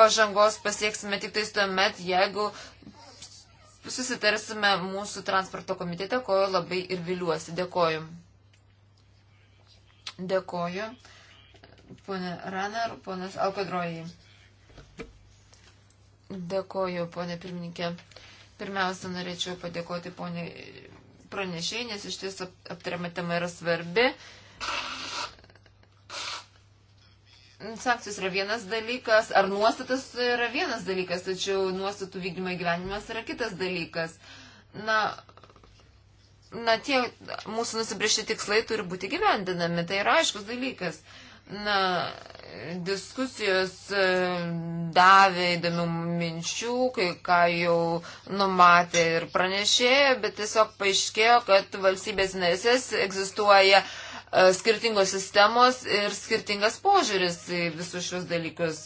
Pažangos pasieksime tik tais tuomet, jeigu susitarsime mūsų transporto komitete, ko labai ir viliuosi. Dėkoju. Dėkoju. Pone Raner, ponas Alkadrojai. Dėkoju, ponė pirmininkė. Pirmiausia, norėčiau padėkoti ponė pranešėjai, nes iš tiesų aptariama tema yra svarbi. Sankcijos yra vienas dalykas, ar nuostatas yra vienas dalykas, tačiau nuostatų vykdymo įgyvenimas yra kitas dalykas. Na, na, tie mūsų nusibriežti tikslai turi būti gyvendinami. Tai yra aiškus dalykas. Na, diskusijos e, davė įdomių minčių, kai ką jau numatė ir pranešėjo, bet tiesiog paaiškėjo, kad valstybės narėsės egzistuoja e, skirtingos sistemos ir skirtingas požiūris į visus šios dalykus.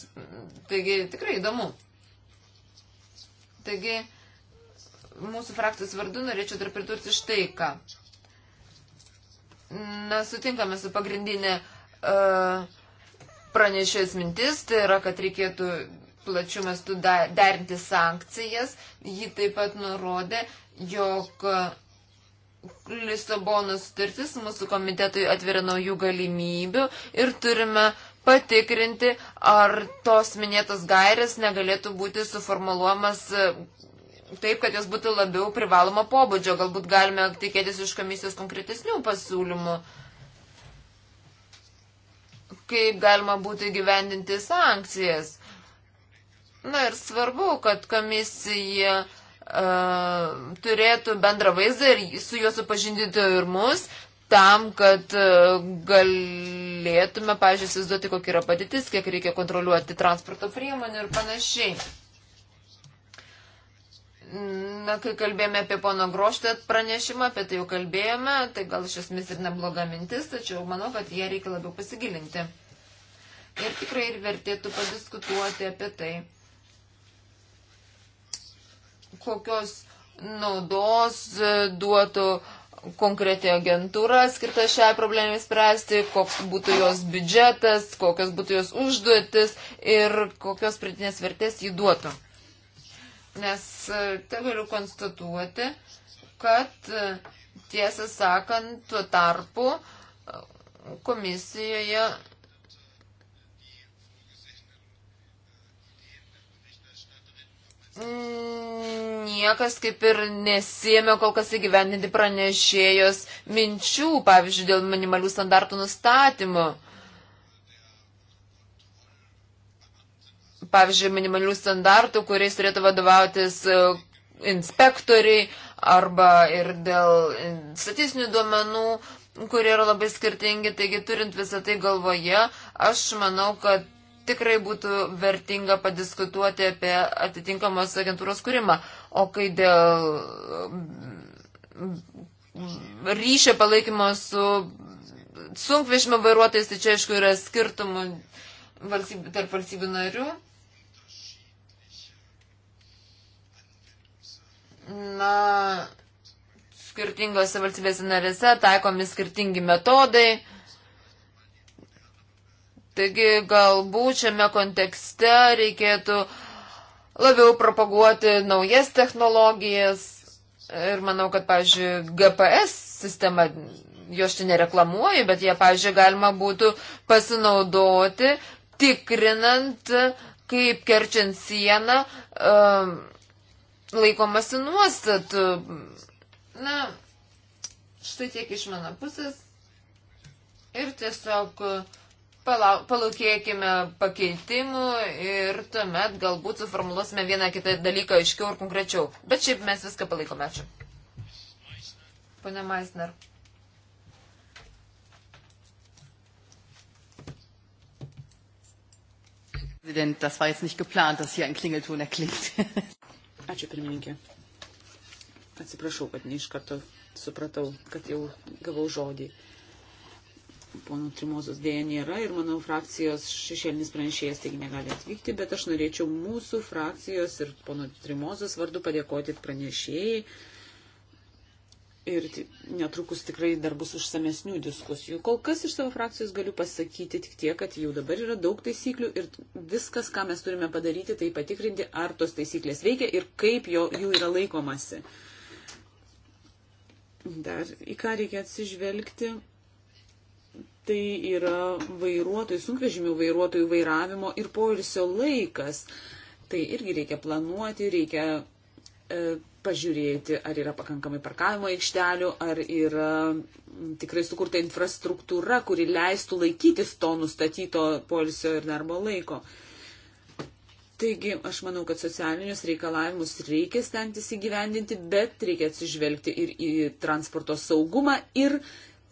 Taigi tikrai įdomu. Taigi, uh, mūsų frakcijos vardu norėčiau dar pridurti štai ką. Na, sutinkame su pagrindinė uh, pranešės mintis, tai yra, kad reikėtų plačių mestų derinti sankcijas. Ji taip pat nurodė, jog Lisabono sutartis mūsų komitetui atveria naujų galimybių ir turime patikrinti, ar tos minėtos gairės negalėtų būti suformuluomas taip, kad jos būtų labiau privaloma pobūdžio. Galbūt galime tikėtis iš komisijos konkretesnių pasiūlymų, kaip galima būtų gyvendinti sankcijas. Na ir svarbu, kad komisija uh, turėtų bendrą vaizdą ir su juo supažindinti ir mus, tam, kad e, galėtume, pažiūrėjau, įsivaizduoti, kokia yra padėtis, kiek reikia kontroliuoti transporto priemonių ir panašiai. Na, kai kalbėjome apie pono Groštę pranešimą, apie tai jau kalbėjome, tai gal iš esmės ir nebloga mintis, tačiau manau, kad ją reikia labiau pasigilinti. Ir tikrai ir vertėtų padiskutuoti apie tai, kokios naudos duotų konkreti agentūra skirta šiai problemai spręsti, koks būtų jos biudžetas, kokios būtų jos užduotis ir kokios pritinės vertės jį duotų nes tai galiu konstatuoti, kad e, tiesą sakant, tuo tarpu e, komisijoje niekas kaip ir nesėmė kol kas įgyvendinti pranešėjos minčių, pavyzdžiui, dėl minimalių standartų nustatymo. pavyzdžiui, minimalių standartų, kuriais turėtų vadovautis e, inspektoriai arba ir dėl e, statistinių duomenų, kurie yra labai skirtingi. Taigi, turint visą tai galvoje, aš manau, kad tikrai būtų vertinga padiskutuoti apie atitinkamos agentūros kūrimą. O kai dėl e, ryšio palaikymo su sunkvežimio vairuotojais, tai čia aišku yra skirtumų valstybių, tarp valstybių narių. Na, skirtingose valstybėse narėse taikomi skirtingi metodai. Taigi galbūt šiame kontekste reikėtų labiau propaguoti naujas technologijas. Ir manau, kad, pavyzdžiui, GPS sistema, jo aš čia nereklamuoju, bet ją, pavyzdžiui, galima būtų pasinaudoti, tikrinant, kaip kerčiant sieną, um, laikomasi nuostatų. Na, štai tiek iš mano pusės. Ir tiesiog palau, palaukėkime pakeitimų ir tuomet galbūt suformuluosime vieną kitą dalyką aiškiau ir konkrečiau. Bet šiaip mes viską palaikome. Ačiū. Pane Maisner. Präsident, das war jetzt nicht geplant, dass hier ein Klingelton erklingt. Ačiū pirmininkė. Atsiprašau, kad ne iš karto supratau, kad jau gavau žodį. Pono Trimozos dėja nėra ir mano frakcijos šešėlinis pranešėjas taigi negali atvykti, bet aš norėčiau mūsų frakcijos ir pono Trimozos vardu padėkoti pranešėjai ir netrukus tikrai dar bus užsamesnių diskusijų. Kol kas iš savo frakcijos galiu pasakyti tik tiek, kad jau dabar yra daug taisyklių ir viskas, ką mes turime padaryti, tai patikrinti, ar tos taisyklės veikia ir kaip jo, jų yra laikomasi. Dar į ką reikia atsižvelgti, tai yra vairuotojų, sunkvežimių vairuotojų vairavimo ir poilsio laikas. Tai irgi reikia planuoti, reikia. E, pažiūrėti, ar yra pakankamai parkavimo aikštelių, ar yra tikrai sukurta infrastruktūra, kuri leistų laikytis to nustatyto polisio ir darbo laiko. Taigi, aš manau, kad socialinius reikalavimus reikia stengtis įgyvendinti, bet reikia atsižvelgti ir į transporto saugumą ir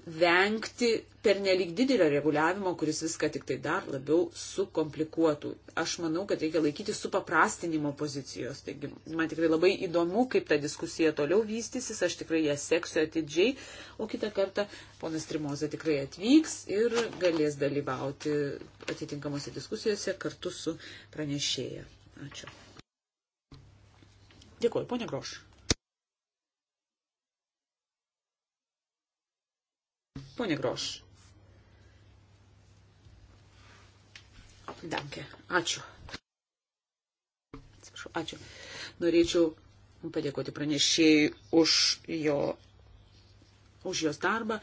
vengti pernelik didelio reguliavimo, kuris viską tik tai dar labiau sukomplikuotų. Aš manau, kad reikia laikyti supaprastinimo pozicijos. Taigi, man tikrai labai įdomu, kaip ta diskusija toliau vystysis, aš tikrai ją seksiu atidžiai, o kitą kartą ponas Trimoza tikrai atvyks ir galės dalyvauti atitinkamose diskusijose kartu su pranešėja. Ačiū. Dėkuoju, ponia Grošai. Pone Groš. Dankė. Ačiū. Atsiprašau, ačiū. Norėčiau nu, padėkoti pranešėjai už, jo, už jos darbą.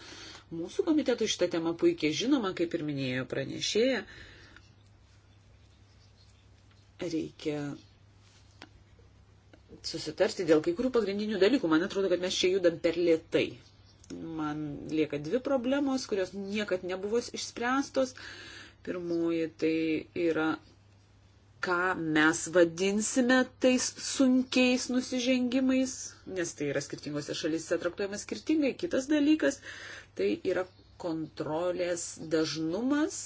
Mūsų komitetų šitą temą puikiai žinoma, kaip ir minėjo pranešėja. Reikia susitarti dėl kai kurių pagrindinių dalykų. Man atrodo, kad mes čia judam per lietai. Man lieka dvi problemos, kurios niekad nebuvo išspręstos. Pirmoji tai yra, ką mes vadinsime tais sunkiais nusižengimais, nes tai yra skirtingose šalyse traktuojama skirtingai. Kitas dalykas tai yra kontrolės dažnumas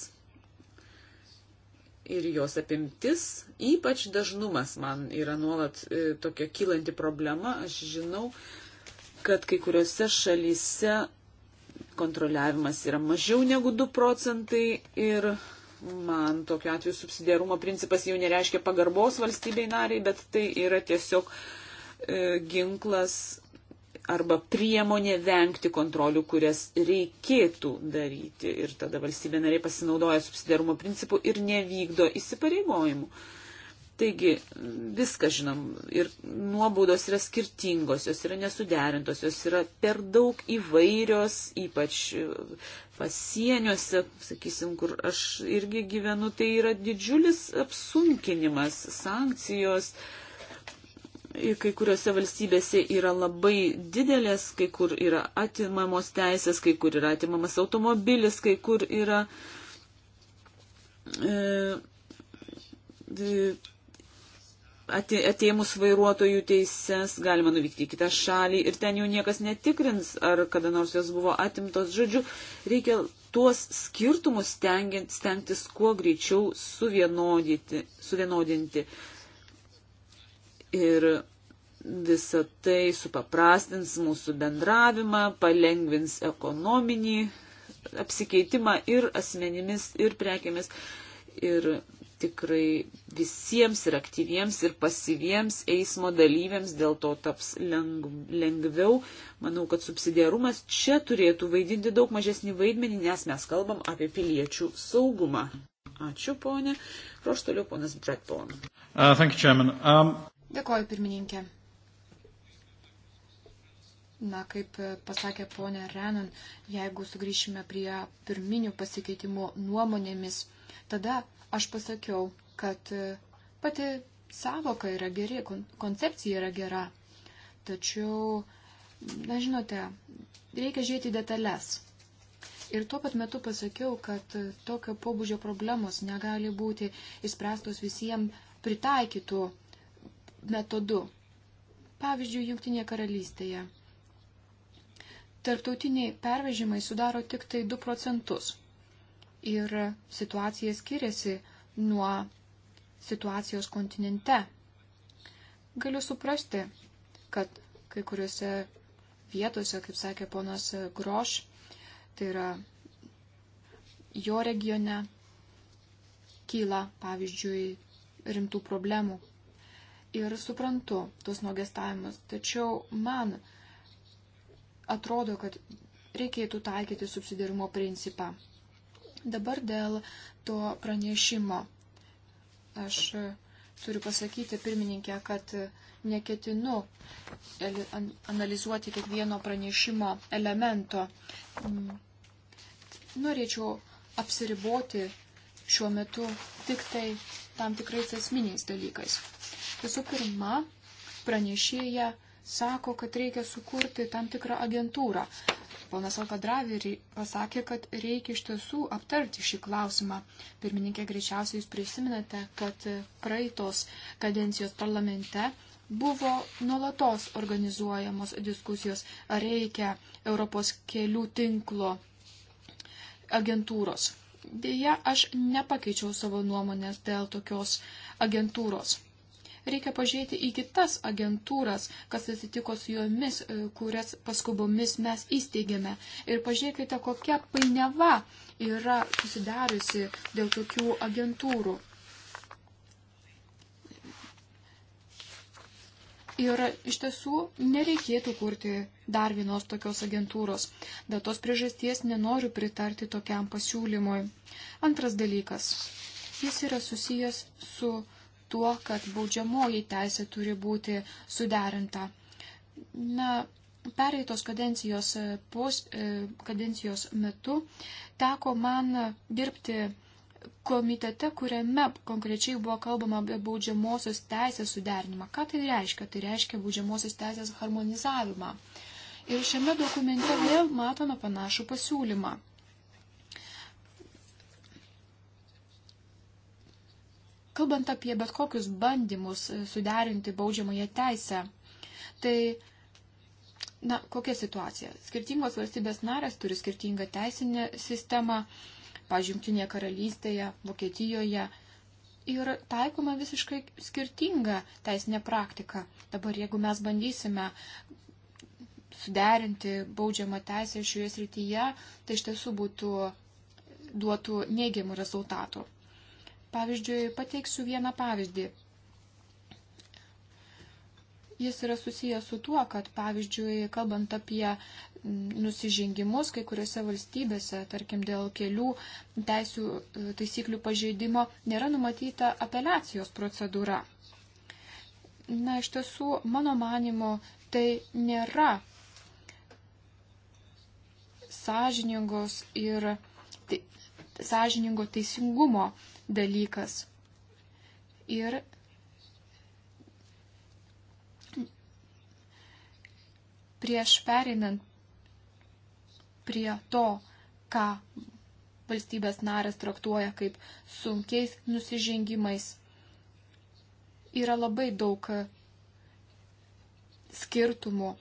ir jos apimtis, ypač dažnumas man yra nuolat e, tokia kylanti problema. Aš žinau, kad kai kuriuose šalyse kontroliavimas yra mažiau negu 2 procentai ir man tokiu atveju subsidiarumo principas jau nereiškia pagarbos valstybei nariai, bet tai yra tiesiog e, ginklas arba priemonė vengti kontrolių, kurias reikėtų daryti. Ir tada valstybė nariai pasinaudoja subsidiarumo principu ir nevykdo įsipareigojimų. E, Taigi viską žinom ir nuobaudos yra skirtingos, jos yra nesuderintos, jos yra per daug įvairios, ypač e, pasieniuose, sakysim, kur aš irgi gyvenu, tai yra didžiulis apsunkinimas, sankcijos. E, kai kuriuose valstybėse yra labai didelės, kai kur yra atimamos teisės, kai kur yra atimamas automobilis, kai kur yra. E, atėmus vairuotojų teises, galima nuvykti į kitą šalį ir ten jau niekas netikrins, ar kada nors jos buvo atimtos. Žodžiu, reikia tuos skirtumus stengtis kuo greičiau suvienodinti. suvienodinti. Ir visa tai supaprastins mūsų bendravimą, palengvins ekonominį apsikeitimą ir asmenimis, ir prekiamis. Ir tikrai visiems ir aktyviems ir pasyviems eismo dalyviams dėl to taps lengv, lengviau. Manau, kad subsidiarumas čia turėtų vaidinti daug mažesnį vaidmenį, nes mes kalbam apie piliečių saugumą. Ačiū, ponė. Prašau toliau, ponas Breton. Uh, you, um... Dėkoju, pirmininkė. Na, kaip pasakė ponė Renan, jeigu sugrįšime prie pirminių pasikeitimų nuomonėmis, tada Aš pasakiau, kad e, pati savoka yra geri, koncepcija yra gera. Tačiau, na žinote, reikia žiūrėti detalės. Ir tuo pat metu pasakiau, kad e, tokio pobūdžio problemos negali būti įspręstos visiems pritaikytų metodu. Pavyzdžiui, Junktinėje karalystėje. Tarptautiniai pervežimai sudaro tik tai 2 procentus ir situacija skiriasi nuo situacijos kontinente. Galiu suprasti, kad kai kuriuose vietose, kaip sakė ponas Groš, tai yra jo regione kyla, pavyzdžiui, rimtų problemų. Ir suprantu tuos nuogestavimus, tačiau man atrodo, kad reikėtų taikyti subsidiarumo principą. Dabar dėl to pranešimo. Aš e, turiu pasakyti, pirmininkė, kad neketinu analizuoti kiekvieno pranešimo elemento. Mm. Norėčiau apsiriboti šiuo metu tik tai tam tikrais esminiais dalykais. Visų pirma, pranešėja sako, kad reikia sukurti tam tikrą agentūrą. Ponas Alkadravi pasakė, kad reikia iš tiesų aptarti šį klausimą. Pirmininkė, greičiausiai jūs prisiminate, kad praeitos kadencijos parlamente buvo nuolatos organizuojamos diskusijos, ar reikia Europos kelių tinklo agentūros. Deja, aš nepakeičiau savo nuomonės dėl tokios agentūros. Reikia pažiūrėti į kitas agentūras, kas atsitiko su jomis, e, kurias paskubomis mes įsteigėme. Ir pažiūrėkite, kokia painiava yra susidariusi dėl tokių agentūrų. Ir iš tiesų nereikėtų kurti dar vienos tokios agentūros. Dėl tos priežasties nenoriu pritarti tokiam pasiūlymui. Antras dalykas. Jis yra susijęs su tuo, kad baudžiamoji teisė turi būti suderinta. Na, pereitos kadencijos, pos, e, kadencijos metu teko man dirbti komitete, kuriame konkrečiai buvo kalbama apie baudžiamosios teisės suderinimą. Ką tai reiškia? Tai reiškia baudžiamosios teisės harmonizavimą. Ir šiame dokumente vėl matome panašų pasiūlymą. Kalbant apie bet kokius bandymus e, suderinti baudžiamąją teisę, tai, na, kokia situacija? Skirtingos valstybės narės turi skirtingą teisinę sistemą, pažymtinėje karalystėje, Vokietijoje. Ir taikoma visiškai skirtinga teisinė praktika. Dabar jeigu mes bandysime suderinti baudžiamą teisę šioje srityje, tai iš tiesų būtų duotų neigiamų rezultatų. Pavyzdžiui, pateiksiu vieną pavyzdį. Jis yra susijęs su tuo, kad, pavyzdžiui, kalbant apie nusižengimus kai kuriuose valstybėse, tarkim, dėl kelių teisų e, taisyklių pažeidimo, nėra numatyta apeliacijos procedūra. Na, iš tiesų, mano manimo, tai nėra sąžiningos ir te, sąžiningo teisingumo uh, dalykas. Ir prieš pereinant prie to, ką valstybės narės traktuoja kaip sunkiais nusižengimais, yra labai daug skirtumų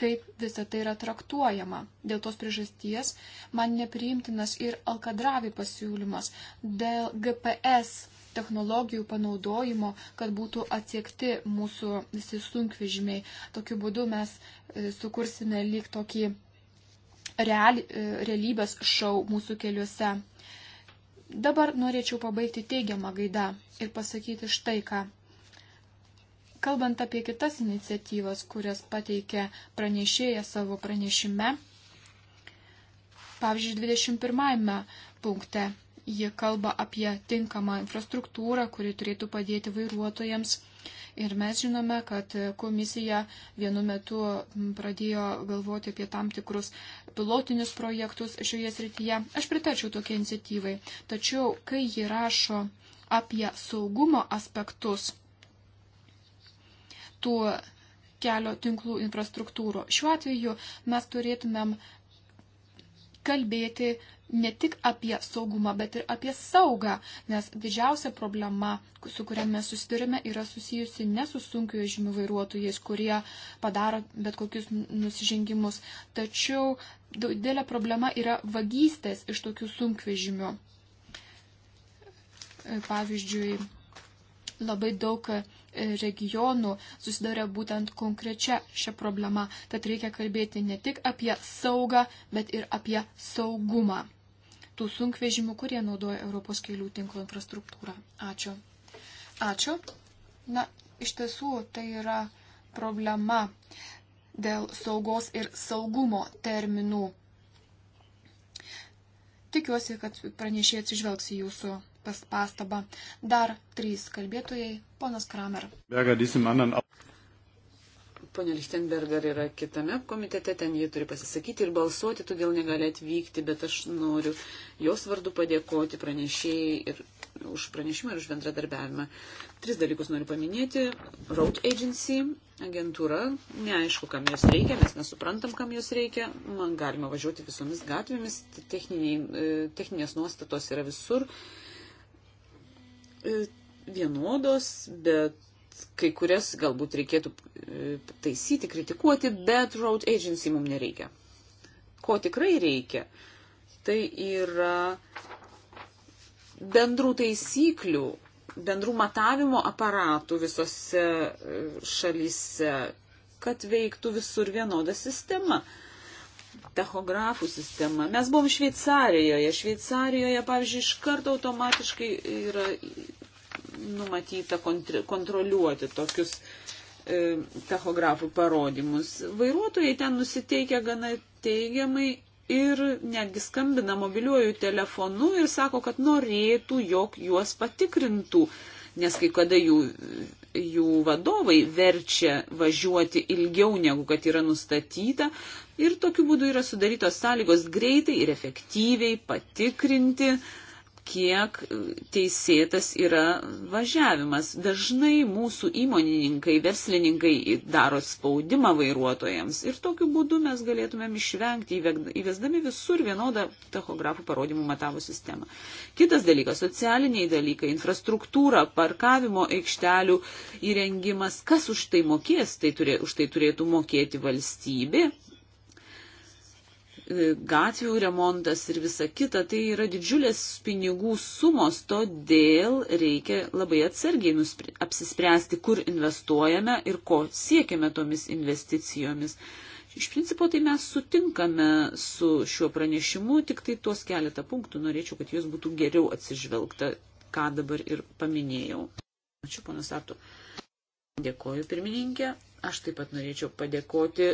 kaip visa tai yra traktuojama. Dėl tos priežasties man nepriimtinas ir Alkadravi pasiūlymas dėl GPS technologijų panaudojimo, kad būtų atsiekti mūsų visi sunkvežimiai. Tokiu būdu mes e, sukursime lyg tokį real, e, realybės šau mūsų keliuose. Dabar norėčiau pabaigti teigiamą gaidą ir pasakyti štai ką. Kalbant apie kitas iniciatyvas, kurias pateikė pranešėja savo pranešime, pavyzdžiui, 21 punkte ji kalba apie tinkamą infrastruktūrą, kuri turėtų padėti vairuotojams. Ir mes žinome, kad komisija vienu metu pradėjo galvoti apie tam tikrus pilotinius projektus šioje srityje. Aš pritačiau tokiai iniciatyvai. Tačiau, kai ji rašo apie saugumo aspektus, tų kelio tinklų infrastruktūrų. Šiuo atveju mes turėtumėm kalbėti ne tik apie saugumą, bet ir apie saugą, nes didžiausia problema, su kuria mes susidurime, yra susijusi ne su sunkvežimių vairuotojais, kurie padaro bet kokius nusižengimus, tačiau didelė problema yra vagystės iš tokių sunkvežimių. Pavyzdžiui, labai daug regionų susiduria būtent konkrečia šia problema. Tad reikia kalbėti ne tik apie saugą, bet ir apie saugumą tų sunkvežimių, kurie naudoja Europos kelių tinklo infrastruktūrą. Ačiū. Ačiū. Na, iš tiesų tai yra problema dėl saugos ir saugumo terminų. Tikiuosi, kad pranešėjai atsižvelgs į jūsų pastabą. Dar trys kalbėtojai Ponas Kramer. Pone Lichtenberger yra kitame komitete, ten jie turi pasisakyti ir balsuoti, todėl negali atvykti, bet aš noriu jos vardu padėkoti pranešėjai ir už pranešimą ir už bendradarbiavimą. Tris dalykus noriu paminėti. Road Agency, agentūra, neaišku, kam jos reikia, mes nesuprantam, kam jos reikia. Man galima važiuoti visomis gatvėmis, e, techninės nuostatos yra visur. E, vienodos, bet kai kurias galbūt reikėtų e, taisyti, kritikuoti, bet road agency mums nereikia. Ko tikrai reikia, tai yra bendrų taisyklių, bendrų matavimo aparatų visose e, šalyse, kad veiktų visur vienoda sistema. Tachografų sistema. Mes buvom Šveicarijoje. Šveicarijoje, pavyzdžiui, iš karto automatiškai yra numatyta kontroliuoti tokius e, tachografų parodymus. Vairuotojai ten nusiteikia gana teigiamai ir netgi skambina mobiliuoju telefonu ir sako, kad norėtų, jog juos patikrintų, nes kai kada jų, jų vadovai verčia važiuoti ilgiau negu kad yra nustatyta ir tokiu būdu yra sudarytos sąlygos greitai ir efektyviai patikrinti uh, kiek teisėtas yra važiavimas. Dažnai mūsų įmonininkai, verslininkai daro spaudimą vairuotojams ir tokiu būdu mes galėtumėm išvengti įvesdami visur vienodą tachografų parodymų matavų sistemą. Kitas dalykas - socialiniai dalykai, infrastruktūra, parkavimo aikštelių įrengimas. Kas už tai mokės? Tai turė, už tai turėtų mokėti valstybė, E, gatvių remontas ir visa kita, tai yra didžiulės pinigų sumos, todėl reikia labai atsargiai apsispręsti, kur investuojame ir ko siekiame tomis investicijomis. Iš principo tai mes sutinkame su šiuo pranešimu, tik tai tuos keletą punktų norėčiau, kad juos būtų geriau atsižvelgta, ką dabar ir paminėjau. Ačiū, ponas Artu. Dėkoju, pirmininkė. Aš taip pat norėčiau padėkoti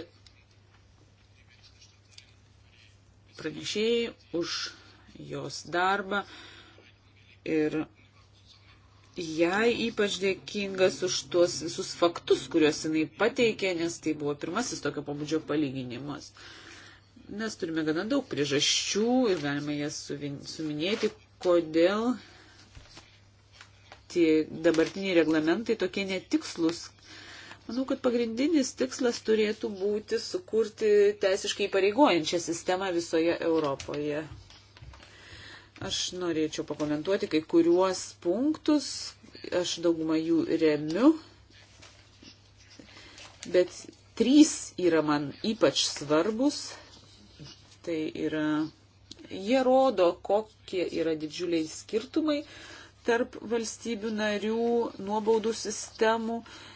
pranešėjai už jos darbą ir jai ypač dėkingas už tuos visus faktus, kuriuos jinai pateikė, nes tai buvo pirmasis tokio pabudžio palyginimas. Mes turime gana daug priežasčių ir galime jas suminėti, kodėl tie dabartiniai reglamentai tokie netikslus, Manau, kad pagrindinis tikslas turėtų būti sukurti teisiškai pareigojančią sistemą visoje Europoje. Aš norėčiau pakomentuoti kai kuriuos punktus, aš daugumą jų remiu, bet trys yra man ypač svarbus. Tai yra, jie rodo, kokie yra didžiuliai skirtumai tarp valstybių narių nuobaudų sistemų. Uh,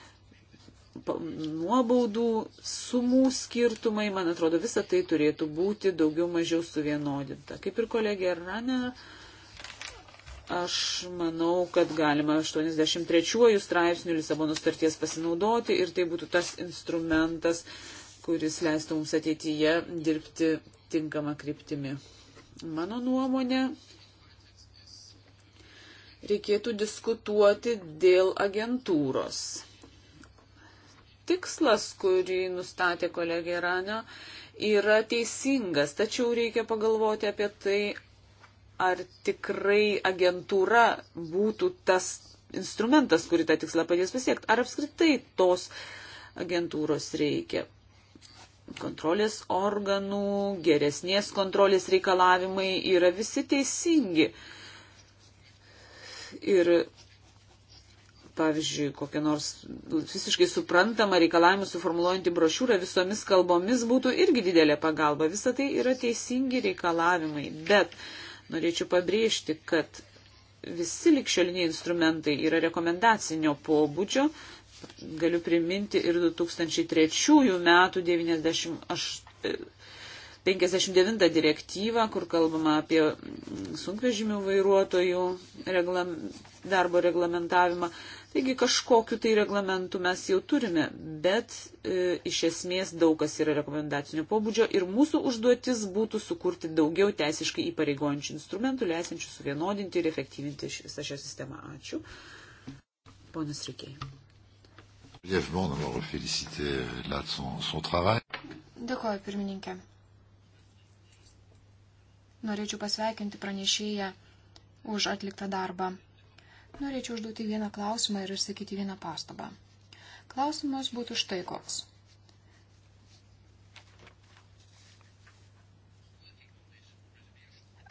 nuobaudų sumų skirtumai, man atrodo, visa tai turėtų būti daugiau mažiau suvienodinta. Kaip ir kolegė Rana, aš manau, kad galima 83 straipsnių Lisabono starties pasinaudoti ir tai būtų tas instrumentas, kuris leistų mums ateityje dirbti tinkamą kryptimį. Mano nuomonė, reikėtų diskutuoti dėl agentūros tikslas, kurį nustatė kolegė Ranio, yra teisingas, tačiau reikia pagalvoti apie tai, ar tikrai agentūra būtų tas instrumentas, kurį tą tikslą padės pasiekti, ar apskritai tos agentūros reikia. Kontrolės organų, geresnės kontrolės reikalavimai yra visi teisingi. Ir pavyzdžiui, kokia nors visiškai suprantama reikalavimų suformuluojanti brošiūra visomis kalbomis būtų irgi didelė pagalba. Visą tai yra teisingi reikalavimai, bet norėčiau pabrėžti, kad visi likščioliniai instrumentai yra rekomendacinio pobūdžio. Galiu priminti ir 2003 metų 98. 59 direktyvą, kur kalbama apie sunkvežimių vairuotojų reglam, darbo reglamentavimą. Taigi kažkokiu tai reglamentu mes jau turime, bet e, iš esmės daug kas yra rekomendacinio pobūdžio ir mūsų užduotis būtų sukurti daugiau teisiškai įpareigojančių instrumentų, leisančių suvienodinti ir efektyvinti visą šią sistemą. Ačiū. Ponas Rikiai. Euh, Dėkuoju, pirmininkė. Norėčiau pasveikinti pranešėją už atliktą darbą. Norėčiau užduoti vieną klausimą ir išsakyti vieną pastabą. Klausimas būtų štai koks.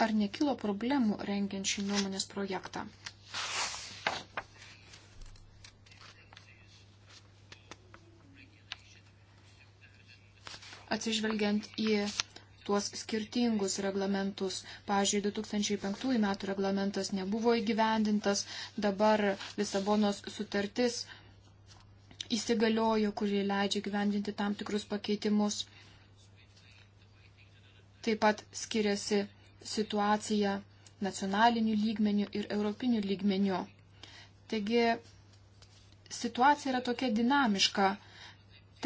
Ar nekilo problemų rengiant šį nuomonės projektą? Atsižvelgiant į tuos skirtingus reglamentus. Pavyzdžiui, 2005 metų reglamentas nebuvo įgyvendintas, dabar Lisabonos sutartis įsigaliojo, kuri leidžia gyvendinti tam tikrus pakeitimus. Taip pat skiriasi situacija nacionaliniu lygmeniu ir europiniu lygmeniu. Taigi situacija yra tokia dinamiška,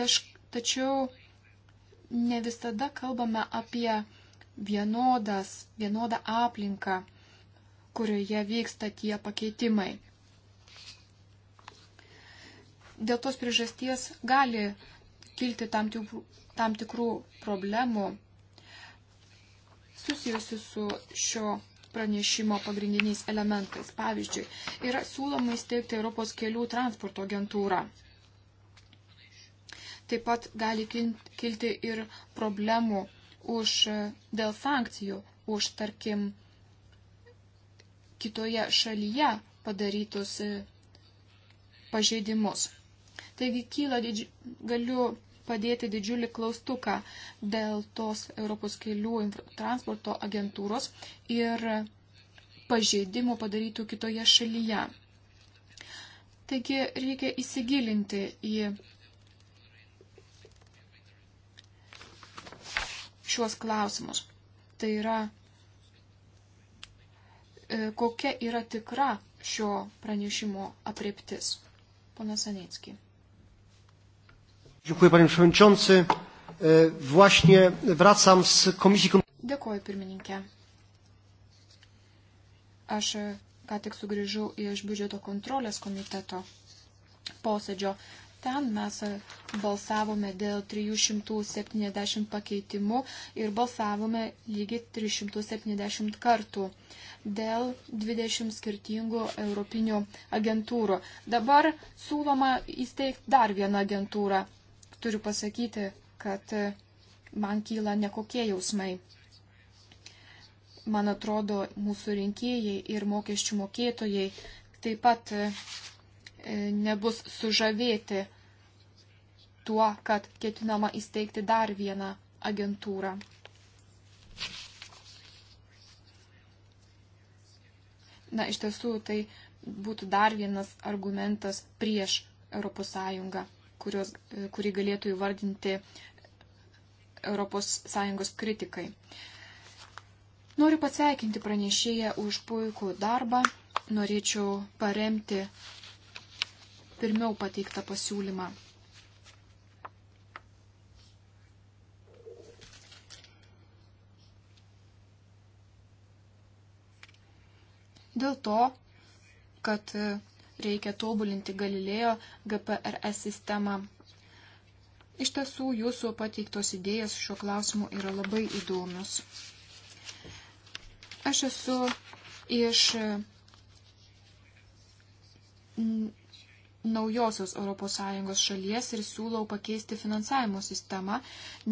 taš, tačiau ne visada kalbame apie vienodas, vienodą aplinką, kurioje vyksta tie pakeitimai. Dėl tos priežasties gali kilti tam tikrų, tam tikrų problemų susijusių su šio pranešimo pagrindiniais elementais. Pavyzdžiui, yra siūloma įsteigti Europos kelių transporto agentūrą. Taip pat gali kilti ir problemų už, e, dėl sankcijų už, tarkim, kitoje šalyje padarytus e, pažeidimus. Taigi kyla, didži... galiu padėti didžiulį klaustuką dėl tos Europos kelių transporto agentūros ir pažeidimų padarytų kitoje šalyje. Taigi reikia įsigilinti į šiuos klausimus. Tai yra, e, kokia yra tikra šio pranešimo apriptis. Pana Sanecki. Dziękuję panie przewodniczący. E, właśnie wracam z komisji. Dėkuoju pirmininkė. Aš e, ką tik sugrįžau iš biudžeto kontrolės komiteto posėdžio ten mes e, balsavome dėl 370 pakeitimų ir balsavome lygiai 370 kartų dėl 20 skirtingų europinių agentūrų. Dabar siūloma įsteigti dar vieną agentūrą. Turiu pasakyti, kad e, man kyla nekokie jausmai. Man atrodo, mūsų rinkėjai ir mokesčių mokėtojai taip pat e, nebus sužavėti tuo, kad ketinama įsteigti dar vieną agentūrą. Na, iš tiesų, tai būtų dar vienas argumentas prieš ES, kurios, kurį galėtų įvardinti ES kritikai. Noriu pasveikinti pranešėją už puikų darbą. Norėčiau paremti pirmiau pateiktą pasiūlymą. dėl to, kad reikia tobulinti Galilėjo GPRS sistemą. Iš tiesų, jūsų pateiktos idėjas šiuo klausimu yra labai įdomios. Aš esu iš naujosios ES šalies ir siūlau pakeisti finansavimo sistemą,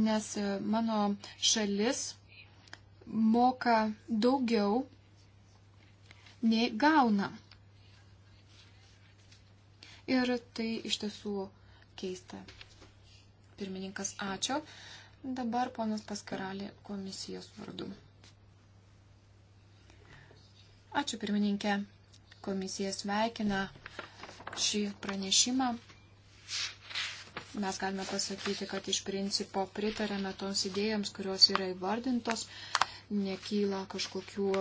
nes mano šalis moka daugiau nei gauna. Ir tai iš tiesų keista. Pirmininkas, ačiū. Dabar ponas Paskaralė komisijos vardu. Ačiū pirmininkė. Komisija sveikina šį pranešimą. Mes galime pasakyti, kad iš principo pritarėme toms idėjams, kurios yra įvardintos, nekyla kažkokių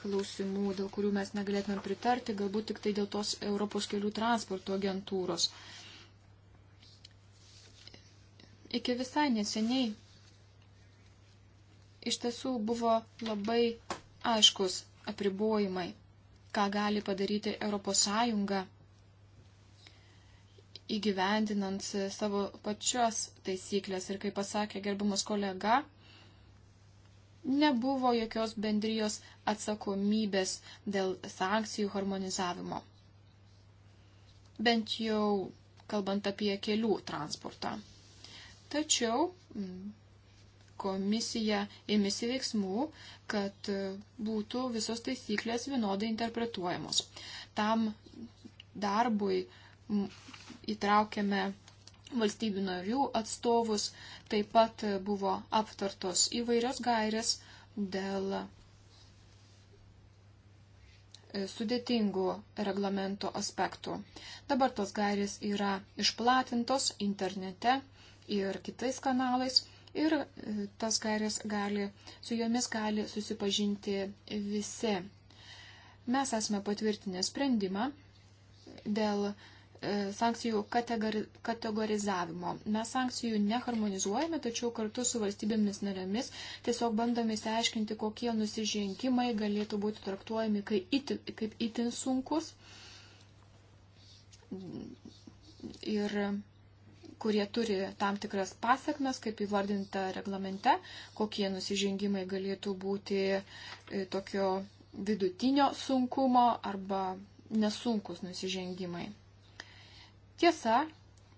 klausimų, dėl kurių mes negalėtume pritarti, galbūt tik tai dėl tos Europos kelių transporto agentūros. Iki visai neseniai iš tiesų buvo labai aiškus apribojimai, ką gali padaryti ES įgyvendinant savo pačios taisyklės. Ir kaip pasakė gerbimas kolega, nebuvo jokios bendrijos atsakomybės dėl sankcijų harmonizavimo. Bent jau kalbant apie kelių transportą. Tačiau mm, komisija ėmėsi veiksmų, kad būtų visos taisyklės vienodai interpretuojamos. Tam darbui mm, įtraukėme valstybių narių atstovus, taip pat buvo aptartos įvairios gairės dėl e, sudėtingų reglamento aspektų. Dabar tos gairės yra išplatintos internete ir kitais kanalais ir e, tas gairės gali, su jomis gali susipažinti visi. Mes esame patvirtinę sprendimą dėl E, sankcijų kategorizavimo. Mes sankcijų neharmonizuojame, tačiau kartu su valstybėmis narėmis tiesiog bandome įsiaiškinti, kokie nusižengimai galėtų būti traktuojami kaip itin, kaip itin sunkus ir kurie turi tam tikras pasiekmes, kaip įvardinta reglamente, kokie nusižengimai galėtų būti e, tokio vidutinio sunkumo arba nesunkus nusižengimai. Tiesa,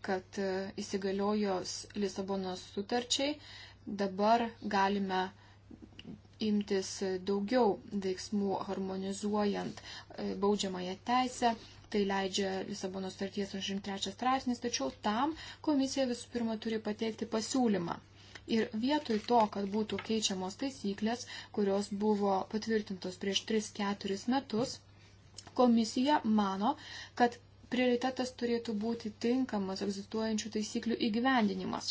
kad e, įsigaliojos Lisabonos sutarčiai dabar galime imtis daugiau veiksmų harmonizuojant e, baudžiamąją teisę. Tai leidžia Lisabonos starties 83 straipsnis, tačiau tam komisija visų pirma turi pateikti pasiūlymą. Ir vietoj to, kad būtų keičiamos taisyklės, kurios buvo patvirtintos prieš 3-4 metus, komisija mano, kad prioritetas turėtų būti tinkamas egzistuojančių taisyklių įgyvendinimas.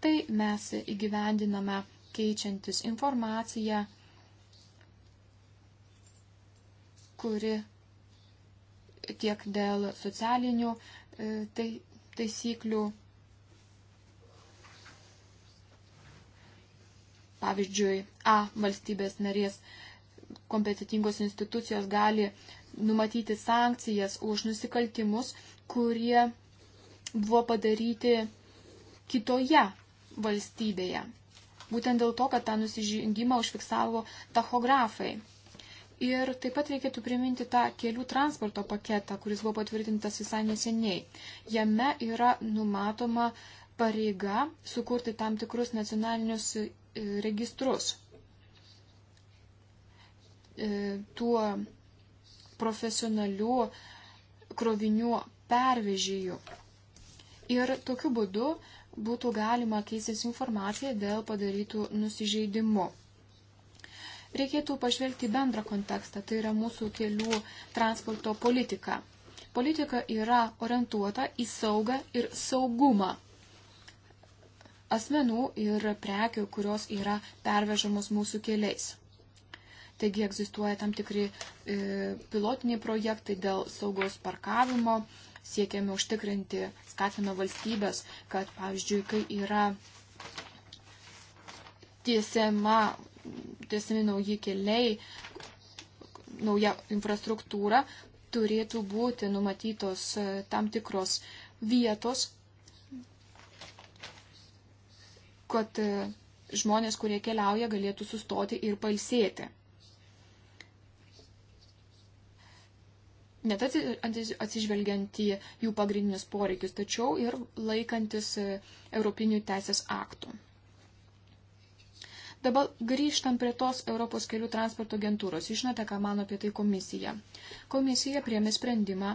Tai mes įgyvendiname keičiantis informaciją, kuri tiek dėl socialinių e, tai, taisyklių, pavyzdžiui, A valstybės narės kompetitingos institucijos gali uh, numatyti sankcijas už nusikaltimus, kurie buvo padaryti kitoje valstybėje. Būtent dėl to, kad tą nusižengimą užfiksavo tachografai. Ir taip pat reikėtų priminti tą kelių transporto paketą, kuris buvo patvirtintas visai neseniai. Jame yra numatoma pareiga sukurti tam tikrus nacionalinius e, registrus. E, tuo profesionalių krovinių pervežėjų. Ir tokiu būdu būtų galima keistis informacija dėl padarytų nusižeidimų. Reikėtų pažvelgti bendrą kontekstą, tai yra mūsų kelių transporto politika. Politika yra orientuota į saugą ir saugumą asmenų ir prekių, kurios yra pervežamos mūsų keliais. Taigi egzistuoja tam tikri e, pilotiniai projektai dėl saugos parkavimo, siekiame užtikrinti, skatina valstybės, kad, pavyzdžiui, kai yra tiesiama, tiesiami nauji keliai, nauja infrastruktūra, turėtų būti numatytos e, tam tikros vietos, kad e, žmonės, kurie keliauja, galėtų sustoti ir palsėti. ne atsižvelgiant į jų pagrindinius poreikius, tačiau ir laikantis e, Europinių teisės aktų. Dabar grįžtant prie tos Europos kelių transporto agentūros, žinote, ką mano apie tai komisija. Komisija priemė sprendimą,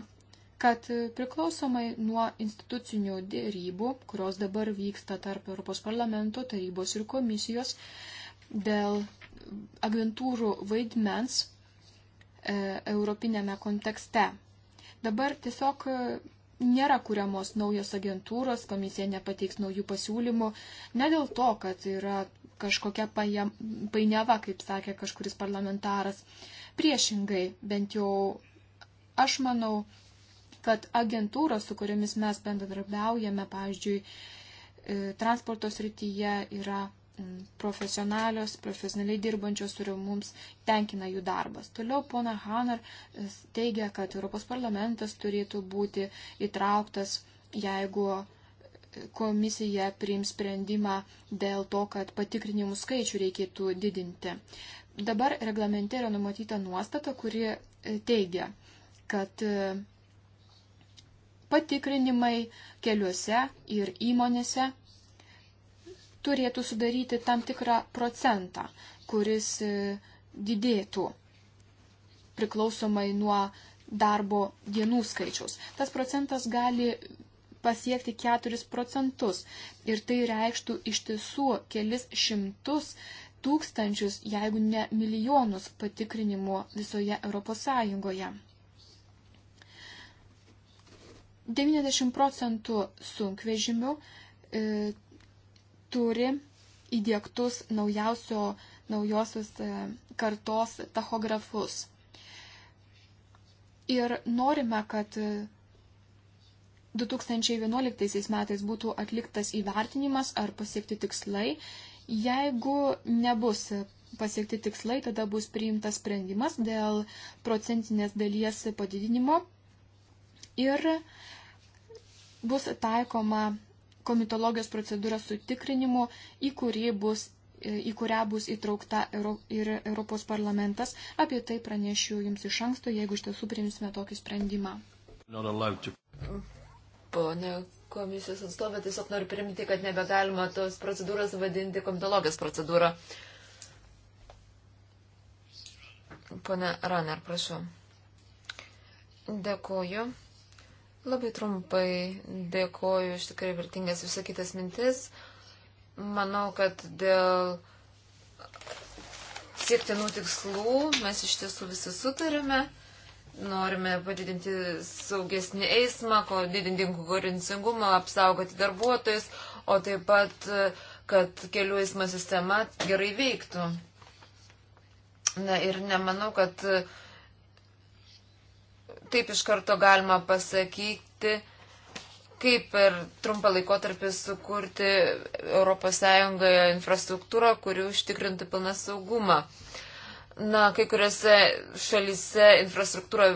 kad e, priklausomai nuo institucinių dėrybų, kurios dabar vyksta tarp Europos parlamento, tarybos ir komisijos, dėl agentūrų vaidmens E, europinėme kontekste. Dabar tiesiog e, nėra kuriamos naujos agentūros, komisija nepateiks naujų pasiūlymų, ne dėl to, kad yra kažkokia painiava, kaip sakė kažkuris parlamentaras. Priešingai, bent jau aš manau, kad agentūros, su kuriomis mes bendradarbiaujame, pavyzdžiui, e, transporto srityje yra profesionalios, profesionaliai dirbančios ir mums tenkina jų darbas. Toliau pona Hanar e, teigia, kad Europos parlamentas turėtų būti įtrauktas, jeigu e, komisija priims sprendimą dėl to, kad patikrinimų skaičių reikėtų didinti. Dabar reglamente yra numatyta nuostata, kuri e, teigia, kad patikrinimai keliuose ir įmonėse turėtų sudaryti tam tikrą procentą, kuris e, didėtų priklausomai nuo darbo dienų skaičiaus. Tas procentas gali pasiekti 4 procentus ir tai reikštų iš tiesų kelis šimtus tūkstančius, jeigu ne milijonus patikrinimų visoje Europos Sąjungoje. 90 procentų sunkvežimių e, turi įdėktus naujausio, naujosios e, kartos tachografus. Ir norime, kad 2011 e, metais būtų atliktas įvertinimas ar pasiekti tikslai. Jeigu nebus pasiekti tikslai, tada bus priimtas sprendimas dėl procentinės dalies padidinimo ir bus taikoma komitologijos procedūra su tikrinimu, į, bus, e, į kurią bus įtraukta ir Europos parlamentas. Apie tai pranešiu Jums iš anksto, jeigu iš tiesų priimsime tokį sprendimą. Pone komisijos atstovė, tiesiog noriu priminti, kad nebegalima tos procedūros vadinti komitologijos procedūrą. Pone Raner, prašau. Dėkuoju. Labai trumpai dėkoju iš tikrai vertingas visakytas mintis. Manau, kad dėl siektinų tikslų mes iš tiesų visi sutarėme. Norime padidinti saugesnį eismą, didinti konkurencingumą, apsaugoti darbuotojus, o taip pat, kad kelių eismo sistema gerai veiktų. Na ir nemanau, kad uh, taip iš karto galima pasakyti, kaip per trumpą laikotarpį sukurti ES infrastruktūrą, kuri užtikrintų pilną saugumą. Na, kai kuriuose šalise infrastruktūra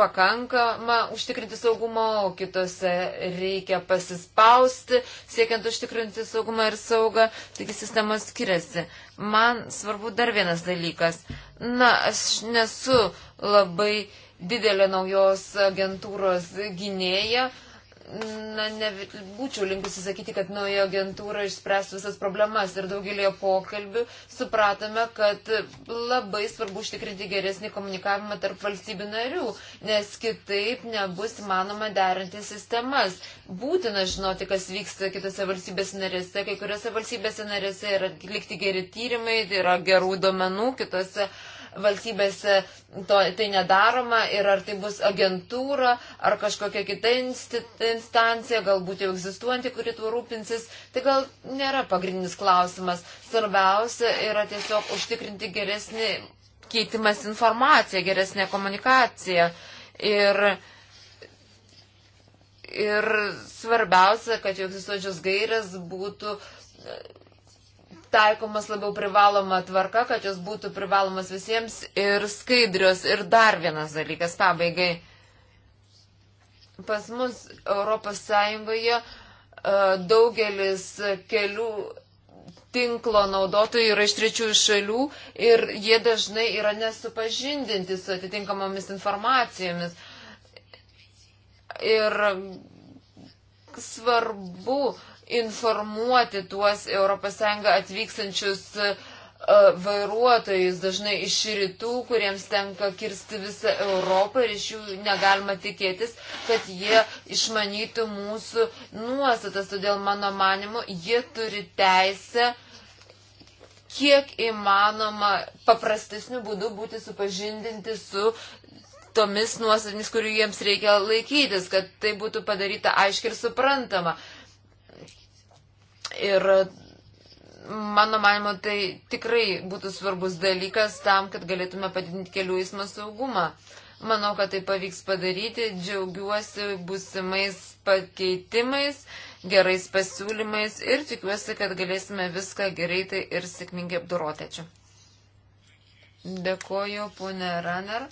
pakankama užtikrinti saugumą, o kitose reikia pasispausti, siekiant užtikrinti saugumą ir saugą, taigi sistemos skiriasi. Man svarbu dar vienas dalykas. Na, aš nesu labai didelė naujos agentūros gynėja. Na, nebūčiau linkusi sakyti, kad nauja agentūra išspręs visas problemas ir daugelio pokalbių supratome, kad labai svarbu užtikrinti geresnį komunikavimą tarp valstybių narių, nes kitaip nebus įmanoma derinti sistemas. Būtina žinoti, kas vyksta kitose valstybės narėse, kai kuriuose valstybėse narėse yra atlikti geri tyrimai, tai yra gerų duomenų, kitose. Uh, valstybėse to, tai nedaroma ir ar tai bus agentūra ar kažkokia kita instancija, galbūt jau egzistuojanti, kuri tuo rūpinsis, tai gal nėra pagrindinis klausimas. Svarbiausia yra tiesiog užtikrinti geresnį keitimas informaciją, geresnę komunikaciją. Ir Ir svarbiausia, kad jau egzistuojančios gairės būtų taikomas labiau privaloma tvarka, kad jos būtų privalomas visiems ir skaidrios. Ir dar vienas dalykas pabaigai. Pas mus Europos Sąjungoje e, daugelis kelių tinklo naudotojų yra iš trečiųjų šalių ir jie dažnai yra nesupažindinti su atitinkamomis informacijomis. Ir svarbu informuoti tuos ES atvykstančius e, vairuotojus dažnai iš rytų, kuriems tenka kirsti visą Europą ir iš jų negalima tikėtis, kad jie išmanytų mūsų nuostatas. Todėl mano manimu, jie turi teisę kiek įmanoma paprastesnių būdų būti supažindinti su tomis nuostatomis, kurių jiems reikia laikytis, kad tai būtų padaryta aiškiai ir suprantama. Ir mano manimo, tai tikrai būtų svarbus dalykas tam, kad galėtume padidinti kelių eismo saugumą. Manau, kad tai pavyks padaryti. Džiaugiuosi būsimais pakeitimais, gerais pasiūlymais ir tikiuosi, kad galėsime viską greitai ir sėkmingai apdoroti. Ačiū. Dėkoju, ponė Runner.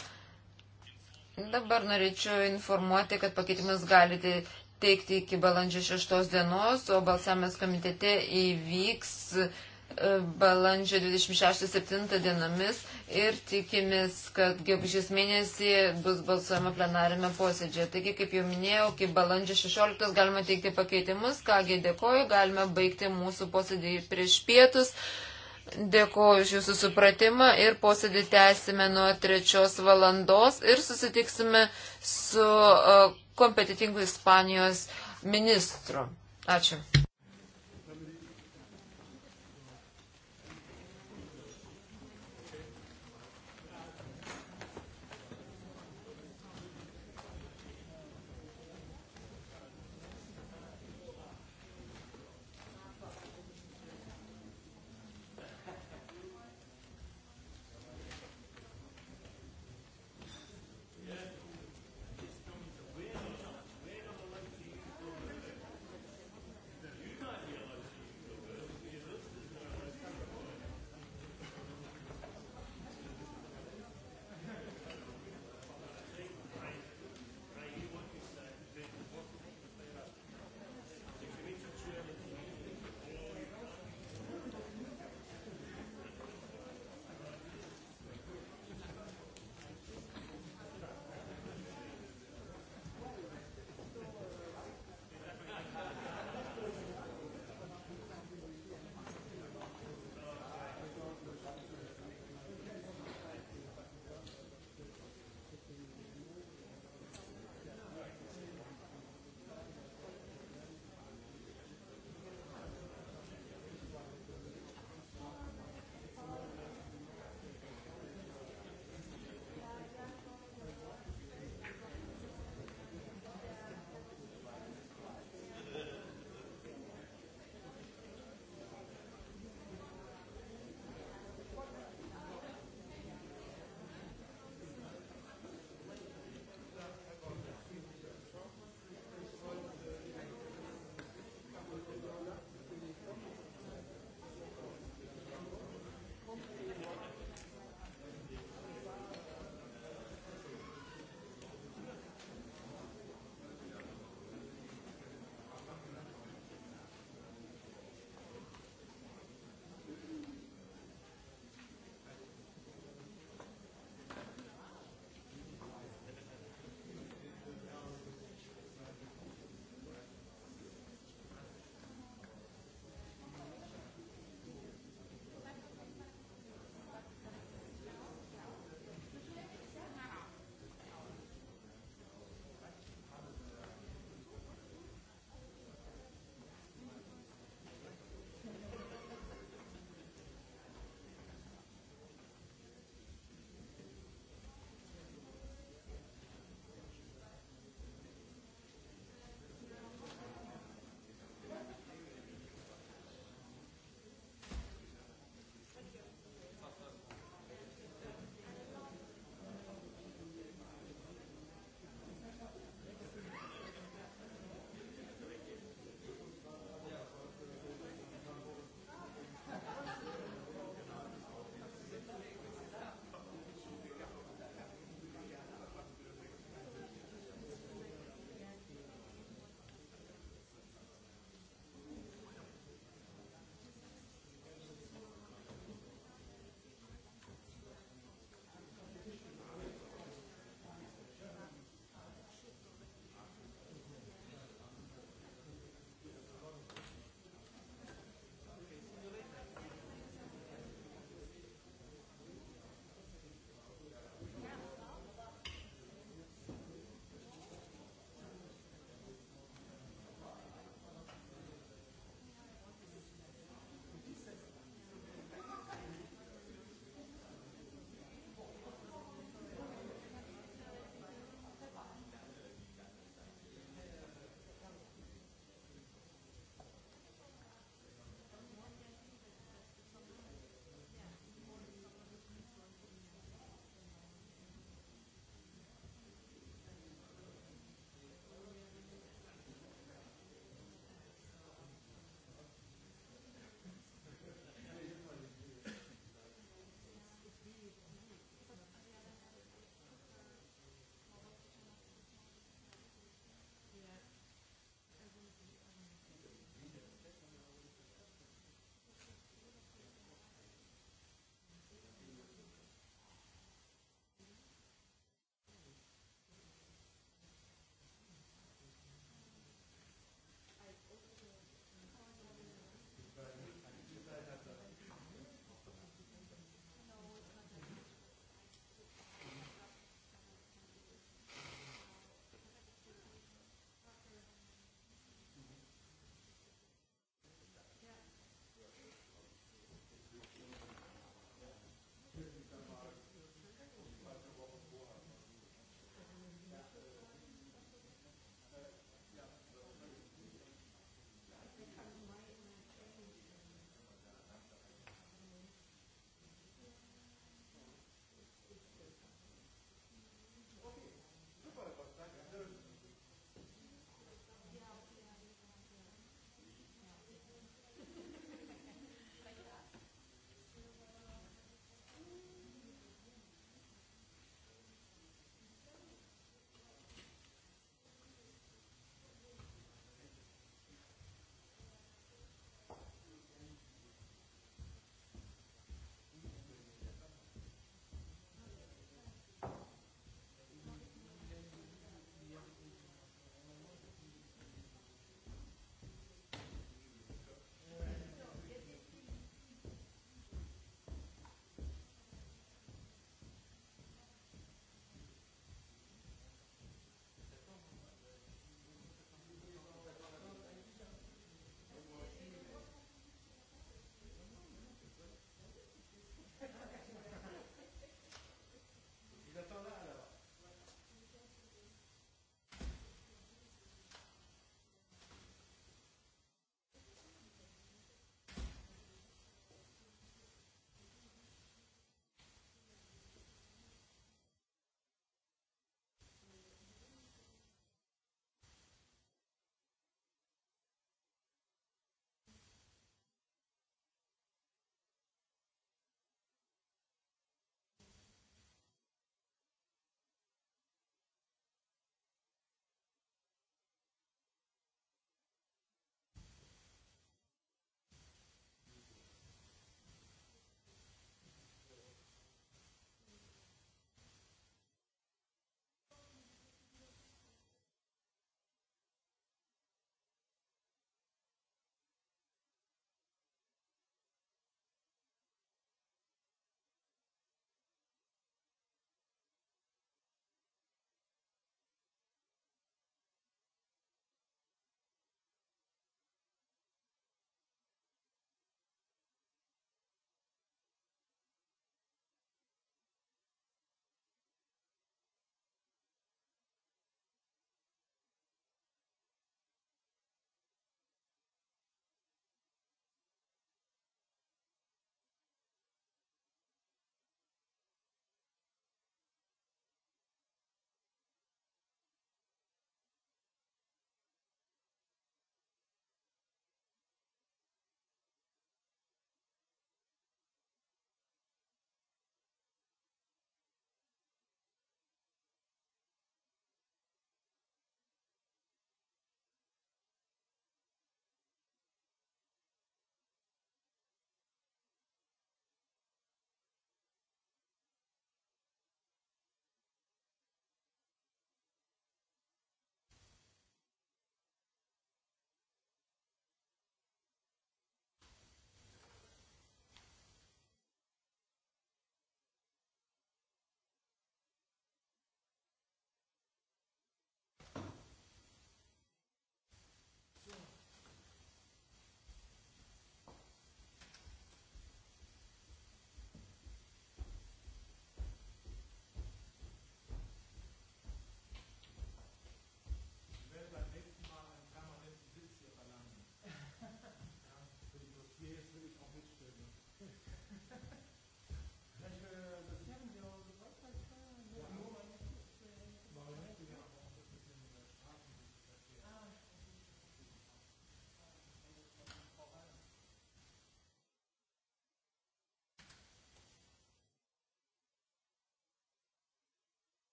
Dabar norėčiau informuoti, kad pakeitimus galite teikti iki balandžio 6 dienos, o balsavimas komitete įvyks e, balandžio 26-7 dienomis ir tikimės, kad gegužės mėnesį bus balsuojama plenarime posėdžioje. Taigi, kaip jau minėjau, iki balandžio 16 galima teikti pakeitimus. Kągi, dėkoju, galime baigti mūsų posėdį prieš pietus. Dėkoju už jūsų supratimą ir posėdį tęsime nuo 3 valandos ir susitiksime su. Uh, kompetitingų Ispanijos ministrų. Ačiū.